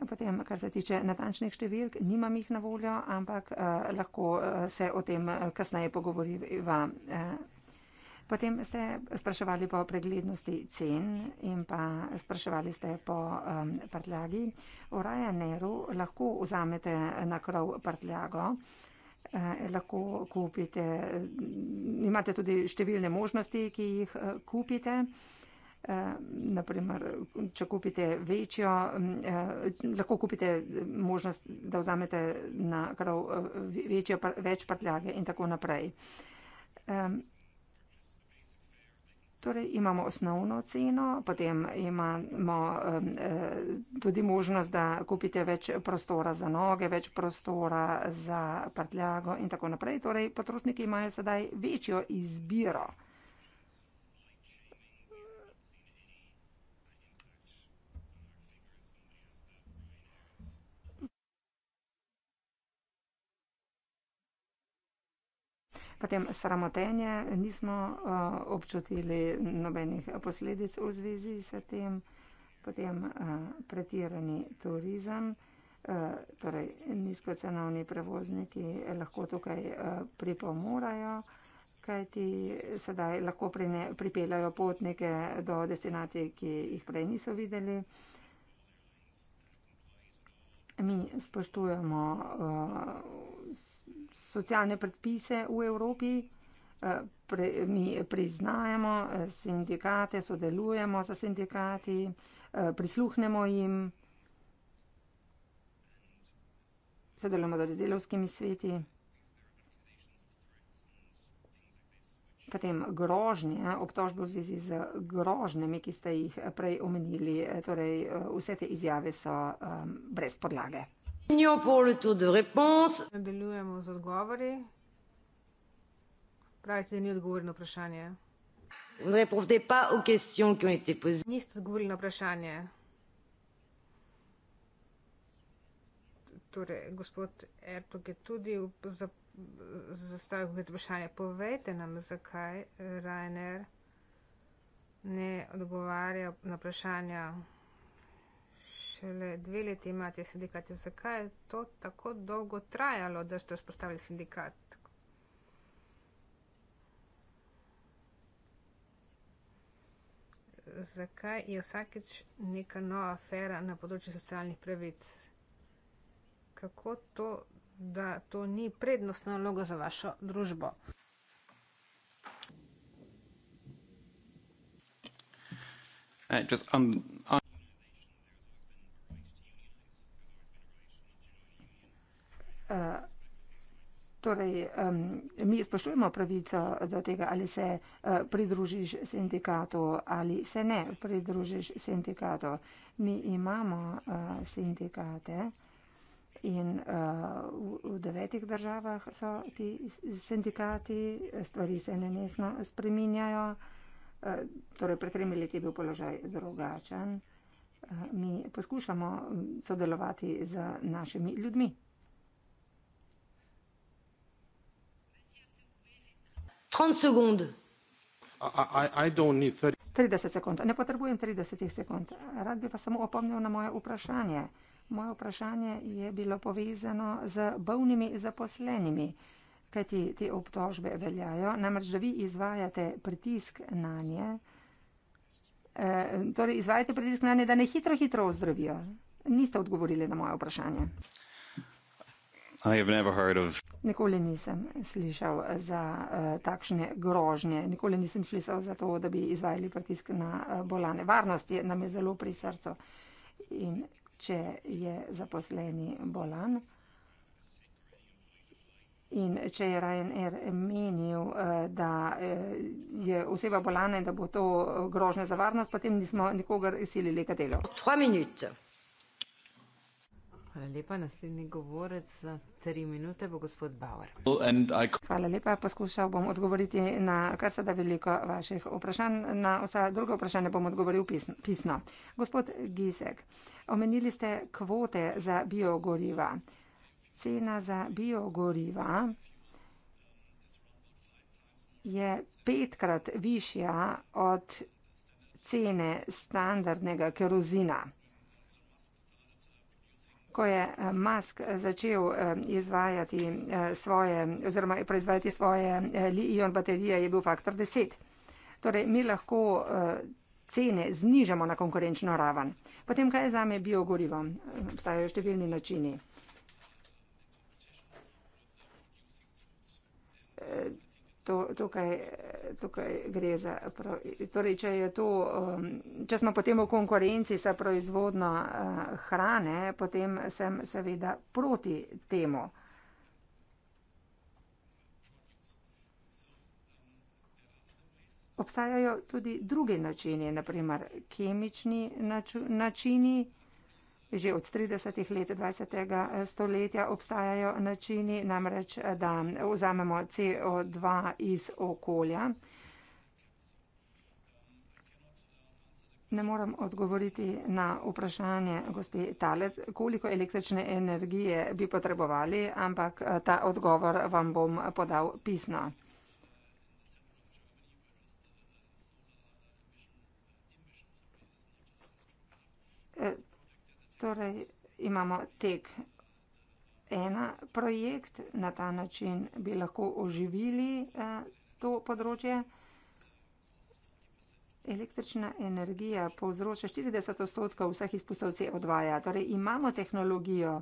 Potem, kar se tiče natančnih številk, nimam jih na voljo, ampak eh, lahko eh, se o tem eh, kasneje pogovoriva. Eh. Potem ste spraševali po preglednosti cen in pa spraševali ste po um, prtljagi. V Ryanairu lahko vzamete na krov prtljago, eh, lahko kupite, imate tudi številne možnosti, ki jih eh, kupite. Eh, Eh, naprimer, če kupite večjo, mm, eh, lahko kupite možnost, da vzamete na krav eh, večjo, več prtljage in tako naprej. Torej, imamo osnovno ceno, potem imamo tudi možnost, da kupite več prostora za noge, več prostora za prtljago in tako naprej. Torej, potrošniki imajo sedaj večjo izbiro. potem sramotenje, nismo uh, občutili nobenih posledic v zvezi s tem, potem uh, pretirani turizem, uh, torej nizkocenovni prevozniki lahko tukaj uh, pripomorajo, kajti sedaj lahko prine, pripeljajo potnike do destinacij, ki jih prej niso videli. Mi spoštujemo uh, socialne predpise v Evropi. Eh, mi priznajemo eh, sindikate, sodelujemo sa sindikati, eh, prisluhnemo jim, sodelujemo z delovskimi sveti. Potem grožnje, obtožbo v zvezi z grožnjami, ki ste jih prej omenili, torej vse te izjave so brez podlage. Nadaljujemo z odgovori. Pravite, da ni odgovor na vprašanje. Niste odgovorili na vprašanje. Torej, gospod Ertug je tudi zastavil konkretno vprašanje. Povejte nam, zakaj Rainer ne odgovarja na vprašanja šele dve leti imate sindikat. Zakaj je to tako dolgo trajalo, da ste vzpostavili sindikat? Zakaj je vsakeč neka nova afera na področju socialnih pravic? Kako to, da to ni prednostna naloga za vašo družbo? Uh, just on, on. Torej, um, mi spoštujemo pravico do tega, ali se uh, pridružiš sindikatu ali se ne pridružiš sindikatu. Mi imamo uh, sindikate in uh, v, v devetih državah so ti sindikati, stvari se nenehno spreminjajo. Uh, torej, pred tremi leti je bil položaj drugačen. Uh, mi poskušamo mm, sodelovati z našimi ljudmi. 30 sekund. 30 sekund, ne potrebujem 30 sekund. Rad bi pa samo opomnil na moje vprašanje. Moje vprašanje je bilo povezano z bovnimi zaposlenimi, kaj ti te obtožbe veljajo, namreč da vi izvajate pritisk na nje, e, eh, torej izvajate pritisk na nje, da ne hitro, hitro ozdravijo. Niste odgovorili na moje vprašanje. Nikoli nisem slišal za uh, takšne grožnje, nikoli nisem slišal za to, da bi izvajali pritisk na uh, bolane. Varnost je nam je zelo pri srcu in če je zaposleni bolan in če je Ryanair menil, uh, da uh, je oseba bolana in da bo to grožnje za varnost, potem nismo nikogar izsilili, kaj delo. 3 minute. Hvala lepa. Naslednji govorec za tri minute bo gospod Bauer. Hvala lepa. Poskušal bom odgovoriti na kar se da veliko vaših vprašanj. Na vsa druga vprašanja bom odgovoril pisno. Gospod Gizek, omenili ste kvote za biogoriva. Cena za biogoriva je petkrat višja od cene standardnega kerozina ko je eh, Musk eh, začel eh, izvajati svoje oziroma proizvajati svoje li-ion baterije, je bil faktor 10. Torej, mi lahko cene znižamo na konkurenčno raven. Potem, kaj je zame biogorivo? Obstajajo številni načini to, tukaj, tukaj gre za. Torej, če, to, um, če smo potem v konkurenci sa proizvodno uh, hrane, potem sem seveda proti temu. Obstajajo tudi drugi načini, naprimer kemični načini. Že od 30. let 20. stoletja obstajajo načini, namreč da vzamemo CO2 iz okolja. Ne moram odgovoriti na vprašanje, gospe Talet, koliko električne energije bi potrebovali, ampak ta odgovor vam bom podal pisno. Torej, imamo tek ena projekt, na ta način bi lahko oživili eh, to področje. Električna energija povzroča 40 odstotkov vseh izpustov CO2. -ja. Torej imamo tehnologijo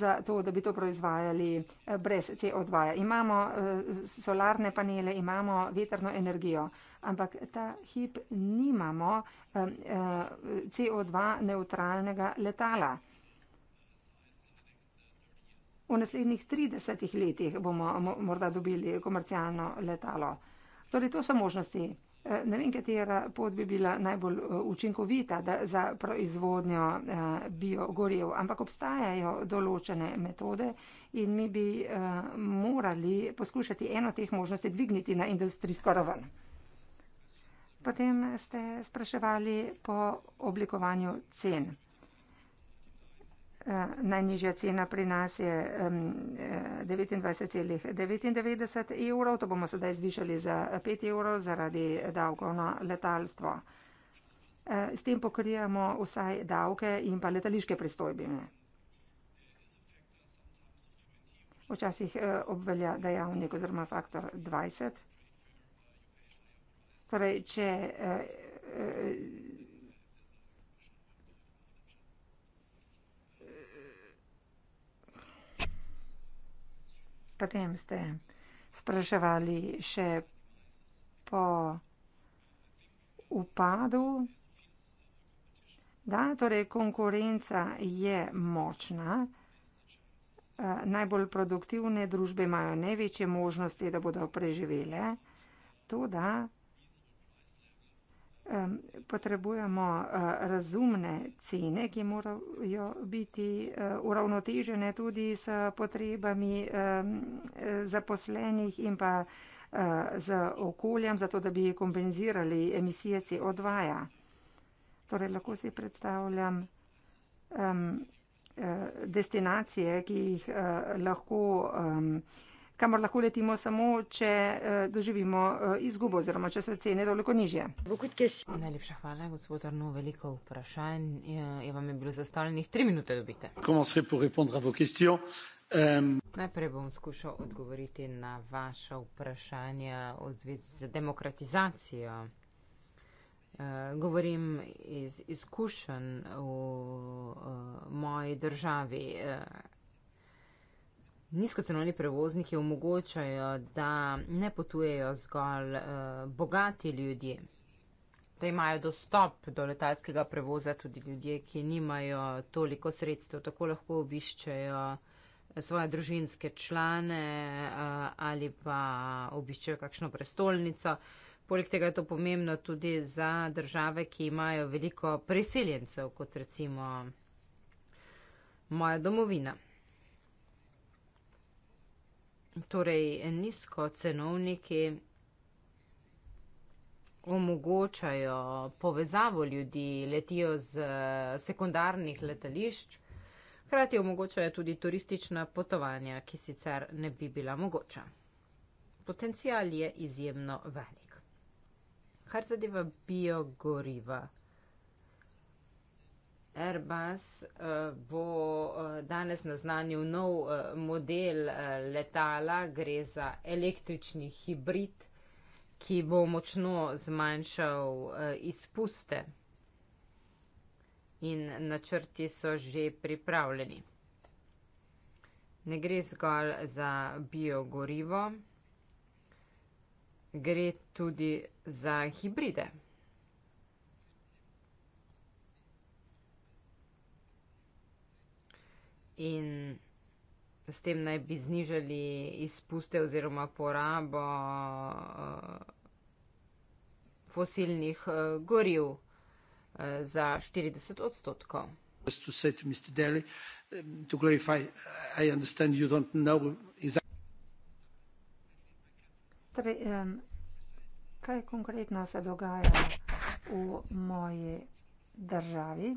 za to, da bi to proizvajali eh, brez CO2. -ja. Imamo eh, solarne panele, imamo veterno energijo, ampak ta hip nimamo eh, CO2 neutralnega letala. V naslednjih 30 letih bomo morda dobili komercialno letalo. Torej to so možnosti. Eh, ne vem, katera pot bi bila najbolj eh, učinkovita da, za proizvodnjo eh, biogorjev, ampak obstajajo določene metode in mi bi eh, morali poskušati eno teh možnosti dvigniti na industrijsko raven. Potem ste spraševali po oblikovanju cen. Eh, najnižja cena pri nas je 29,99 eh, evrov, to bomo sedaj zvišali za 5 eh, evrov zaradi davkov na letalstvo. S tem pokrijemo vsaj davke in pa letališke pristojbine. Včasih obvelja dejavnik oziroma faktor 20. Torej, če Potem ste spraševali še po upadu. Da, torej konkurenca je močna. Eh, najbolj produktivne družbe imajo največje možnosti, da bodo preživele. To da um, potrebujemo uh, razumne cene, ki morajo biti uh, uravnotežene tudi s potrebami um, zaposlenih in pa uh, z okoljem, zato da bi kompenzirali emisije CO2. Torej, lahko si predstavljam um, uh, destinacije, ki jih uh, lahko. Um, kamor lahko letimo samo, če eh, doživimo eh, izgubo oziroma če so cene toliko nižje. Najlepša hvala, gospod Arno, veliko vprašanj. Je ja, ja, vam je bilo zastavljenih tri minute, dobite. Euh, Najprej bom skušal odgovoriti na vaša vprašanja v zvezi z demokratizacijo. Eh, govorim iz izkušenj v moji državi nizkocenovni prevozniki omogočajo, da ne potujejo zgolj uh, bogati ljudje, da imajo dostop do letalskega prevoza tudi ljudje, ki nimajo toliko sredstev, tako lahko obiščajo eh, svoje družinske člane uh, ali pa obiščajo kakšno prestolnico. Poleg tega je to pomembno tudi za države, ki imajo veliko priseljencev, kot recimo moja domovina torej nizko cenovniki omogočajo povezavo ljudi, letijo z eh, sekundarnih letališč, hkrati omogočajo tudi turistična potovanja, ki sicer ne bi bila mogoča. Potencial je izjemno velik. Kar zadeva biogoriva. Airbus eh, bo eh, danes naznanil nov eh, model letala, gre za električni hibrid, ki bo močno zmanjšal izpuste. In načrti so že pripravljeni. Ne gre zgolj za biogorivo, gre tudi za hibride. in s tem naj bi znižali izpuste oziroma porabo uh, fosilnih uh, goriv uh, za 40 odstotkov. Um, torej, kaj konkretno se dogaja v moji državi?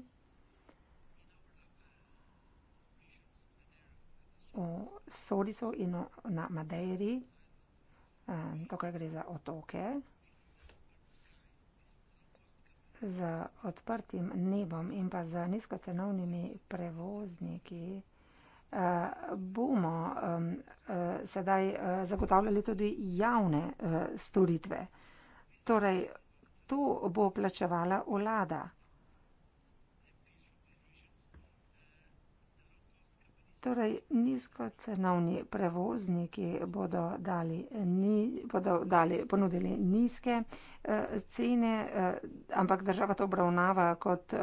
v Solisu in na Madeiri. E, tukaj gre za otoke z odprtim nebom in pa z nizkocenovnimi prevozniki e, bomo e, sedaj zagotavljali tudi javne storitve. Torej, to bo plačevala vlada. Torej, nizkocenovni prevozniki bodo, dali, ni, bodo dali, ponudili nizke eh, cene, eh, ampak država to obravnava kot eh,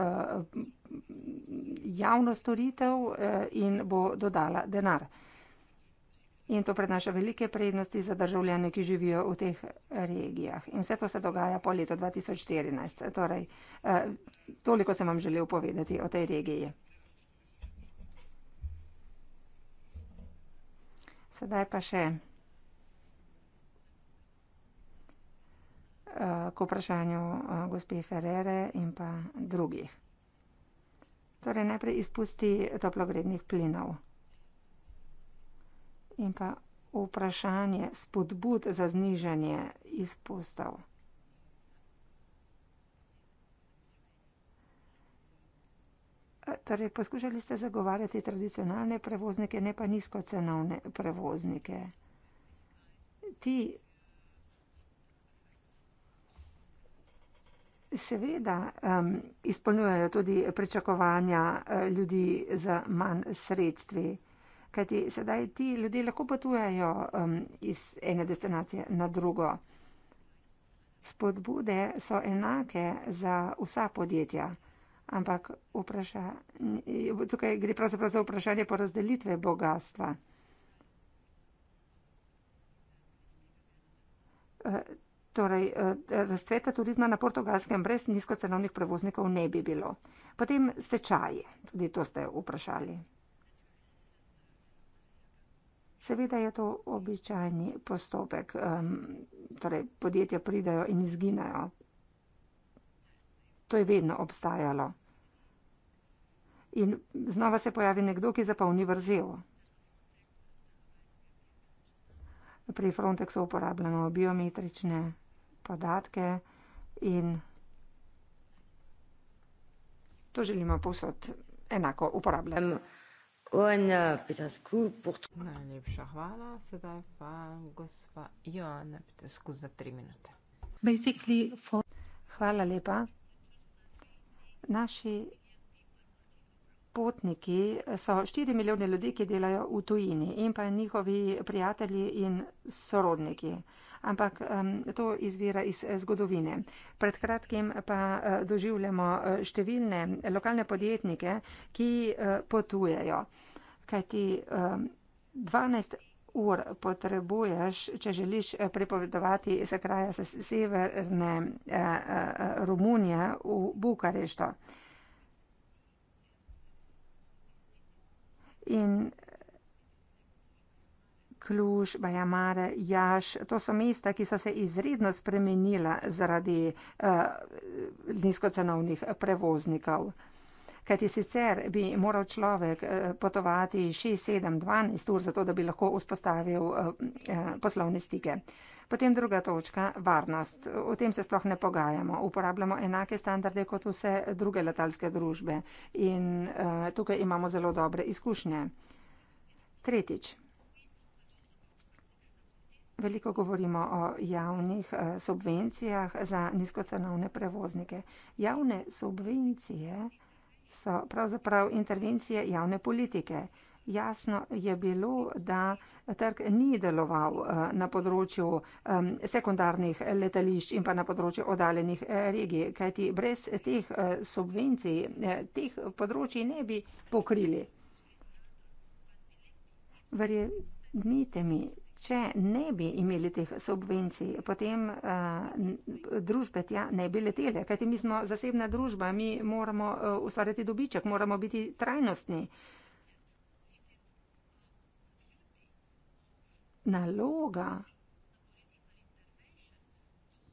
javno storitev eh, in bo dodala denar. In to prenaša velike prednosti za državljane, ki živijo v teh regijah. In vse to se dogaja po letu 2014. Torej, eh, toliko sem vam želel povedati o tej regiji. Sedaj pa še eh, k vprašanju eh, gospe Ferrere in pa drugih. Torej najprej izpusti toplogrednih plinov. In pa vprašanje spodbud za znižanje izpustov. Eh, torej, poskušali ste zagovarjati tradicionalne prevoznike, ne pa nizkocenovne prevoznike. Ti seveda um, izpolnjujejo tudi pričakovanja eh, ljudi za manj sredstvi, kajti sedaj ti ljudje lahko potujejo um, iz ene destinacije na drugo. Spodbude so enake za vsa podjetja ampak vprašanje, tukaj gre pravzaprav za vprašanje porazdelitve bogatstva. Eh, torej, eh, razcveta turizma na portugalskem brez nizkocenovnih prevoznikov ne bi bilo. Potem stečaji, tudi to ste vprašali. Seveda je to običajni postopek, torej podjetja pridajo in izginajo, To je vedno obstajalo. In znova se pojavi nekdo, ki zapolni vrzel. Pri Frontexu uporabljamo biometrične podatke in to želimo posod enako uporabljati. Najlepša hvala, sedaj pa gospa Joana Pitesku za tri minute. Hvala lepa naši potniki so 4 milijone ljudi, ki delajo v tujini in pa njihovi prijatelji in sorodniki. Ampak to izvira iz eh, zgodovine. Pred kratkim pa eh, doživljamo eh, številne lokalne podjetnike, ki potujejo. Kajti 12 ur potrebuješ, če želiš eh, pripovedovati iz kraja severne eh, eh, Romunije v Bukarešto. In Kluž, Bajamare, Jaš, to so mesta, ki so se izredno spremenila zaradi uh, nizkocenovnih prevoznikov kajti sicer bi moral človek eh, potovati 6, 7, 12 ur za to, da bi lahko vzpostavil eh, eh, poslovne stike. Potem druga točka, varnost. O tem se sploh ne pogajamo. Uporabljamo enake standarde kot vse druge letalske družbe in tukaj imamo zelo dobre izkušnje. Tretjič. Veliko govorimo o javnih subvencijah za nizkocenovne prevoznike. Javne subvencije so pravzaprav intervencije javne politike. Jasno je bilo, da trg ni deloval eh, na področju sekundarnih letališč in pa na področju odaljenih eh, regij, kajti brez teh eh, subvencij teh področji ne bi pokrili. Verjemite mi, Če ne bi imeli teh subvencij, potem uh, družbe tja ne bi letele, kajti mi smo zasebna družba, mi moramo uh, ustvarjati dobiček, moramo biti trajnostni. Naloga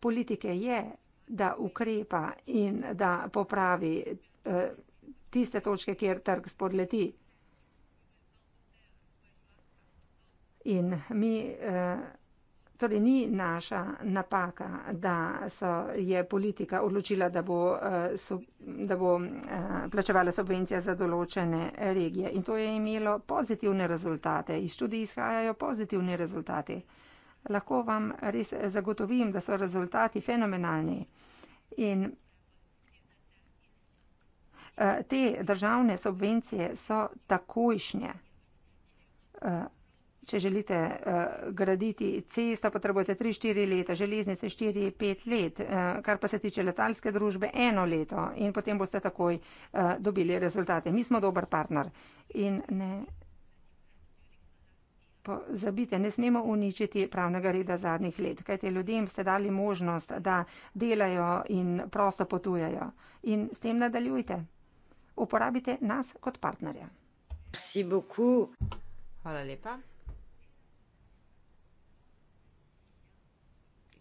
politike je, da ukrepa in da popravi uh, tiste točke, kjer trg spodleti. In mi, eh, torej ni naša napaka, da so, je politika odločila, da bo, eh, so, da bo eh, plačevala subvencija za določene regije. In to je imelo pozitivne rezultate. Iz študij izhajajo pozitivni rezultati. Lahko vam res zagotovim, da so rezultati fenomenalni. In te državne subvencije so takojšnje. Če želite uh, graditi cesto, potrebujete 3-4 leta, železnice 4-5 let, uh, kar pa se tiče letalske družbe, eno leto in potem boste takoj uh, dobili rezultate. Mi smo dober partner in ne. Zabite, ne smemo uničiti pravnega reda zadnjih let, kaj te ljudem ste dali možnost, da delajo in prosto potujajo. In s tem nadaljujte. Uporabite nas kot partnerja. Hvala lepa.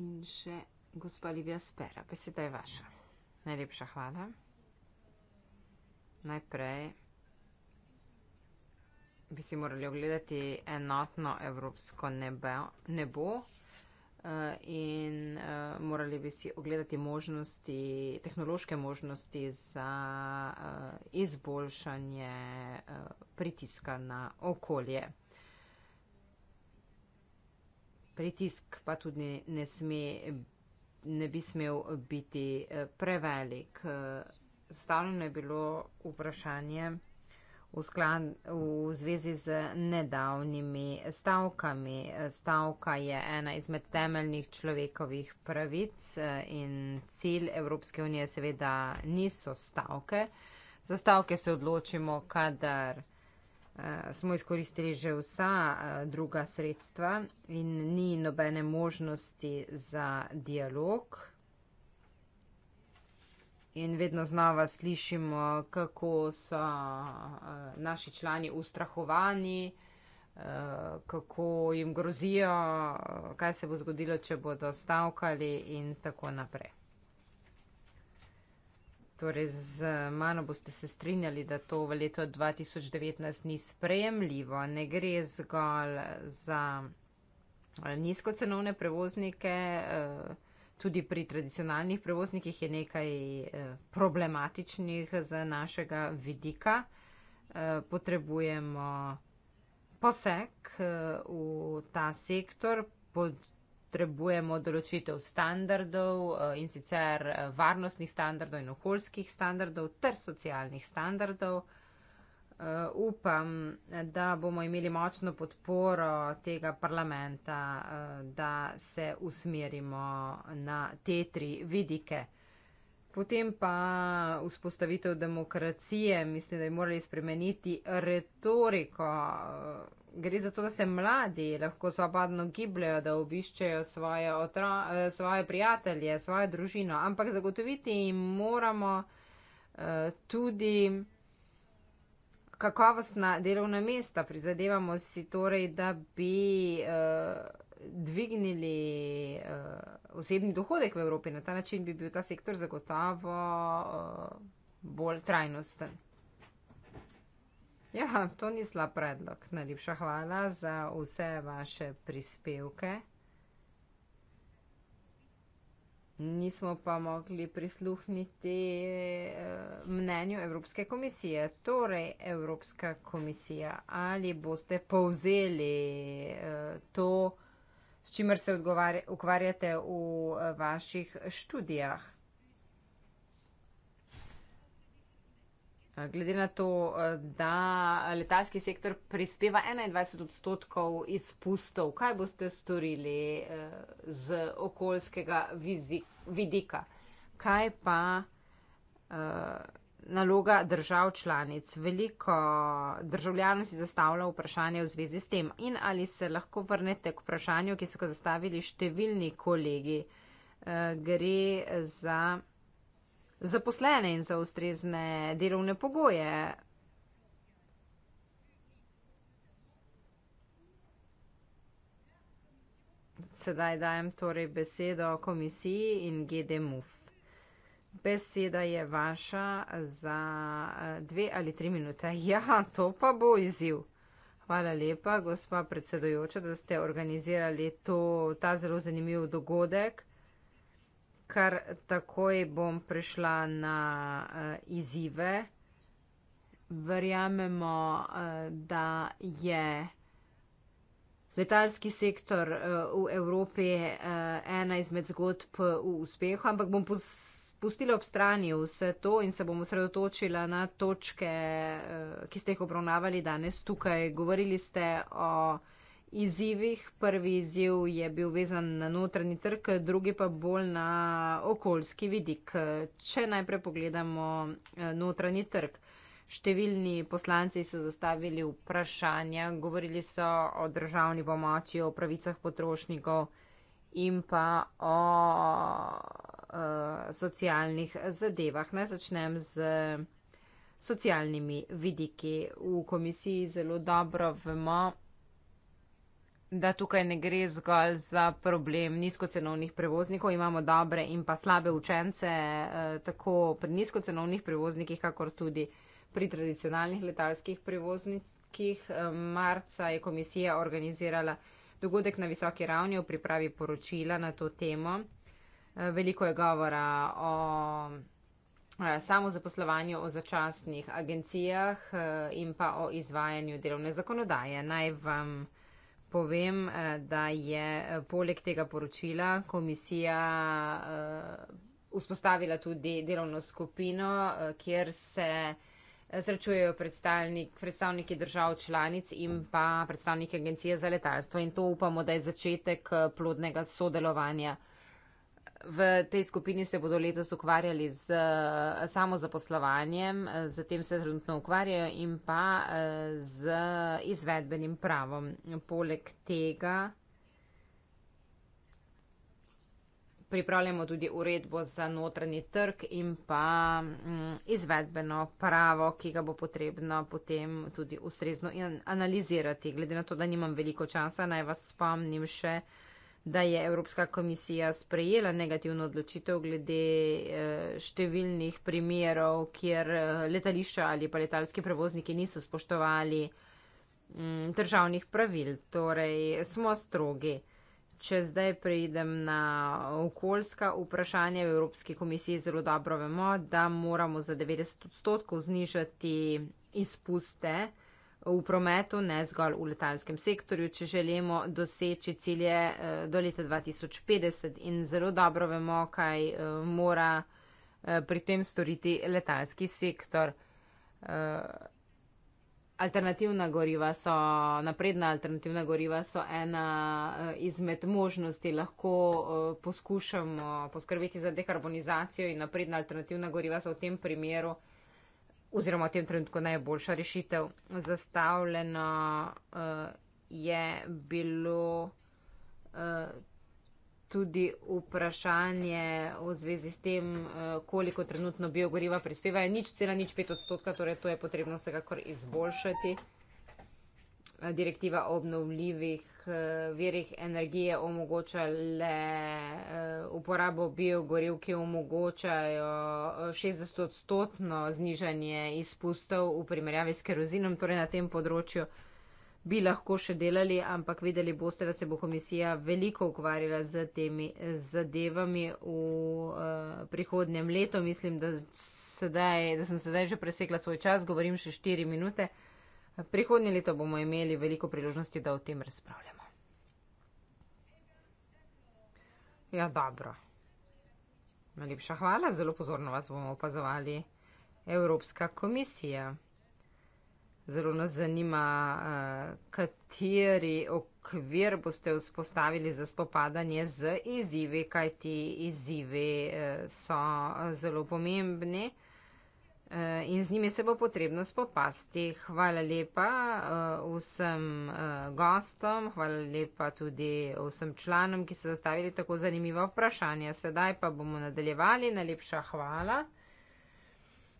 in še gospa Livija Spera. Beseda je vaša. Najlepša hvala. Najprej bi si morali ogledati enotno evropsko nebo, nebo eh, in eh, morali bi si ogledati možnosti, tehnološke možnosti za eh, izboljšanje pritiska na okolje pritisk pa tudi ne, sme, ne bi smel biti eh, prevelik. Eh, Stavljeno je bilo vprašanje v, sklad, v zvezi z nedavnimi stavkami. Stavka je ena izmed temeljnih človekovih pravic eh, in cilj Evropske unije seveda niso stavke. Za stavke se odločimo, kadar. Eh, smo izkoristili že vsa eh, druga sredstva in ni nobene možnosti za dialog. In vedno znova slišimo, kako so eh, naši člani ustrahovani, kako jim grozijo, kaj se bo zgodilo, če bodo stavkali in tako naprej. Torej, z mano boste se strinjali, da to v letu 2019 ni sprejemljivo. Ne gre zgolj za eh, nizkocenovne prevoznike, eh, tudi pri tradicionalnih prevoznikih je nekaj eh, problematičnih z našega vidika. Potrebujemo poseg v ta sektor. Pod potrebujemo določitev standardov eh, in sicer eh, varnostnih standardov in okoljskih standardov ter socialnih standardov. Eh, upam, da bomo imeli močno podporo tega parlamenta, da se usmerimo na te tri vidike. Potem pa vzpostavitev demokracije, mislim, da bi morali spremeniti retoriko gre za to, da se mladi lahko svobodno gibljajo, da obiščejo svoje, otro, eh, svoje prijatelje, svojo družino, ampak zagotoviti jim moramo eh, tudi kakovostna delovna mesta. Prizadevamo si torej, da bi eh, dvignili osebni dohodek v Evropi. Na ta način bi bil ta sektor zagotovo bolj trajnosten. Ja, to ni slab predlog. Najlepša hvala za vse vaše prispevke. Nismo pa mogli prisluhniti eh, mnenju Evropske komisije. Torej, Evropska komisija, ali boste povzeli eh, to, s čimer se ukvarjate v eh, vaših študijah? Eh, glede na to, eh, da letalski sektor prispeva 21 odstotkov izpustov, kaj boste storili eh, z okoljskega vidika? Kaj pa naloga držav članic? Veliko državljanov si zastavlja vprašanje v zvezi s tem in ali se lahko vrnete k vprašanju, ki so ga zastavili številni kolegi. Gre za zaposlene in za ustrezne delovne pogoje. Sedaj dajem torej besedo komisiji in GDMUF. Beseda je vaša za eh, dve ali tri minute. Ja, to pa bo izziv. Hvala lepa, gospa predsedojoča, da ste organizirali to, ta zelo zanimiv dogodek kar takoj bom prišla na uh, izzive. Verjamemo, uh, da je letalski sektor uh, v Evropi uh, ena izmed zgodb v uspehu, ampak bom pustila ob strani vse to in se bom osredotočila na točke, uh, ki ste jih obravnavali danes tukaj. Govorili ste o izzivih. Prvi izziv je bil vezan na notranji trg, drugi pa bolj na okoljski vidik. Če najprej pogledamo eh, notranji trg. Številni poslanci so zastavili vprašanja, govorili so o državni pomoči, o pravicah potrošnikov in pa o e, socialnih zadevah. Naj začnem z socialnimi vidiki. V komisiji zelo dobro vemo, da tukaj ne gre zgolj za problem nizkocenovnih prevoznikov. Imamo dobre in pa slabe učence eh, tako pri nizkocenovnih prevoznikih, kakor tudi pri tradicionalnih letalskih prevoznikih. Eh, marca je komisija organizirala dogodek na visoki ravni v pripravi poročila na to temo. Eh, veliko je govora o samo zaposlovanju o začasnih agencijah in pa o izvajanju delovne zakonodaje. Naj vam povem, eh, da je eh, poleg tega poročila komisija eh, vzpostavila tudi delovno skupino, kjer se srečujejo predstavnik, predstavniki držav članic in pa predstavniki agencije za letalstvo. In to upamo, da je začetek plodnega sodelovanja. V tej skupini se bodo letos ukvarjali z eh, samozaposlovanjem, eh, z tem se trenutno ukvarjajo in pa eh, z izvedbenim pravom. Poleg tega pripravljamo tudi uredbo za notranji trg in pa mm, izvedbeno pravo, ki ga bo potrebno potem tudi ustrezno analizirati. Glede na to, da nimam veliko časa, naj vas spomnim še da je Evropska komisija sprejela negativno odločitev glede eh, številnih primerov, kjer eh, letališča ali pa letalski prevozniki niso spoštovali mm, državnih pravil. Torej, smo strogi. Če zdaj preidem na okoljska vprašanja, v Evropski komisiji zelo dobro vemo, da moramo za 90 odstotkov znižati izpuste v prometu, ne zgolj v letalskem sektorju, če želimo doseči cilje eh, do leta 2050 in zelo dobro vemo, kaj eh, mora eh, pri tem storiti letalski sektor. Alternativna goriva so, napredna alternativna goriva so ena izmed možnosti, lahko poskušamo poskrbeti za dekarbonizacijo in napredna alternativna goriva so v tem primeru oziroma v tem trenutku najboljša rešitev. Zastavljeno uh, je bilo uh, tudi vprašanje v zvezi s tem, uh, koliko trenutno biogoriva prispevajo. Nič cela, nič pet odstotka, torej to je potrebno vsekakor izboljšati. Uh, direktiva o obnovljivih eh, verjih energije omogoča le eh, uporabo biogoriv, ki omogočajo 60-odstotno eh, znižanje izpustov v primerjavi s kerozinom, torej na tem področju bi lahko še delali, ampak videli boste, da se bo komisija veliko ukvarjala z temi zadevami v uh, prihodnjem letu. Mislim, da, sedaj, da sem sedaj že presekla svoj čas, govorim še 4 minute. Prihodnje leto bomo imeli veliko priložnosti, da o tem razpravljamo. Ja, dobro. Najlepša hvala, zelo pozorno vas bomo opazovali. Evropska komisija. Zelo nas zanima, eh, kateri okvir boste vzpostavili za spopadanje z izzivi, kaj ti izzivi eh, so eh, zelo pomembni. Eh, in z njimi se bo potrebno spopasti. Hvala lepa eh, vsem eh, gostom, hvala lepa tudi vsem članom, ki so zastavili tako zanimiva vprašanja. Sedaj pa bomo nadaljevali. Najlepša hvala.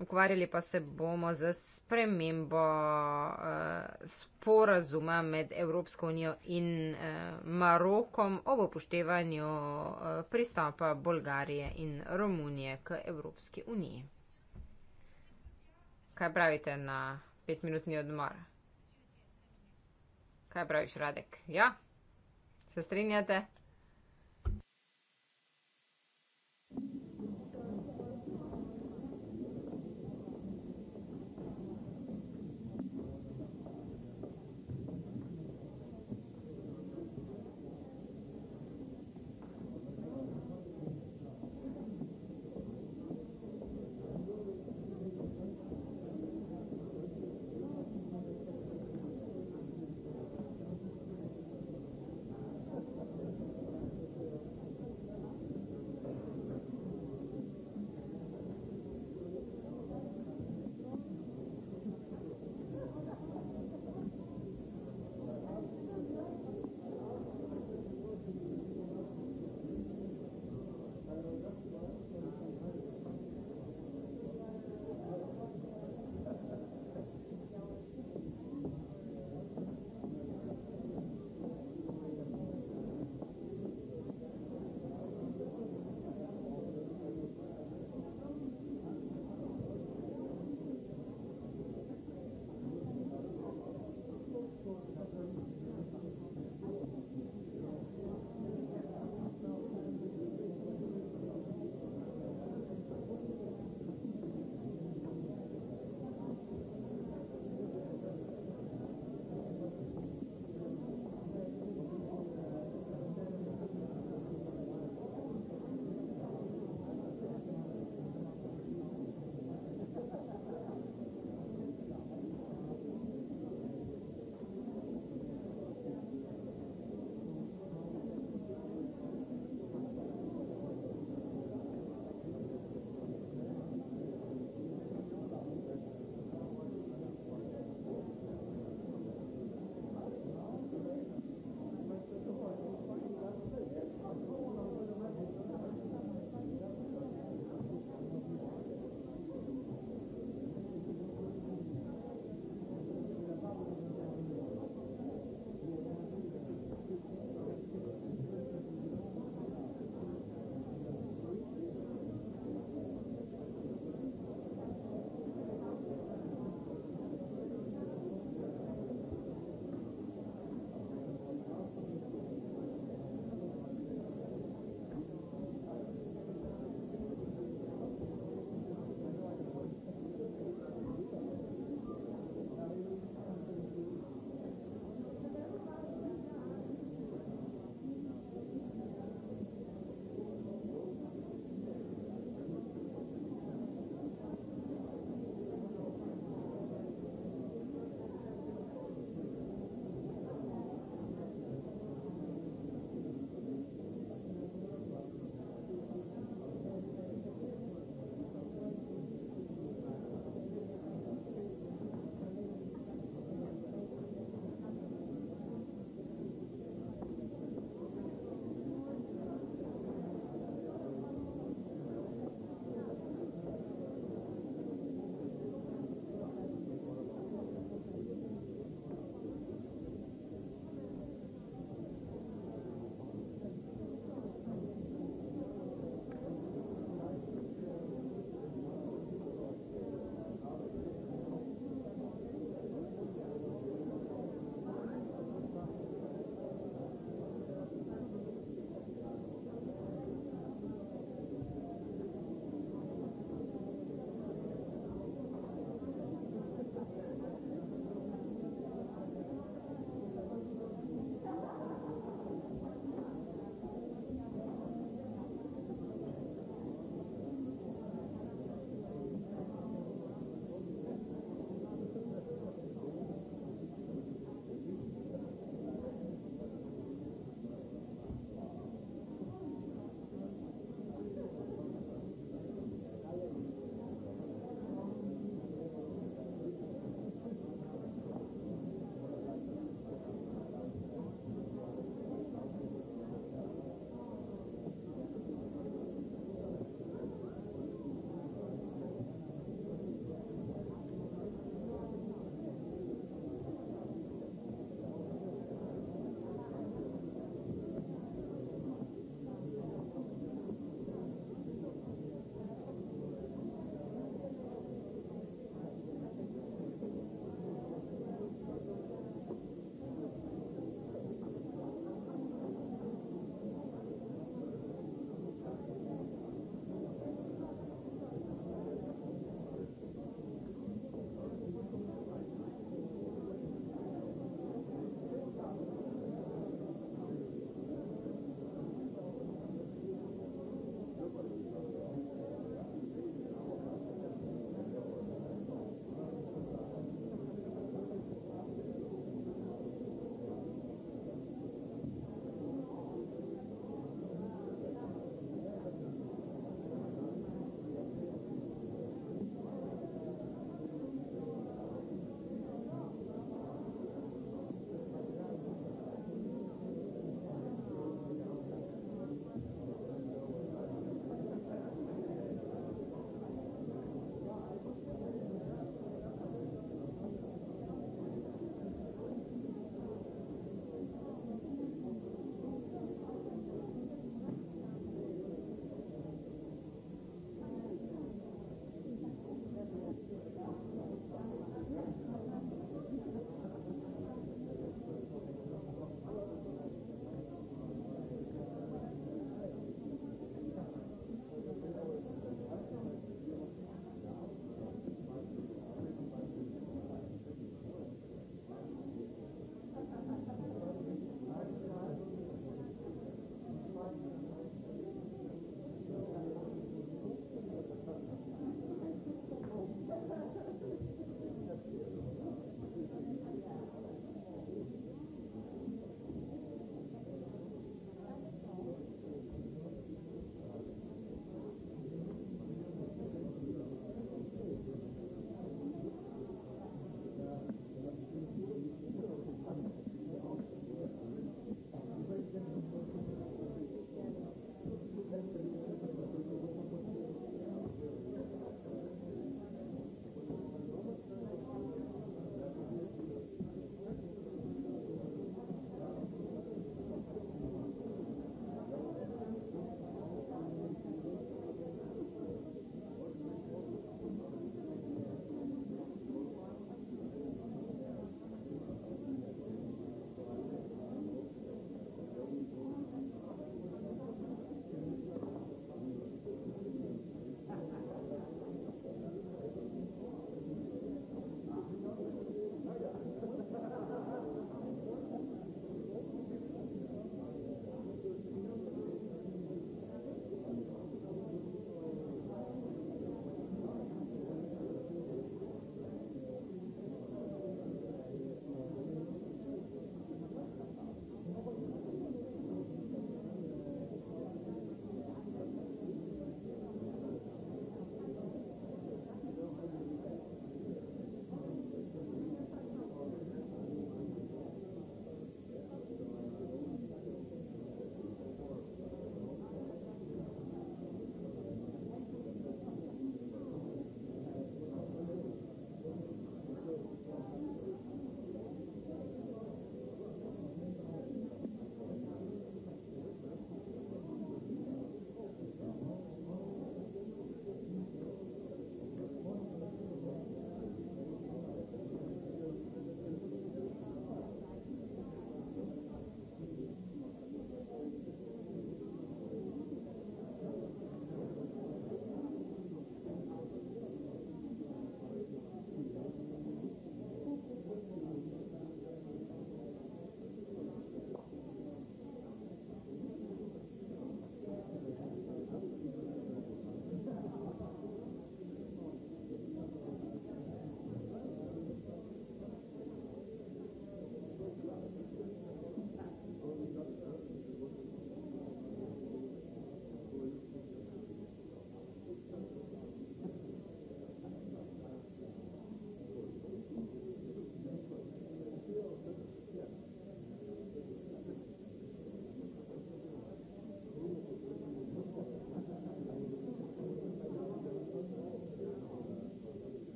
Ukvarjali pa se bomo z spremembo eh, sporazuma med Evropsko unijo in eh, Marokom ob upoštevanju eh, pristopa Bolgarije in Romunije k Evropski uniji. Kaj pravite na petminutni odmor? Kaj praviš, Radek? Ja? Se strinjate?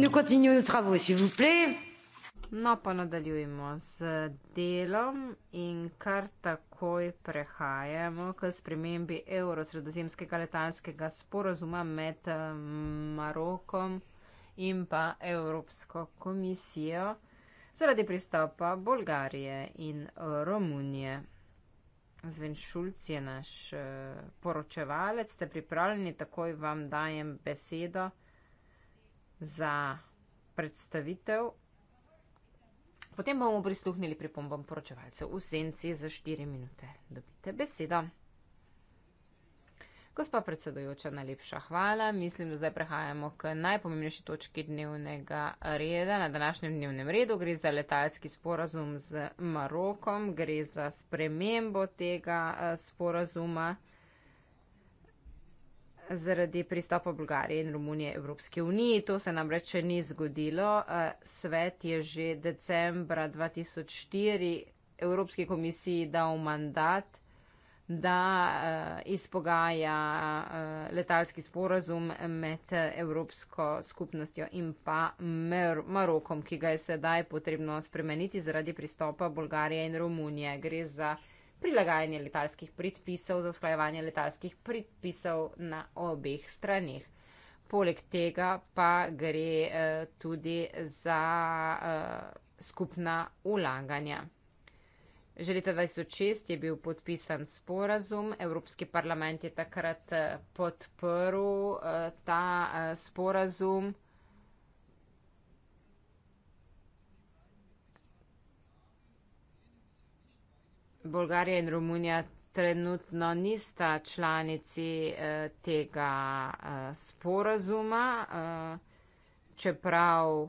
nous continuons nos travaux, s'il vous plaît. No, pa nadaljujemo z delom in kar takoj prehajamo k spremembi evrosredozemskega letalskega sporazuma med eh, Marokom in pa Evropsko komisijo zaradi pristopa Bolgarije in eh, Romunije. Zven Šulc je naš eh, poročevalec, ste pripravljeni, takoj vam dajem besedo za predstavitev. Potem bomo prisluhnili pripombom poročevalcev v senci za 4 minute. Dobite besedo. Gospa predsedojoča, najlepša hvala. Mislim, da zdaj prehajamo k najpomembnejši točki dnevnega reda. Na današnjem dnevnem redu gre za letalski sporazum z Marokom, gre za spremembo tega eh, sporazuma zaradi pristopa Bulgarije in Romunije Evropske unije. To se nam reče ni zgodilo. Eh, svet je že decembra 2004 Evropski komisiji dal mandat, da eh, izpogaja eh, letalski sporazum med Evropsko skupnostjo in pa Marokom, ki ga je sedaj potrebno spremeniti zaradi pristopa Bulgarije in Romunije. Gre za prilagajanje letalskih predpisov za usklajevanje letalskih predpisov na obeh stranih. Poleg tega pa gre eh, tudi za eh, skupna ulaganja. Že leta 2006 je bil podpisan sporazum, Evropski parlament je takrat eh, podprl ta sporazum. Bolgarija in Romunija trenutno nista članici eh, tega eh, sporazuma, eh, čeprav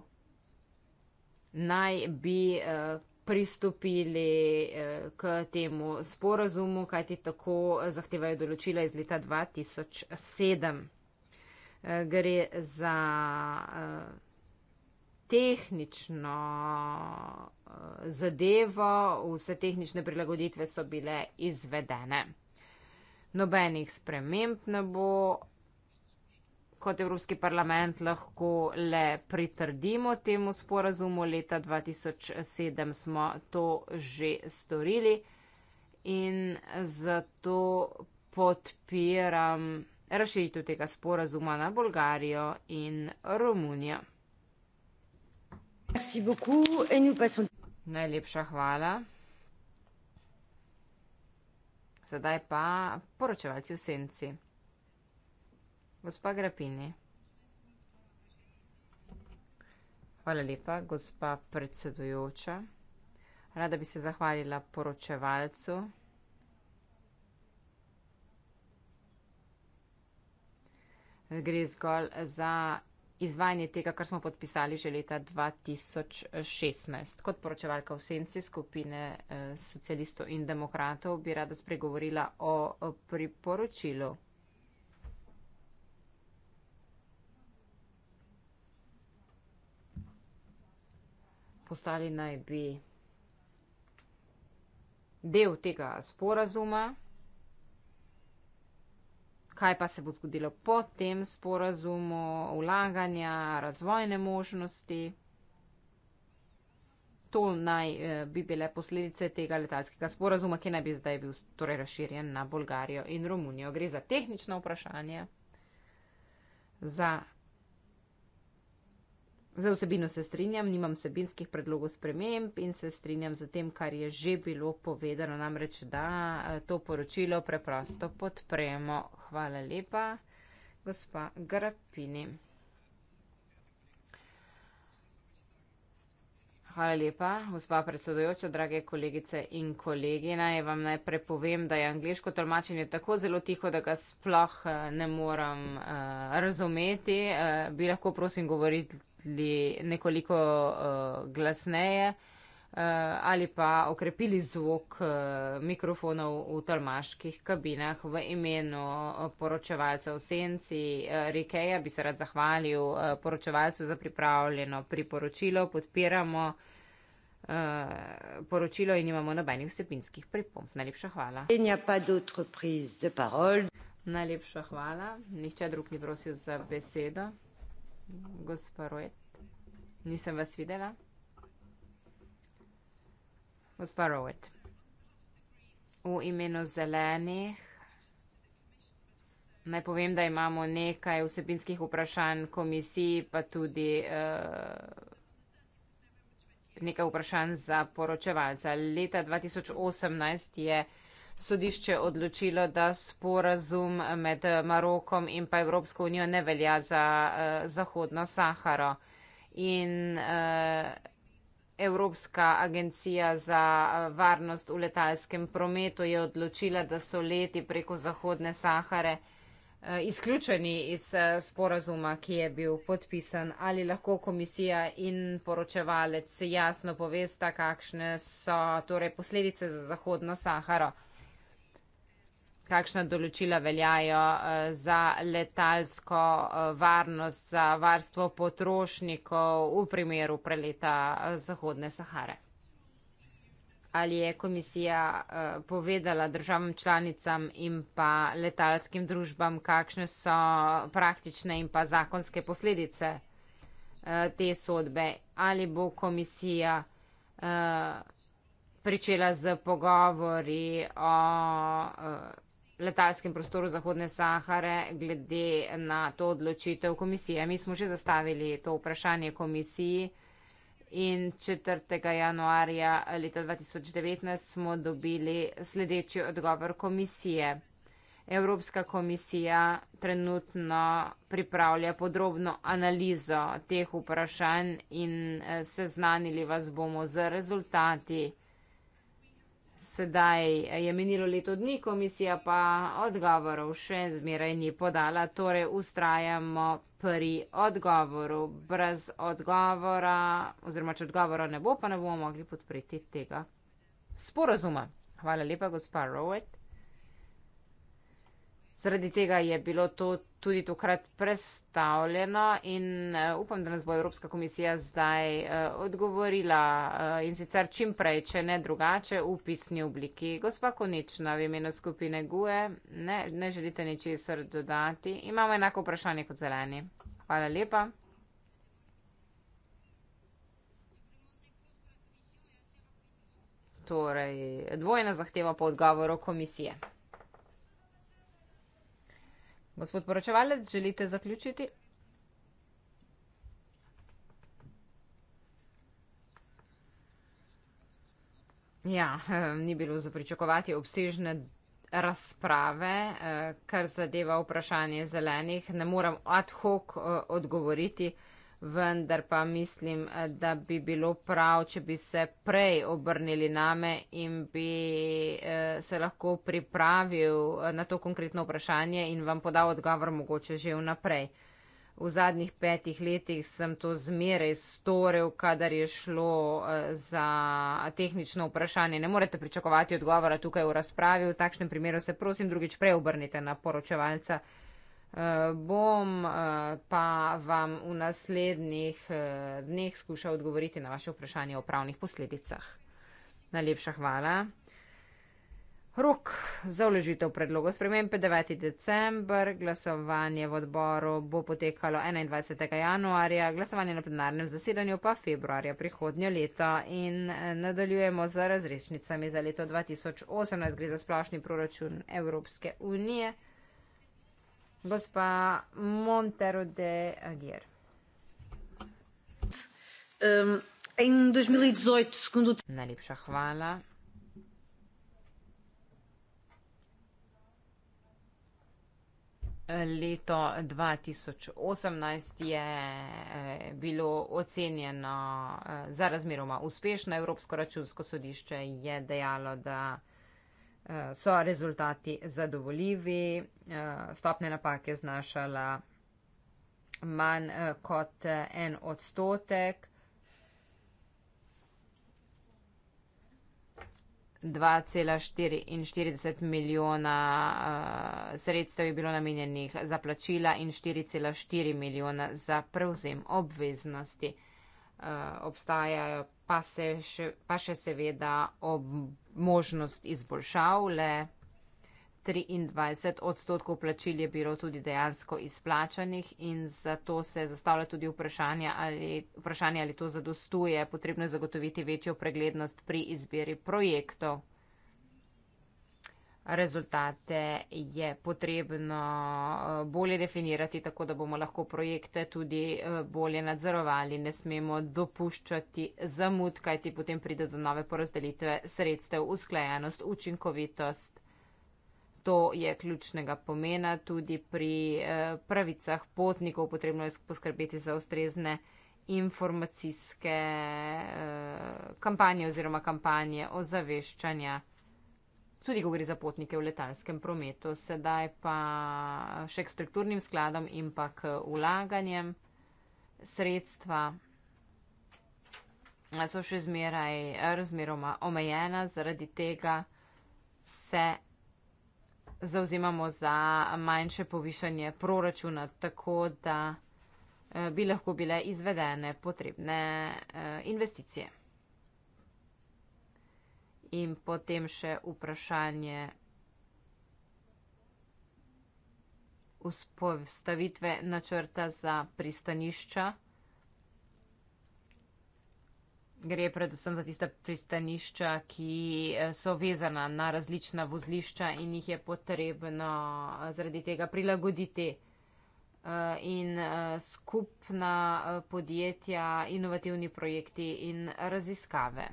naj bi eh, pristopili eh, k temu sporazumu, kajti tako zahtevajo določila iz leta 2007. Eh, gre za. Eh, tehnično eh, zadevo, vse tehnične prilagoditve so bile izvedene. Nobenih sprememb ne bo, kot Evropski parlament lahko le pritrdimo temu sporazumu. Leta 2007 smo to že storili in zato podpiram. Rešitev tega sporazuma na Bolgarijo in Romunijo. Merci beaucoup et nous passons... Najlepša hvala. Sedaj pa poročevalci v senci. Gospa Grapini. Hvala lepa, gospa predsedujoča. Rada bi se zahvalila poročevalcu. Gre zgolj za izvajanje tega, kar smo podpisali že leta 2016. Kot poročevalka v senci skupine eh, socialistov in demokratov bi rada spregovorila o priporočilu. Postali naj bi del tega sporazuma kaj pa se bo zgodilo po tem sporazumu, vlaganja, razvojne možnosti. To naj eh, bi bile posledice tega letalskega sporazuma, ki naj bi zdaj bil torej razširjen na Bolgarijo in Romunijo. Gre za tehnično vprašanje, za Za vsebino se strinjam, nimam vsebinskih predlogov sprememb in se strinjam z tem, kar je že bilo povedano, namreč, da eh, to poročilo preprosto podpremo. Hvala lepa, gospa Grapini. Hvala lepa, gospa predsedojoča, drage kolegice in kolegi. Naj vam najprej povem, da je angliško tolmačenje tako zelo tiho, da ga sploh eh, ne moram uh, eh, razumeti. Uh, bi lahko prosim govoriti zaščitili nekoliko uh, glasneje uh, ali pa okrepili zvok uh, mikrofonov v tolmaških kabinah v imenu poročevalca v senci uh, Rikeja. Bi se rad zahvalil uh, poročevalcu za pripravljeno priporočilo. Podpiramo uh, poročilo in imamo nobenih vsebinskih pripomp. Najlepša hvala. Najlepša hvala. Nihče drug ni prosil za besedo gospa Rojet, nisem vas videla. Gospa Rojet, v imenu zelenih naj povem, da imamo nekaj vsebinskih vprašanj komisiji, pa tudi eh, nekaj vprašanj za poročevalca. Leta 2018 je vsebinskih vprašanj komisiji, sodišče odločilo, da sporazum med Marokom in pa Evropsko unijo ne velja za uh, Zahodno Saharo. In uh, Evropska agencija za eh, varnost v letalskem prometu je odločila, da so leti preko Zahodne Sahare izključeni iz sporazuma, ki je bil podpisan. Ali lahko komisija in poročevalec jasno povesta, kakšne so torej posledice za Zahodno Saharo? kakšna določila veljajo eh, za letalsko eh, varnost, za varstvo potrošnikov v primeru preleta eh, Zahodne Sahare. Ali je komisija povedala državam članicam in pa letalskim družbam, kakšne so praktične in pa zakonske posledice te sodbe? Ali bo komisija pričela z pogovori o letalskem prostoru Zahodne Sahare glede na to odločitev komisije. Mi smo že zastavili to vprašanje komisiji in 4. januarja leta 2019 smo dobili sledeči odgovor komisije. Evropska komisija trenutno pripravlja podrobno analizo teh vprašanj in eh, seznanili vas bomo z rezultati. Sedaj je menilo leto dni, komisija pa odgovorov še zmeraj ni podala, torej ustrajamo pri odgovoru. Brez odgovora, oziroma če odgovora ne bo, pa ne bomo mogli podpreti tega sporazuma. Hvala lepa, gospa Rowett. Zaradi tega je bilo to tudi tokrat predstavljeno in eh, upam, da nas bo Evropska komisija zdaj eh, odgovorila eh, in sicer čim prej, če ne drugače, v pisni obliki. Gospa Konična, v imenu skupine GUE, ne, ne želite ničesar dodati. Imamo enako vprašanje kot zeleni. Hvala lepa. Torej, dvojna zahteva po odgovoru komisije. Gospod poročevalec, želite zaključiti? Ja, eh, ni bilo zapričakovati obsežne razprave, eh, kar zadeva vprašanje zelenih. Ne moram ad hoc eh, odgovoriti vendar pa mislim, da bi bilo prav, če bi se prej obrnili name in bi eh, se lahko pripravil eh, na to konkretno vprašanje in vam podal odgovor mogoče že vnaprej. V zadnjih petih letih sem to zmeraj storil, kadar je šlo eh, za tehnično vprašanje. Ne morete pričakovati odgovora tukaj v razpravi. V takšnem primeru se prosim drugič preobrnite na poročevalca bom eh, pa vam v naslednjih eh, dneh skušal odgovoriti na vaše vprašanje o pravnih posledicah. Najlepša hvala. Rok za vložitev predloga spremembe 9. december, glasovanje v odboru bo potekalo 21. januarja, glasovanje na plenarnem zasedanju pa februarja prihodnjo leto in eh, nadaljujemo z razrešnicami za leto 2018, gre za splošni proračun Evropske unije gospa Montero de Aguiar. Um, segundo... Najlepša hvala. Leto 2018 je eh, bilo ocenjeno eh, za razmeroma uspešno. Evropsko računsko sodišče je dejalo, da. Eh, so rezultati zadovoljivi, eh, stopne napake znašala manj eh, kot en odstotek. 2,44 milijona uh, sredstev je bilo namenjenih za plačila in 4,4 milijona za prevzem obveznosti. Eh, obstajajo, pa, se še, pa še seveda ob možnost izboljšav le 23 odstotkov plačil je bilo tudi dejansko izplačanih in zato se zastavlja tudi vprašanje ali, vprašanje, ali to zadostuje. Potrebno je zagotoviti večjo preglednost pri izbiri projektov rezultate je potrebno eh, bolje definirati, tako da bomo lahko projekte tudi eh, bolje nadzorovali. Ne smemo dopuščati zamud, kajti potem pride do nove porazdelitve sredstev, usklajenost, učinkovitost. To je ključnega pomena tudi pri eh, pravicah potnikov. Potrebno je poskrbeti za ustrezne informacijske kampanje oziroma kampanje ozaveščanja tudi ko gre za potnike v letalskem prometu, sedaj pa še k strukturnim skladom in pa k ulaganjem sredstva so še zmeraj razmeroma omejena, zaradi tega se zauzimamo za manjše povišanje proračuna, tako da eh, bi lahko bile izvedene potrebne eh, investicije in potem še vprašanje vzpostavitve načrta za pristanišča. Gre predvsem za tista pristanišča, ki eh, so vezana na različna vozlišča in jih je potrebno eh, zaradi tega prilagoditi. Eh, in skupna podjetja, inovativni projekti in raziskave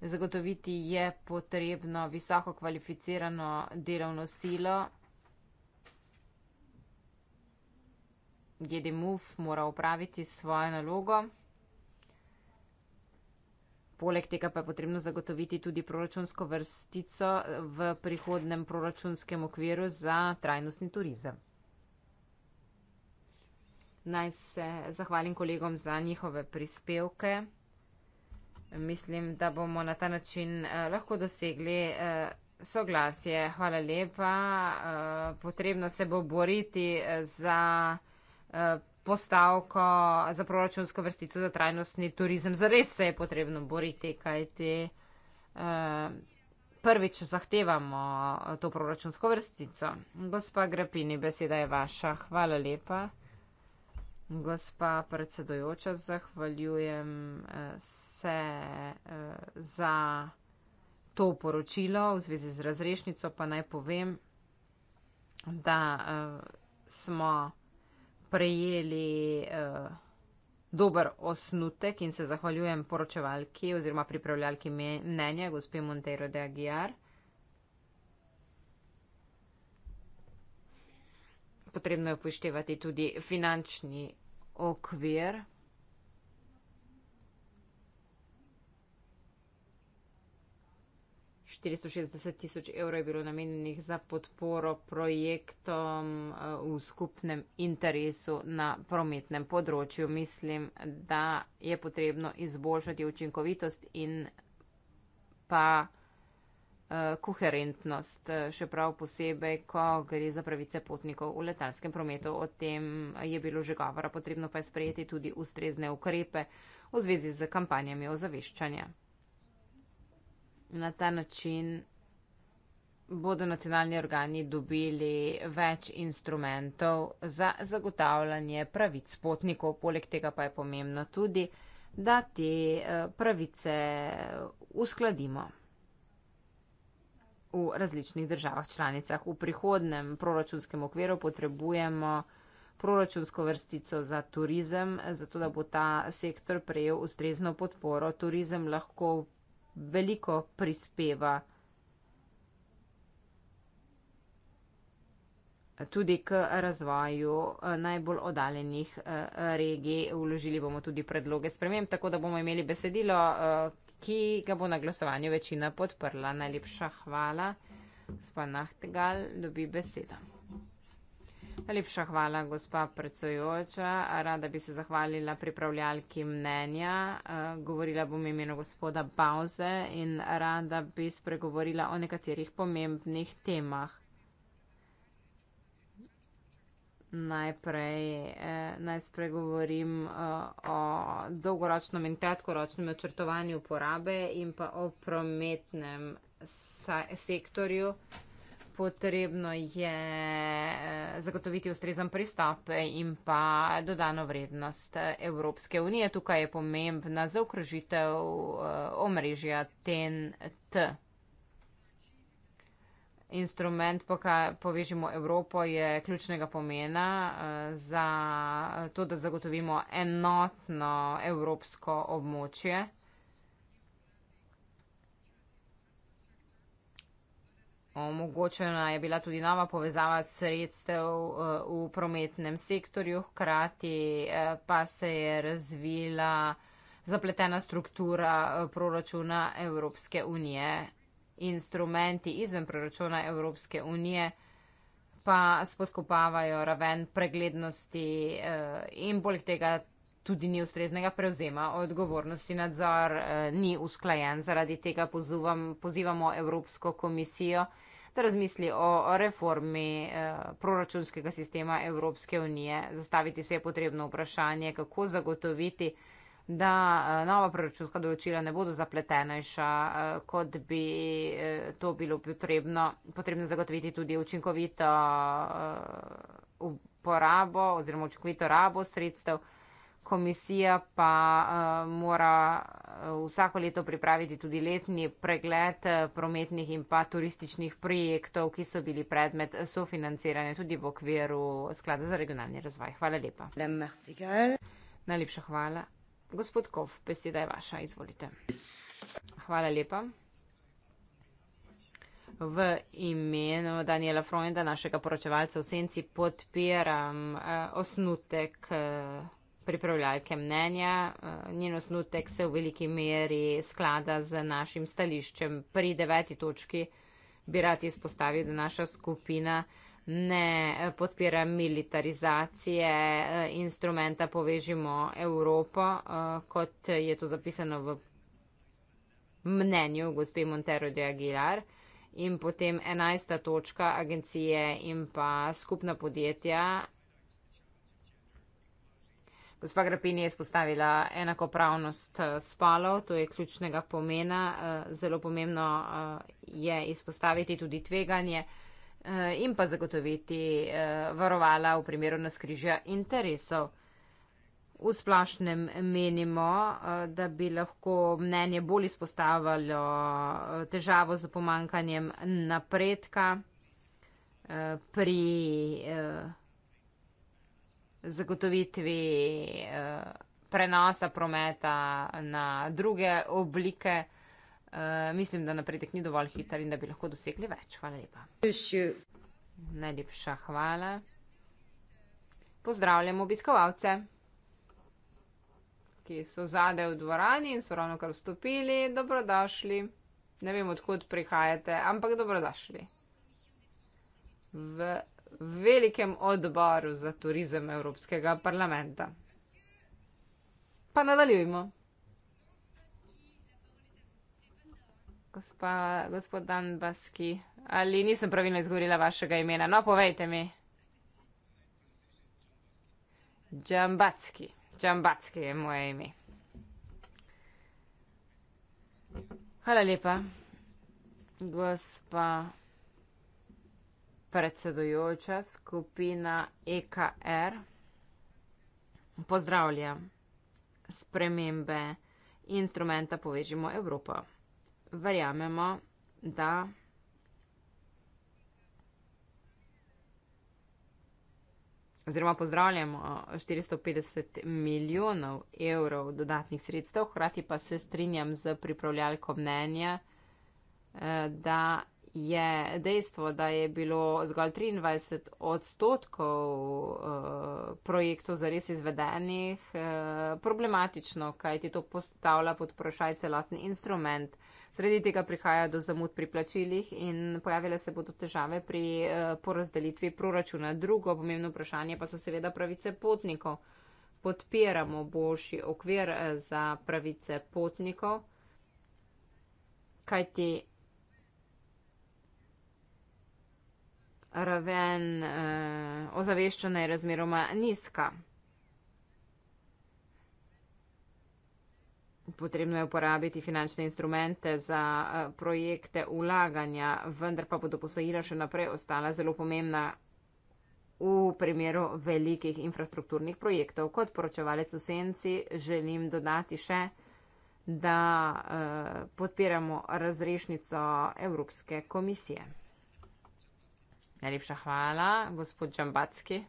zagotoviti je potrebno visoko kvalificirano delovno silo. GDMUF mora upraviti svojo nalogo. Poleg tega pa je potrebno zagotoviti tudi proračunsko vrstico v prihodnem proračunskem okviru za trajnostni turizem. Naj se zahvalim kolegom za njihove prispevke mislim, da bomo na ta način uh, lahko dosegli uh, soglasje. Hvala lepa. Uh, potrebno se bo boriti za uh, postavko, za proračunsko vrstico za trajnostni turizem. Zares se je potrebno boriti, kajti. Uh, Prvič zahtevamo to proračunsko vrstico. Gospa Grapini, beseda je vaša. Hvala lepa. Gospa predsedojoča, zahvaljujem eh, se eh, za to poročilo v zvezi z razrešnico, pa naj povem, da eh, smo prejeli dober osnutek in se zahvaljujem poročevalki oziroma pripravljalki mnenja, gospe Monteiro de Aguiar. potrebno je upoštevati tudi finančni okvir. Štiristo šestdeset tisoč evrov je bilo namenjenih za podporo projektom eh, v skupnem interesu na prometnem področju. Mislim, da je potrebno izboljšati učinkovitost in pa. Eh, koherentnost, eh, še prav posebej, ko gre za pravice potnikov v letalskem prometu. O tem je bilo že govora, potrebno pa je sprejeti tudi ustrezne ukrepe v zvezi z kampanjami ozaveščanja. Na ta način bodo nacionalni organi dobili več instrumentov za zagotavljanje pravic potnikov, poleg tega pa je pomembno tudi, da te eh, pravice uskladimo v različnih državah članicah. V prihodnem proračunskem okviru potrebujemo proračunsko vrstico za turizem, zato da bo ta sektor prejel ustrezno podporo. Turizem lahko veliko prispeva tudi k razvoju eh, najbolj oddaljenih eh, regij. Vložili bomo tudi predloge spremem, tako da bomo imeli besedilo, eh, ki ga bo na glasovanju večina podprla. Najlepša hvala, gospa Nahtegal, dobi besedo. Najlepša hvala, gospa predsojoča. Rada bi se zahvalila pripravljalki mnenja. Eh, govorila bom imeno gospoda Bauze in rada bi spregovorila o nekaterih pomembnih temah. najprej eh, naj spregovorim eh, o dolgoročnem in kratkoročnem načrtovanju porabe in pa o prometnem sektorju. Potrebno je eh, zagotoviti ustrezan pristop in pa dodano vrednost eh, Evropske unije. Tukaj je pomembna zaokrožitev eh, omrežja TNT instrument, po kateri povežemo Evropo, je ključnega pomena eh, za to, da zagotovimo enotno evropsko območje. Omogočena je bila tudi nova povezava sredstev eh, v prometnem sektorju, hkrati eh, pa se je razvila zapletena struktura proračuna Evropske unije instrumenti izven proračuna Evropske unije pa spodkopavajo raven preglednosti eh, in poleg tega tudi ni ustreznega prevzema odgovornosti. Nadzor eh, ni usklajen, zaradi tega pozivam, pozivamo Evropsko komisijo, da razmisli o reformi eh, proračunskega sistema Evropske unije. Zastaviti se je potrebno vprašanje, kako zagotoviti da eh, nova proračunska določila ne bodo zapletenejša, eh, kot bi eh, to bilo potrebno. Potrebno zagotoviti tudi učinkovito uporabo oziroma učinkovito rabo sredstev. Komisija pa mora vsako leto pripraviti tudi letni pregled prometnih in pa turističnih projektov, ki so bili predmet sofinanciranja tudi v okviru Sklada za regionalni razvoj. Hvala lepa. Najlepša hvala. Gospod Kov, beseda je vaša, izvolite. Hvala lepa. V imenu Daniela Freunda, našega poročevalca v Senci, podpiram eh, osnutek eh, pripravljalke mnenja. Eh, njen osnutek se v veliki meri sklada z našim stališčem. Pri deveti točki bi rad izpostavil, da naša skupina eh, ne eh, podpira militarizacije eh, instrumenta Povežimo Evropo, eh, kot je to zapisano v mnenju gospe Montero de Aguilar. In potem enajsta točka agencije in pa skupna podjetja. Gospa Grapini je izpostavila enakopravnost spalov, to je ključnega pomena. Zelo pomembno je izpostaviti tudi tveganje. Eh, in pa zagotoviti eh, varovala v primeru naskrižja interesov. V splošnem menimo, eh, da bi lahko mnenje bolj izpostavljalo težavo z pomankanjem napredka pri zagotovitvi prenosa prometa na druge oblike. Uh, mislim, da napredek ni dovolj hiter in da bi lahko dosegli več. Hvala lepa. Najlepša hvala. Pozdravljam obiskovalce, ki so zadaj v dvorani in so ravno kar vstopili. Dobrodošli. Ne vem, odkud prihajate, ampak dobrodošli. V velikem odboru za turizem Evropskega parlamenta. Pa nadaljujmo. gospa, gospod Dan Baski. Ali nisem pravilno izgovorila vašega imena? No, povejte mi. Džambacki. Džambacki je moje ime. Hvala lepa, gospa predsedujoča skupina EKR. Pozdravljam spremembe instrumenta Povežimo Evropo verjamemo, da oziroma pozdravljamo 450 milijonov evrov dodatnih sredstev, hkrati pa se strinjam z pripravljalko mnenja, e, da je dejstvo, da je bilo zgolj 23 odstotkov e, projektov zares izvedenih, e, problematično, kaj ti to postavlja pod vprašaj celoten instrument Sredi tega prihaja do zamud pri plačilih in pojavile se bodo težave pri eh, porazdelitvi proračuna. Drugo pomembno vprašanje pa so seveda pravice potnikov. Podpiramo boljši okvir eh, za pravice potnikov, kajti raven eh, ozaveščanja je razmeroma nizka. potrebno je uporabiti finančne instrumente za eh, projekte ulaganja, vendar pa bodo posojila še naprej ostala zelo pomembna v primeru velikih infrastrukturnih projektov. Kot poročevalec v senci želim dodati še, da eh, podpiramo razrešnico Evropske komisije. Najlepša hvala, gospod Džambacki.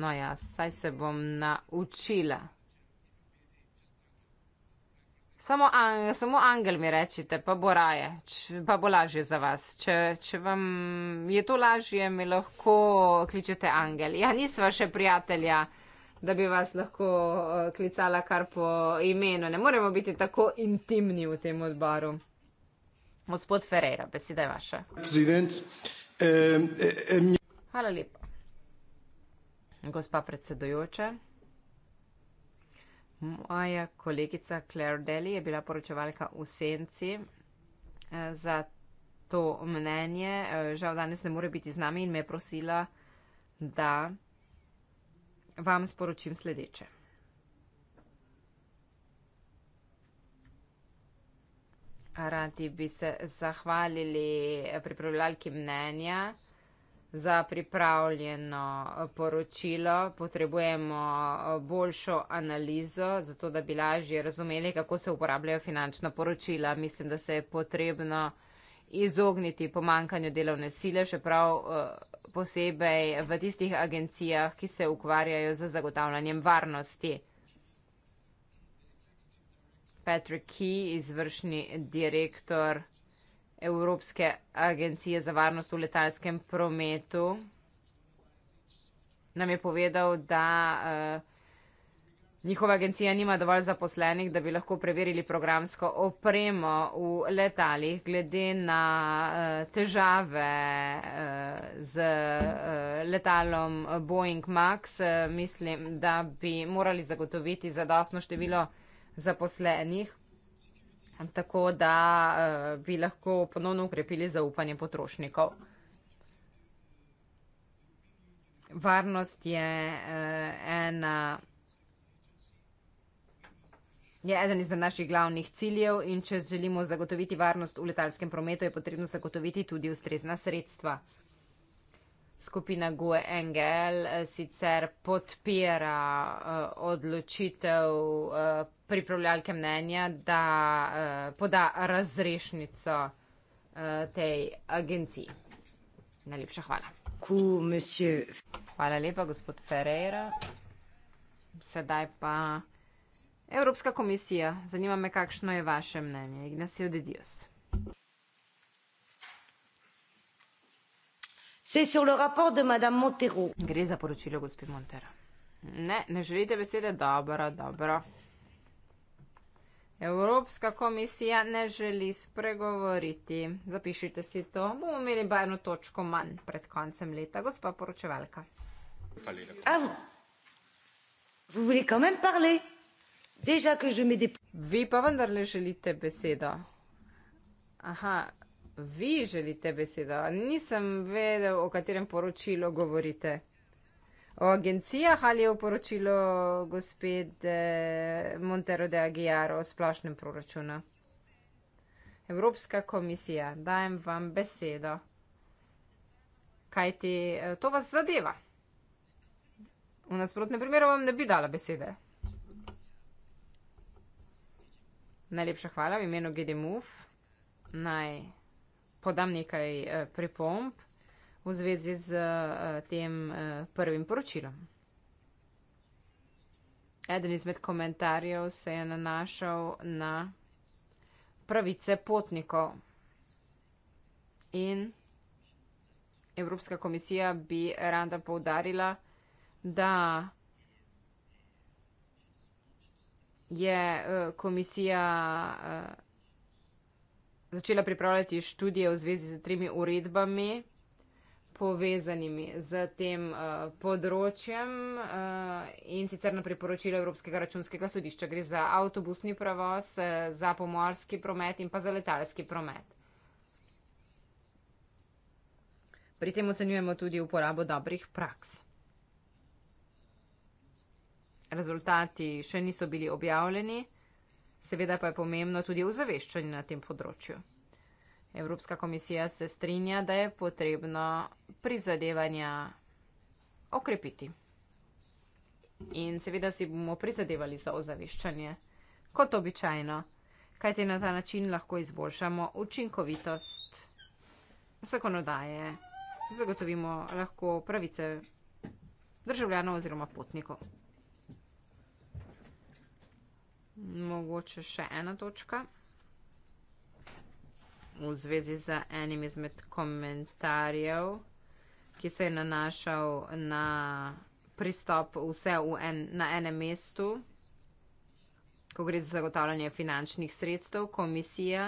No ja, saj se bom naučila. Samo, an, samo angel mi rečete, pa bo raje, če, pa bo lažje za vas. Če, če vam je to lažje, mi lahko kličete angel. Ja, nisva še prijatelja, da bi vas lahko klicala kar po imenu. Ne moremo biti tako intimni v tem odboru. Gospod Ferreira, beseda je vaša. Prezident. Eh, eh, eh, Hvala lepa. Gospa predsedujoča. Moja kolegica Claire Daly je bila poročevalka v senci eh, za to mnenje. Eh, žal danes ne more biti z nami in me je prosila, da vam sporočim sledeče. Radi bi se zahvalili pripravljalki mnenja za pripravljeno eh, poročilo, potrebujemo eh, boljšo analizo, zato da bi lažje razumeli, kako se uporabljajo finančna poročila. Mislim, da se je potrebno izogniti pomankanju delovne sile, še prav eh, posebej v tistih agencijah, ki se ukvarjajo z zagotavljanjem varnosti. Patrick Key, izvršni direktor. Evropske agencije za varnost v letalskem prometu nam je povedal, da eh, njihova agencija nima dovolj zaposlenih, da bi lahko preverili programsko opremo v letalih glede na eh, težave eh, z letalom Boeing Max. Mislim, da bi morali zagotoviti zadostno število zaposlenih tako da eh, bi lahko ponovno ukrepili zaupanje potrošnikov. Varnost je eh, ena. Je eden izmed naših glavnih ciljev in če želimo zagotoviti varnost v letalskem prometu, je potrebno zagotoviti tudi ustrezna sredstva skupina GUE-NGL eh, sicer podpira eh, odločitev eh, pripravljalke mnenja, da poda razrešnico tej agenciji. Najlepša hvala. Hvala lepa, gospod Ferreira. Sedaj pa Evropska komisija. Zanima me, kakšno je vaše mnenje. Ignacio de Dios. C'est sur le rapport de Madame Montero. Gre za poročilo gospe Montero. Ne, ne želite besede, dobro, dobro. Evropska komisija ne želi spregovoriti. Zapišite si to, bomo imeli pa eno točko manj pred koncem leta, gospa poročevalka. Ah Vi pa vendarle želite besedo. Aha, vi želite besedo. Nisem vedel, o katerem poročilu govorite. O agencijah ali o poročilu gospede Montero de Aguiar o splošnem proračunu. Evropska komisija, dajem vam besedo. Kaj ti eh, to vas zadeva? V nasprotnem primeru vam ne bi dala besede. Najlepša hvala v imenu GDMUF. Naj podam nekaj eh, pripomb v zvezi z eh, tem eh, prvim poročilom. Eden izmed komentarjev se je nanašal na pravice potnikov in Evropska komisija bi rada poudarila, da je komisija začela pripravljati študije v zvezi z tremi uredbami, povezanimi z tem uh, področjem uh, in sicer na priporočilo Evropskega računskega sodišča. Gre za avtobusni prevoz, eh, za pomorski promet in pa za letalski promet. Pri tem ocenjujemo tudi uporabo dobrih praks. Rezultati še niso bili objavljeni. Seveda pa je pomembno tudi ozaveščanje na tem področju. Evropska komisija se strinja, da je potrebno prizadevanja okrepiti. In seveda si bomo prizadevali za ozaveščanje, kot običajno, kajte na ta način lahko izboljšamo učinkovitost zakonodaje, zagotovimo lahko pravice državljanov oziroma potnikov mogoče še ena točka v zvezi z enim izmed komentarjev, ki se je nanašal na pristop vse en, na enem mestu, ko gre za zagotavljanje finančnih sredstev, komisija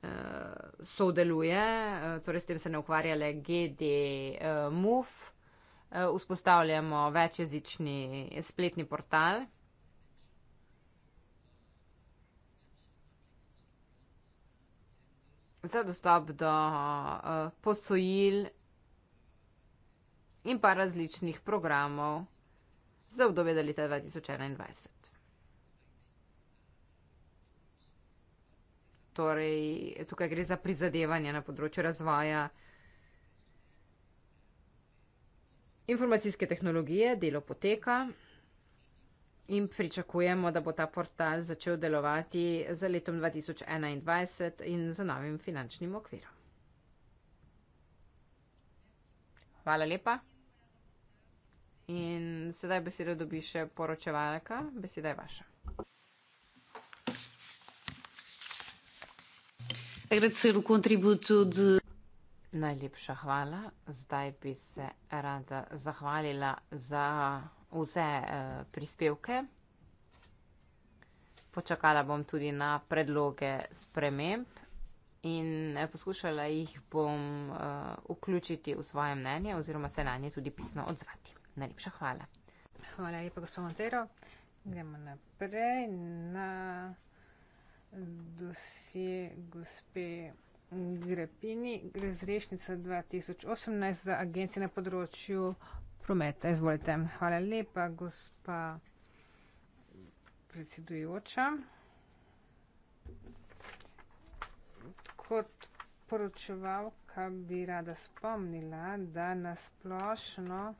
uh, sodeluje, uh, torej s tem se ne ukvarja le GD uh, eh, MUF, uh, vzpostavljamo večjezični spletni portal. za dostop do uh, posojil in pa različnih programov za obdobje do leta 2021. Torej, tukaj gre za prizadevanje na področju razvoja informacijske tehnologije, delo poteka in pričakujemo, da bo ta portal začel delovati za letom 2021 in za novim finančnim okvirom. Hvala lepa. In sedaj besedo dobi še poročevalka. Beseda je vaša. Najlepša hvala. Zdaj bi se rada zahvalila za vse eh, prispevke. Počakala bom tudi na predloge sprememb in eh, poskušala jih bom eh, vključiti v svoje mnenje oziroma se na nje tudi pisno odzvati. Najlepša hvala. Hvala lepa, gospod Montero. Gremo naprej na dosje gospe Grepini, razrešnica 2018 za agencije na področju prometa. Izvolite. Hvala lepa, gospa predsedujoča. Kot poročevalka bi rada spomnila, da nasplošno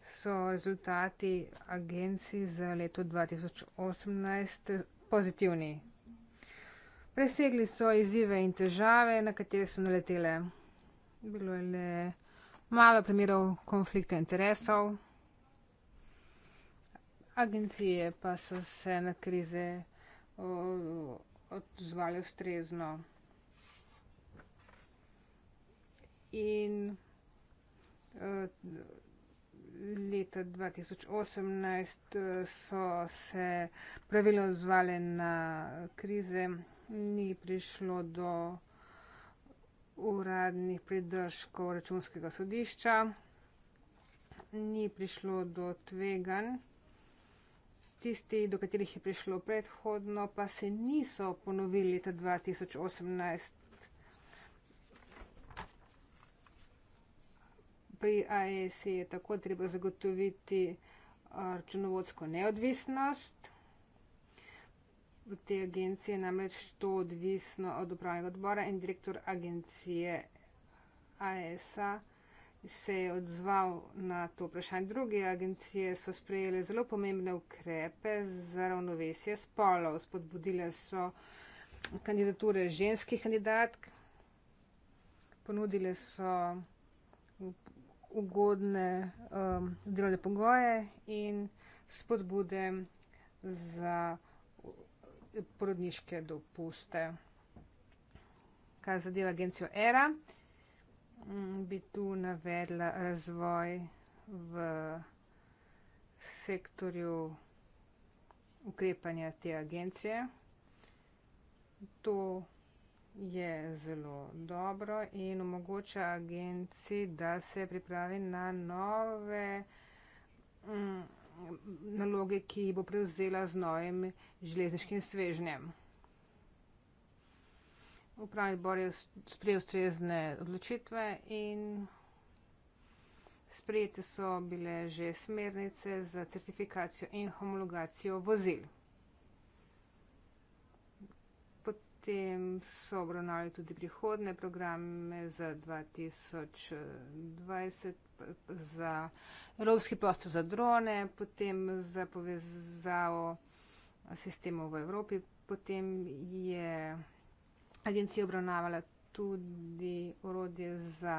so rezultati agencij za leto 2018 pozitivni. Presegli so izzive in težave, na katere so naletele. Bilo je le malo primerov konflikta interesov. Agencije pa so se na krize odzvali ustrezno. In e, leta 2018 e, so se pravilno odzvali na krize, ni prišlo do uradnih pridržkov računskega sodišča, ni prišlo do tveganj. Tisti, do katerih je prišlo predhodno, pa se niso ponovili leta 2018. Pri AES je tako treba zagotoviti uh, računovodsko neodvisnost v tej agenciji je namreč to odvisno od upravnega odbora in direktor agencije ASA e se je odzval na to vprašanje. Druge agencije so sprejele zelo pomembne ukrepe za ravnovesje spolov. Spodbudile so kandidature ženskih kandidatk, ponudile so ugodne um, delovne pogoje in spodbude za porodniške dopuste. Kar zadeva agencijo ERA, mm, bi tu navedla razvoj v sektorju ukrepanja te agencije. To je zelo dobro in omogoča agenciji, da se pripravi na nove. Mm, naloge, ki bo prevzela z novim železniškim svežnjem. Upravni odbor je sprejel ustrezne odločitve in sprejete so bile že smernice za certifikacijo in homologacijo vozil. Potem so obravnali tudi prihodne programe za 2020 za evropski prostor za drone, potem za povezavo sistemov v Evropi, potem je agencija obravnavala tudi orodje za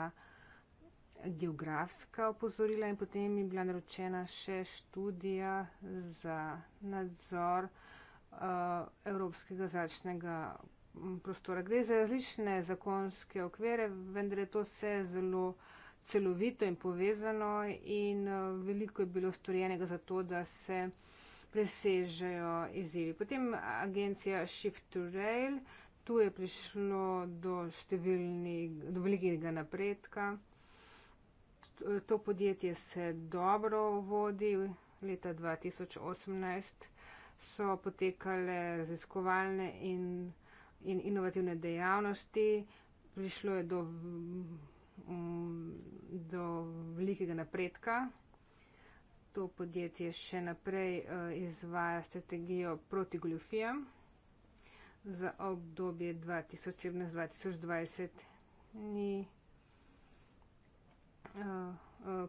geografska opozorila in potem je bila naročena še študija za nadzor uh, evropskega zračnega prostora. Gre za različne zakonske okvere, vendar je to vse zelo uh, celovito in povezano in eh, veliko je bilo storjenega za to, da se presežejo izzivi. Potem agencija Shift to Rail, tu je prišlo do številnih, do velikega napredka. To podjetje se dobro vodi. Leta 2018 so potekale raziskovalne in, in inovativne dejavnosti. Prišlo je do Mm, do velikega napredka. To podjetje še naprej eh, izvaja strategijo proti goljufijam za obdobje 2017-2020. Ni eh, eh,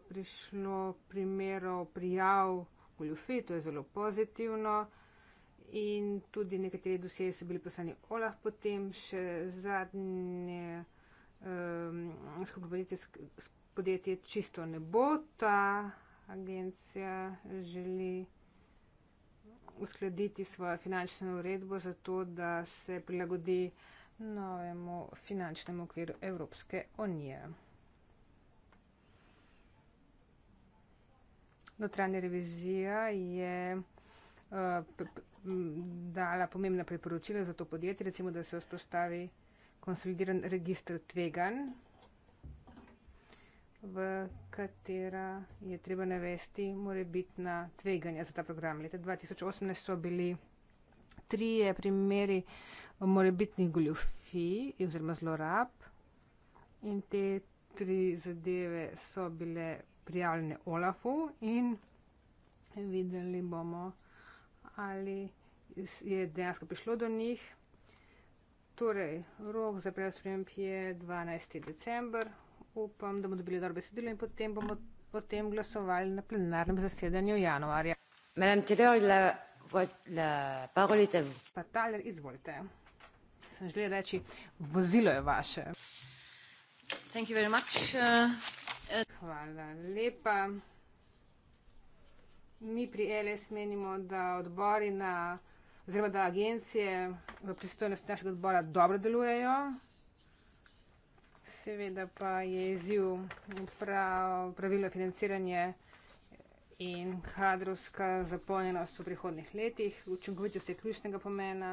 prišlo primerov prijav goljufij, to je zelo pozitivno. In tudi nekateri dosjeji so bili poslani Olah, potem še zadnje um, ehm, skupaj podjetje čisto ne bo, ta agencija želi uskladiti svojo finančno uredbo zato, da se prilagodi novemu finančnemu okviru Evropske unije. Notranja revizija je uh, dala pomembna priporočila za to podjetje, recimo, da se vzpostavi uh, konsolidiran registr tveganj, v katera je treba navesti morebitna tveganja za ta program. Leta 2018 so bili trije primeri morebitnih goljufij oziroma zlorab in te tri zadeve so bile prijavljene Olafu in videli bomo, ali je dejansko prišlo do njih. Torej, rok za prijav sprememb je 12. december. Upam, da bomo dobili dobro besedilo in potem bomo o tem glasovali na plenarnem zasedanju januarja. Madame Tirol, la, la parole est à vous. Pa Taler, izvolite. Sem želela reči, vozilo je vaše. Thank you very much. Uh, uh... Hvala lepa. Mi pri LS menimo, da odbori na oziroma da agencije v pristojnosti našega odbora dobro delujejo. Seveda pa je izziv prav, pravilno financiranje in kadrovska zapolnjenost v prihodnih letih, učinkovitost je ključnega pomena.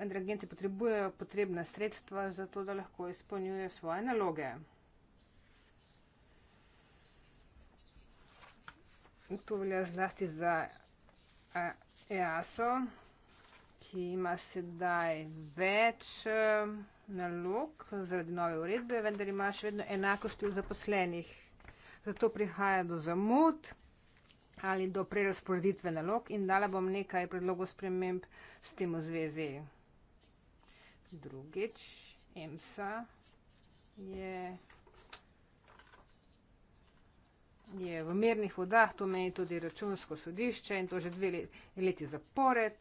Vendar agencije potrebujejo potrebna sredstva za to, da lahko izpolnjujejo svoje naloge. In to velja zlasti za EASO, ki ima sedaj več eh, nalog zaradi nove uredbe, vendar ima še vedno enako število zaposlenih. Zato prihaja do zamud ali do prerasporeditve nalog in dala bom nekaj predlogov sprememb s tem v zvezi. Drugič, EMSA je je v mernih vodah, to meni tudi računsko sodišče in to že dve leti zapored.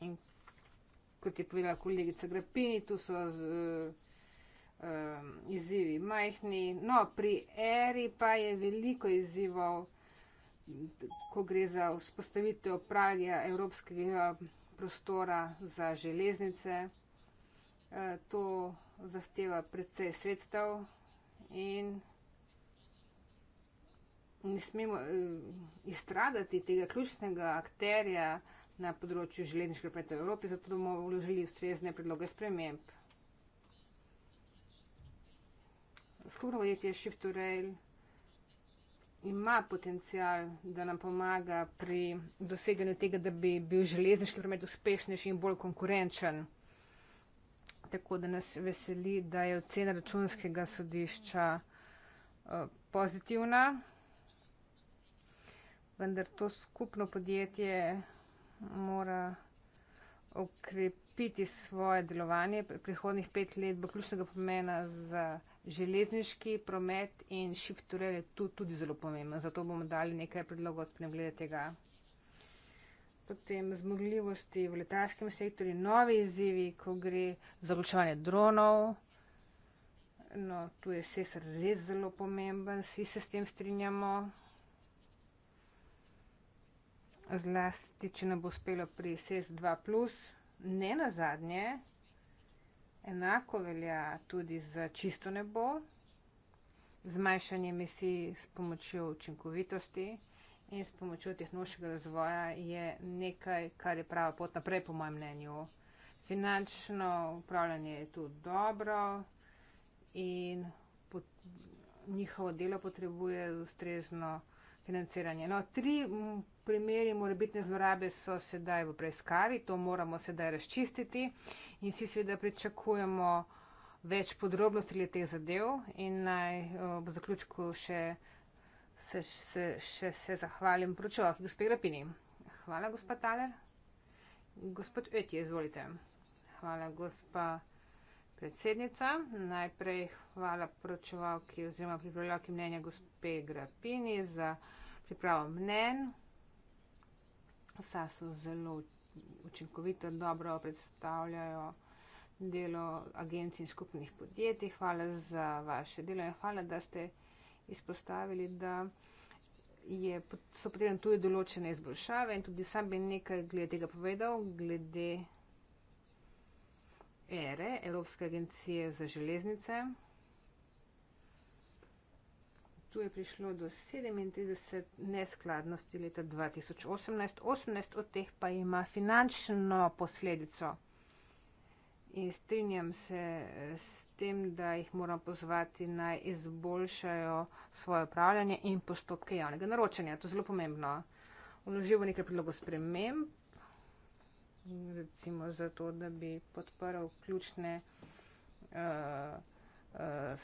In kot je povedala kolegica Grapini, tu so z, um, izzivi majhni. No, pri Eri pa je veliko izzivov, ko gre za vzpostavitev pragja evropskega prostora za železnice. Uh, to zahteva predvsej sredstev, in ne smemo eh, izstradati tega ključnega akterja na področju železniške prete v Evropi, zato bomo vložili ustrezne predloge sprememb. Skupno vodjetje ShiftRail ima potencial, da nam pomaga pri doseganju tega, da bi bil železniški promet uspešnejši in bolj konkurenčen tako da nas veseli, da je ocena računskega sodišča eh, pozitivna. Vendar to skupno podjetje mora okrepiti svoje delovanje. Prihodnih pet let bo ključnega pomena za železniški promet in shift-to-rail je tu tudi zelo pomemben. Zato bomo dali nekaj predlogov spremljanja tega. Potem zmogljivosti v letalskem sektorju, nove izzivi, ko gre za ločevanje dronov. No, tu je sesar res zelo pomemben, vsi se s tem strinjamo. Zlasti, če ne bo uspelo pri SES 2, e ne na zadnje, enako velja tudi za čisto nebo, zmanjšanje emisij s pomočjo učinkovitosti in s pomočjo tehnološkega razvoja je nekaj, kar je prava pot naprej, po mojem mnenju. Finančno upravljanje je tu dobro in pot, njihovo delo potrebuje ustrezno financiranje. No, tri primeri morebitne zlorabe so sedaj v preiskavi, to moramo sedaj razčistiti in si seveda pričakujemo več podrobnosti glede teh zadev in naj ob zaključku še se, se, še se zahvalim poročevalki gospe Grapini. Hvala, gospod Taler. Gospod Eti, izvolite. Hvala, gospa predsednica. Najprej hvala poročevalki oziroma pripravljalki mnenja gospe Grapini za pripravo mnen. Vsa so zelo učinkovito, dobro predstavljajo delo agencij in skupnih podjetij. Hvala za vaše delo in hvala, da ste izpostavili, da je, so potrebne tudi določene izboljšave in tudi sam bi nekaj glede tega povedal, glede ERE, Evropske agencije za železnice. Tu je prišlo do 37 neskladnosti leta 2018, 18 od teh pa ima finančno posledico in strinjam se eh, s tem, da jih moram pozvati naj izboljšajo svoje upravljanje in postopke javnega naročanja. To je zelo pomembno. Vložil bom nekaj predlogov sprememb, recimo zato, da bi podprl ključne eh, eh,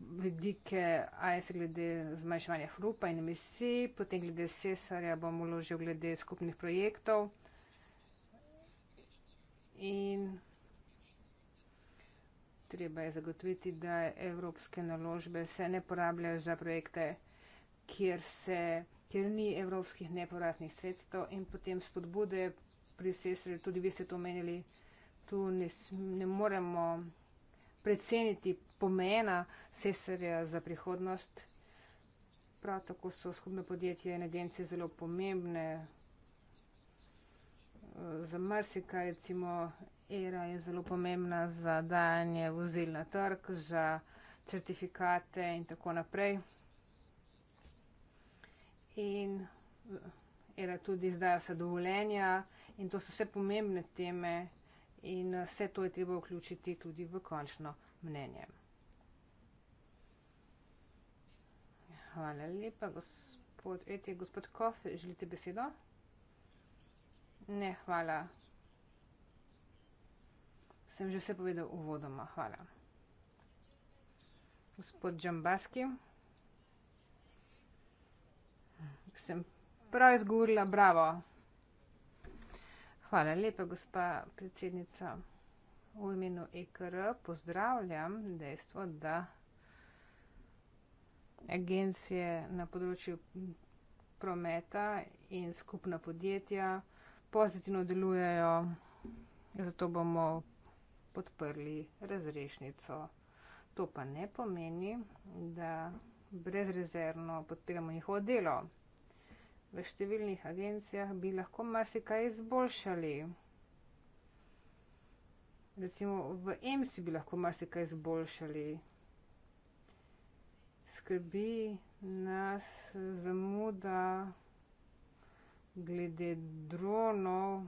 vidike uh, uh, AS glede zmanjševanja hrupa in emisij, potem glede Cesarja bom vložil glede skupnih projektov. In treba je zagotoviti, da evropske naložbe se ne porabljajo za projekte, kjer, se, kjer ni evropskih neporavnih sredstev in potem spodbude pri sestri, tudi vi ste to omenili, tu ne, ne moremo predceniti pomena sestrja za prihodnost. Prav tako so skupne podjetja in agencije zelo pomembne. Za marsikaj, recimo, era je zelo pomembna za dajanje vozil na trg, za certifikate in tako naprej. In era tudi zdaj vse dovoljenja in to so vse pomembne teme in vse to je treba vključiti tudi v končno mnenje. Hvala lepa, gospod Eti, gospod Kof, želite besedo? Ne, hvala sem že vse povedal uvodoma. Hvala. Gospod Džambaski. Sem prav izgovorila, bravo. Hvala lepa, gospa predsednica. V imenu EKR pozdravljam dejstvo, da agencije na področju prometa in skupna podjetja pozitivno delujejo. Zato bomo podprli razrešnico. To pa ne pomeni, da brezrezervno podpiramo njihovo delo. V številnih agencijah bi lahko marsikaj izboljšali. Recimo v EMS-u bi lahko marsikaj izboljšali. Skrbi nas zamuda glede dronov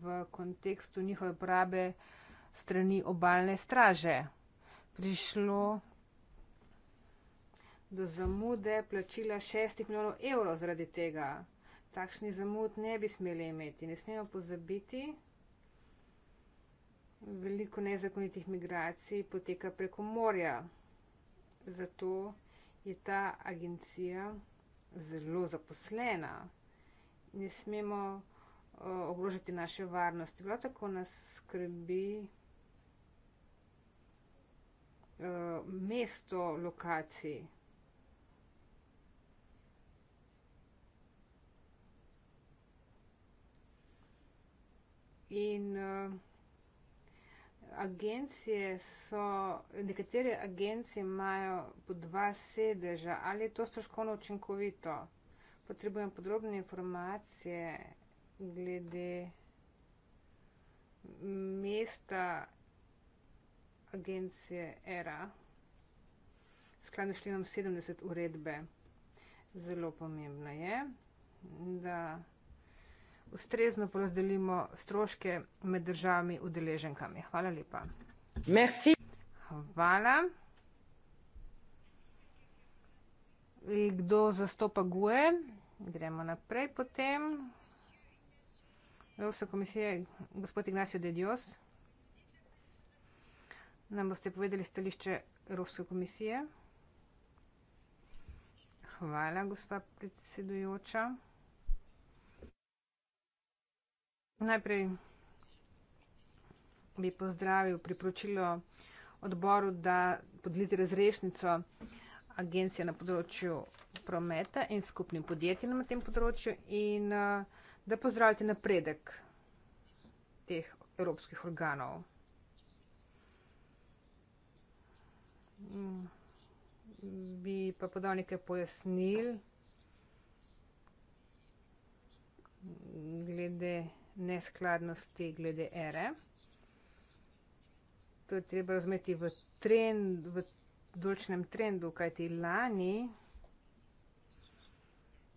v kontekstu njihove uporabe strani obalne straže. Prišlo do zamude plačila 6 milijonov evrov zaradi tega. Takšni zamud ne bi smeli imeti. Ne smemo pozabiti, veliko nezakonitih migracij poteka preko morja. Zato je ta agencija zelo zaposlena. Ne smemo uh, eh, ogrožiti naše varnosti. Prav tako nas skrbi mesto lokacij. In uh, agencije so, nekatere agencije imajo po dva sedeža, ali je to stroškovno učinkovito. Potrebujem podrobne informacije glede mesta agencije ERA, skladno s členom 70 uredbe, zelo pomembna je, da ustrezno porazdelimo stroške med državami udeleženkami. Hvala lepa. Merci. Hvala. In kdo zastopa GUE? Gremo naprej potem. Evropska komisija, gospod Ignacio de Dios. Nam boste povedali stališče Evropske komisije? Hvala, gospa predsedujoča. Najprej bi pozdravil priporočilo odboru, da podelite razrešnico agencije na področju prometa in skupnim podjetjem na tem področju in eh, da pozdravite napredek teh evropskih organov. bi pa podal nekaj pojasnil glede neskladnosti, glede ere. To je treba razumeti v trend, v določenem trendu, kajti lani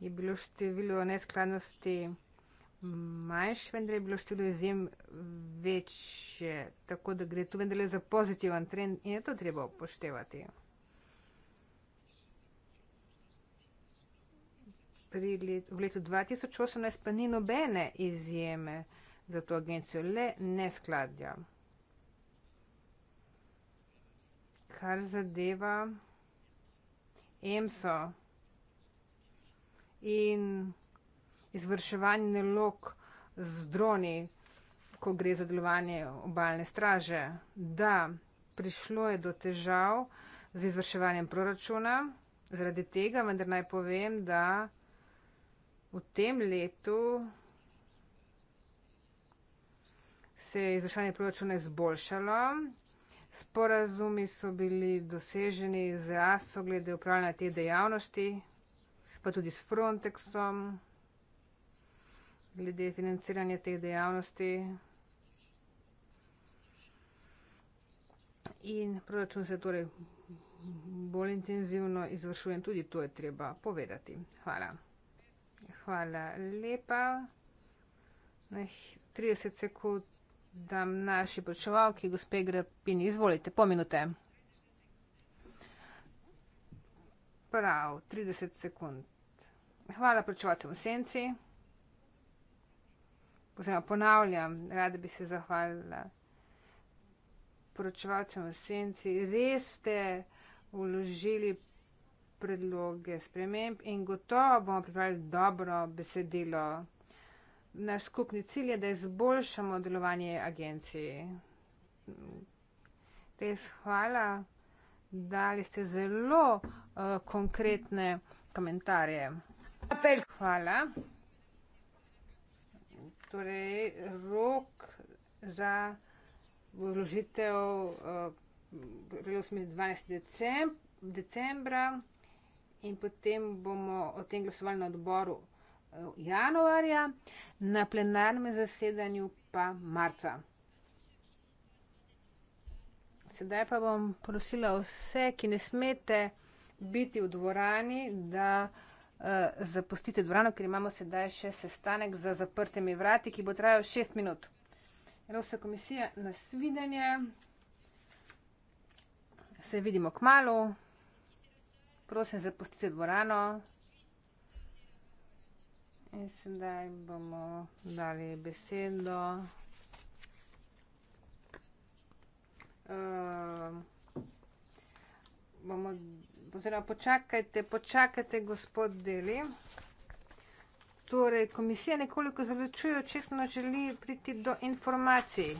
je bilo število neskladnosti manjši, vendar je bilo število izjem večje, tako da gre tu vendarle za pozitiven trend in je to treba upoštevati. Let, v letu 2018 pa ni nobene izjeme za to agencijo, le neskladja. Kar zadeva EMSO in izvrševanje nalog z droni, ko gre za delovanje obaljne straže. Da, prišlo je do težav z izvrševanjem proračuna zaradi tega, vendar naj povem, da v tem letu se je izvrševanje proračuna izboljšalo. Sporazumi so bili doseženi z ASO glede upravljanja te dejavnosti, pa tudi s Frontexom glede financiranja teh dejavnosti in proračun se torej bolj intenzivno izvršuje in tudi to je treba povedati. Hvala. Hvala lepa. 30 sekund dam naši počevalki, gospe Grepini, izvolite, po minute. Prav, 30 sekund. Hvala počevalcem v senci oziroma ponavljam, rada bi se zahvalila poročevalcem v senci, res ste vložili predloge sprememb in gotovo bomo pripravili dobro besedilo. Naš skupni cilj je, da izboljšamo delovanje agenciji. Res hvala, dali ste zelo uh, konkretne komentarje. Apel. Hvala torej rok za vložitev eh, prelosmi 12. Decem, decembra in potem bomo o tem glasovali na odboru eh, januarja, na plenarnem zasedanju pa marca. Sedaj pa bom prosila vse, ki ne smete biti v dvorani, da uh, Eh, zapustite dvorano, ker imamo sedaj še sestanek za zaprtimi vrati, ki bo trajal šest minut. Evropska komisija, nasvidenje. Se vidimo k malu. Prosim, zapustite dvorano. In sedaj bomo dali besedo. Uh, bomo oziroma počakajte, počakajte, gospod Deli. Torej, komisija nekoliko zaločuje, očitno želi priti do informacij.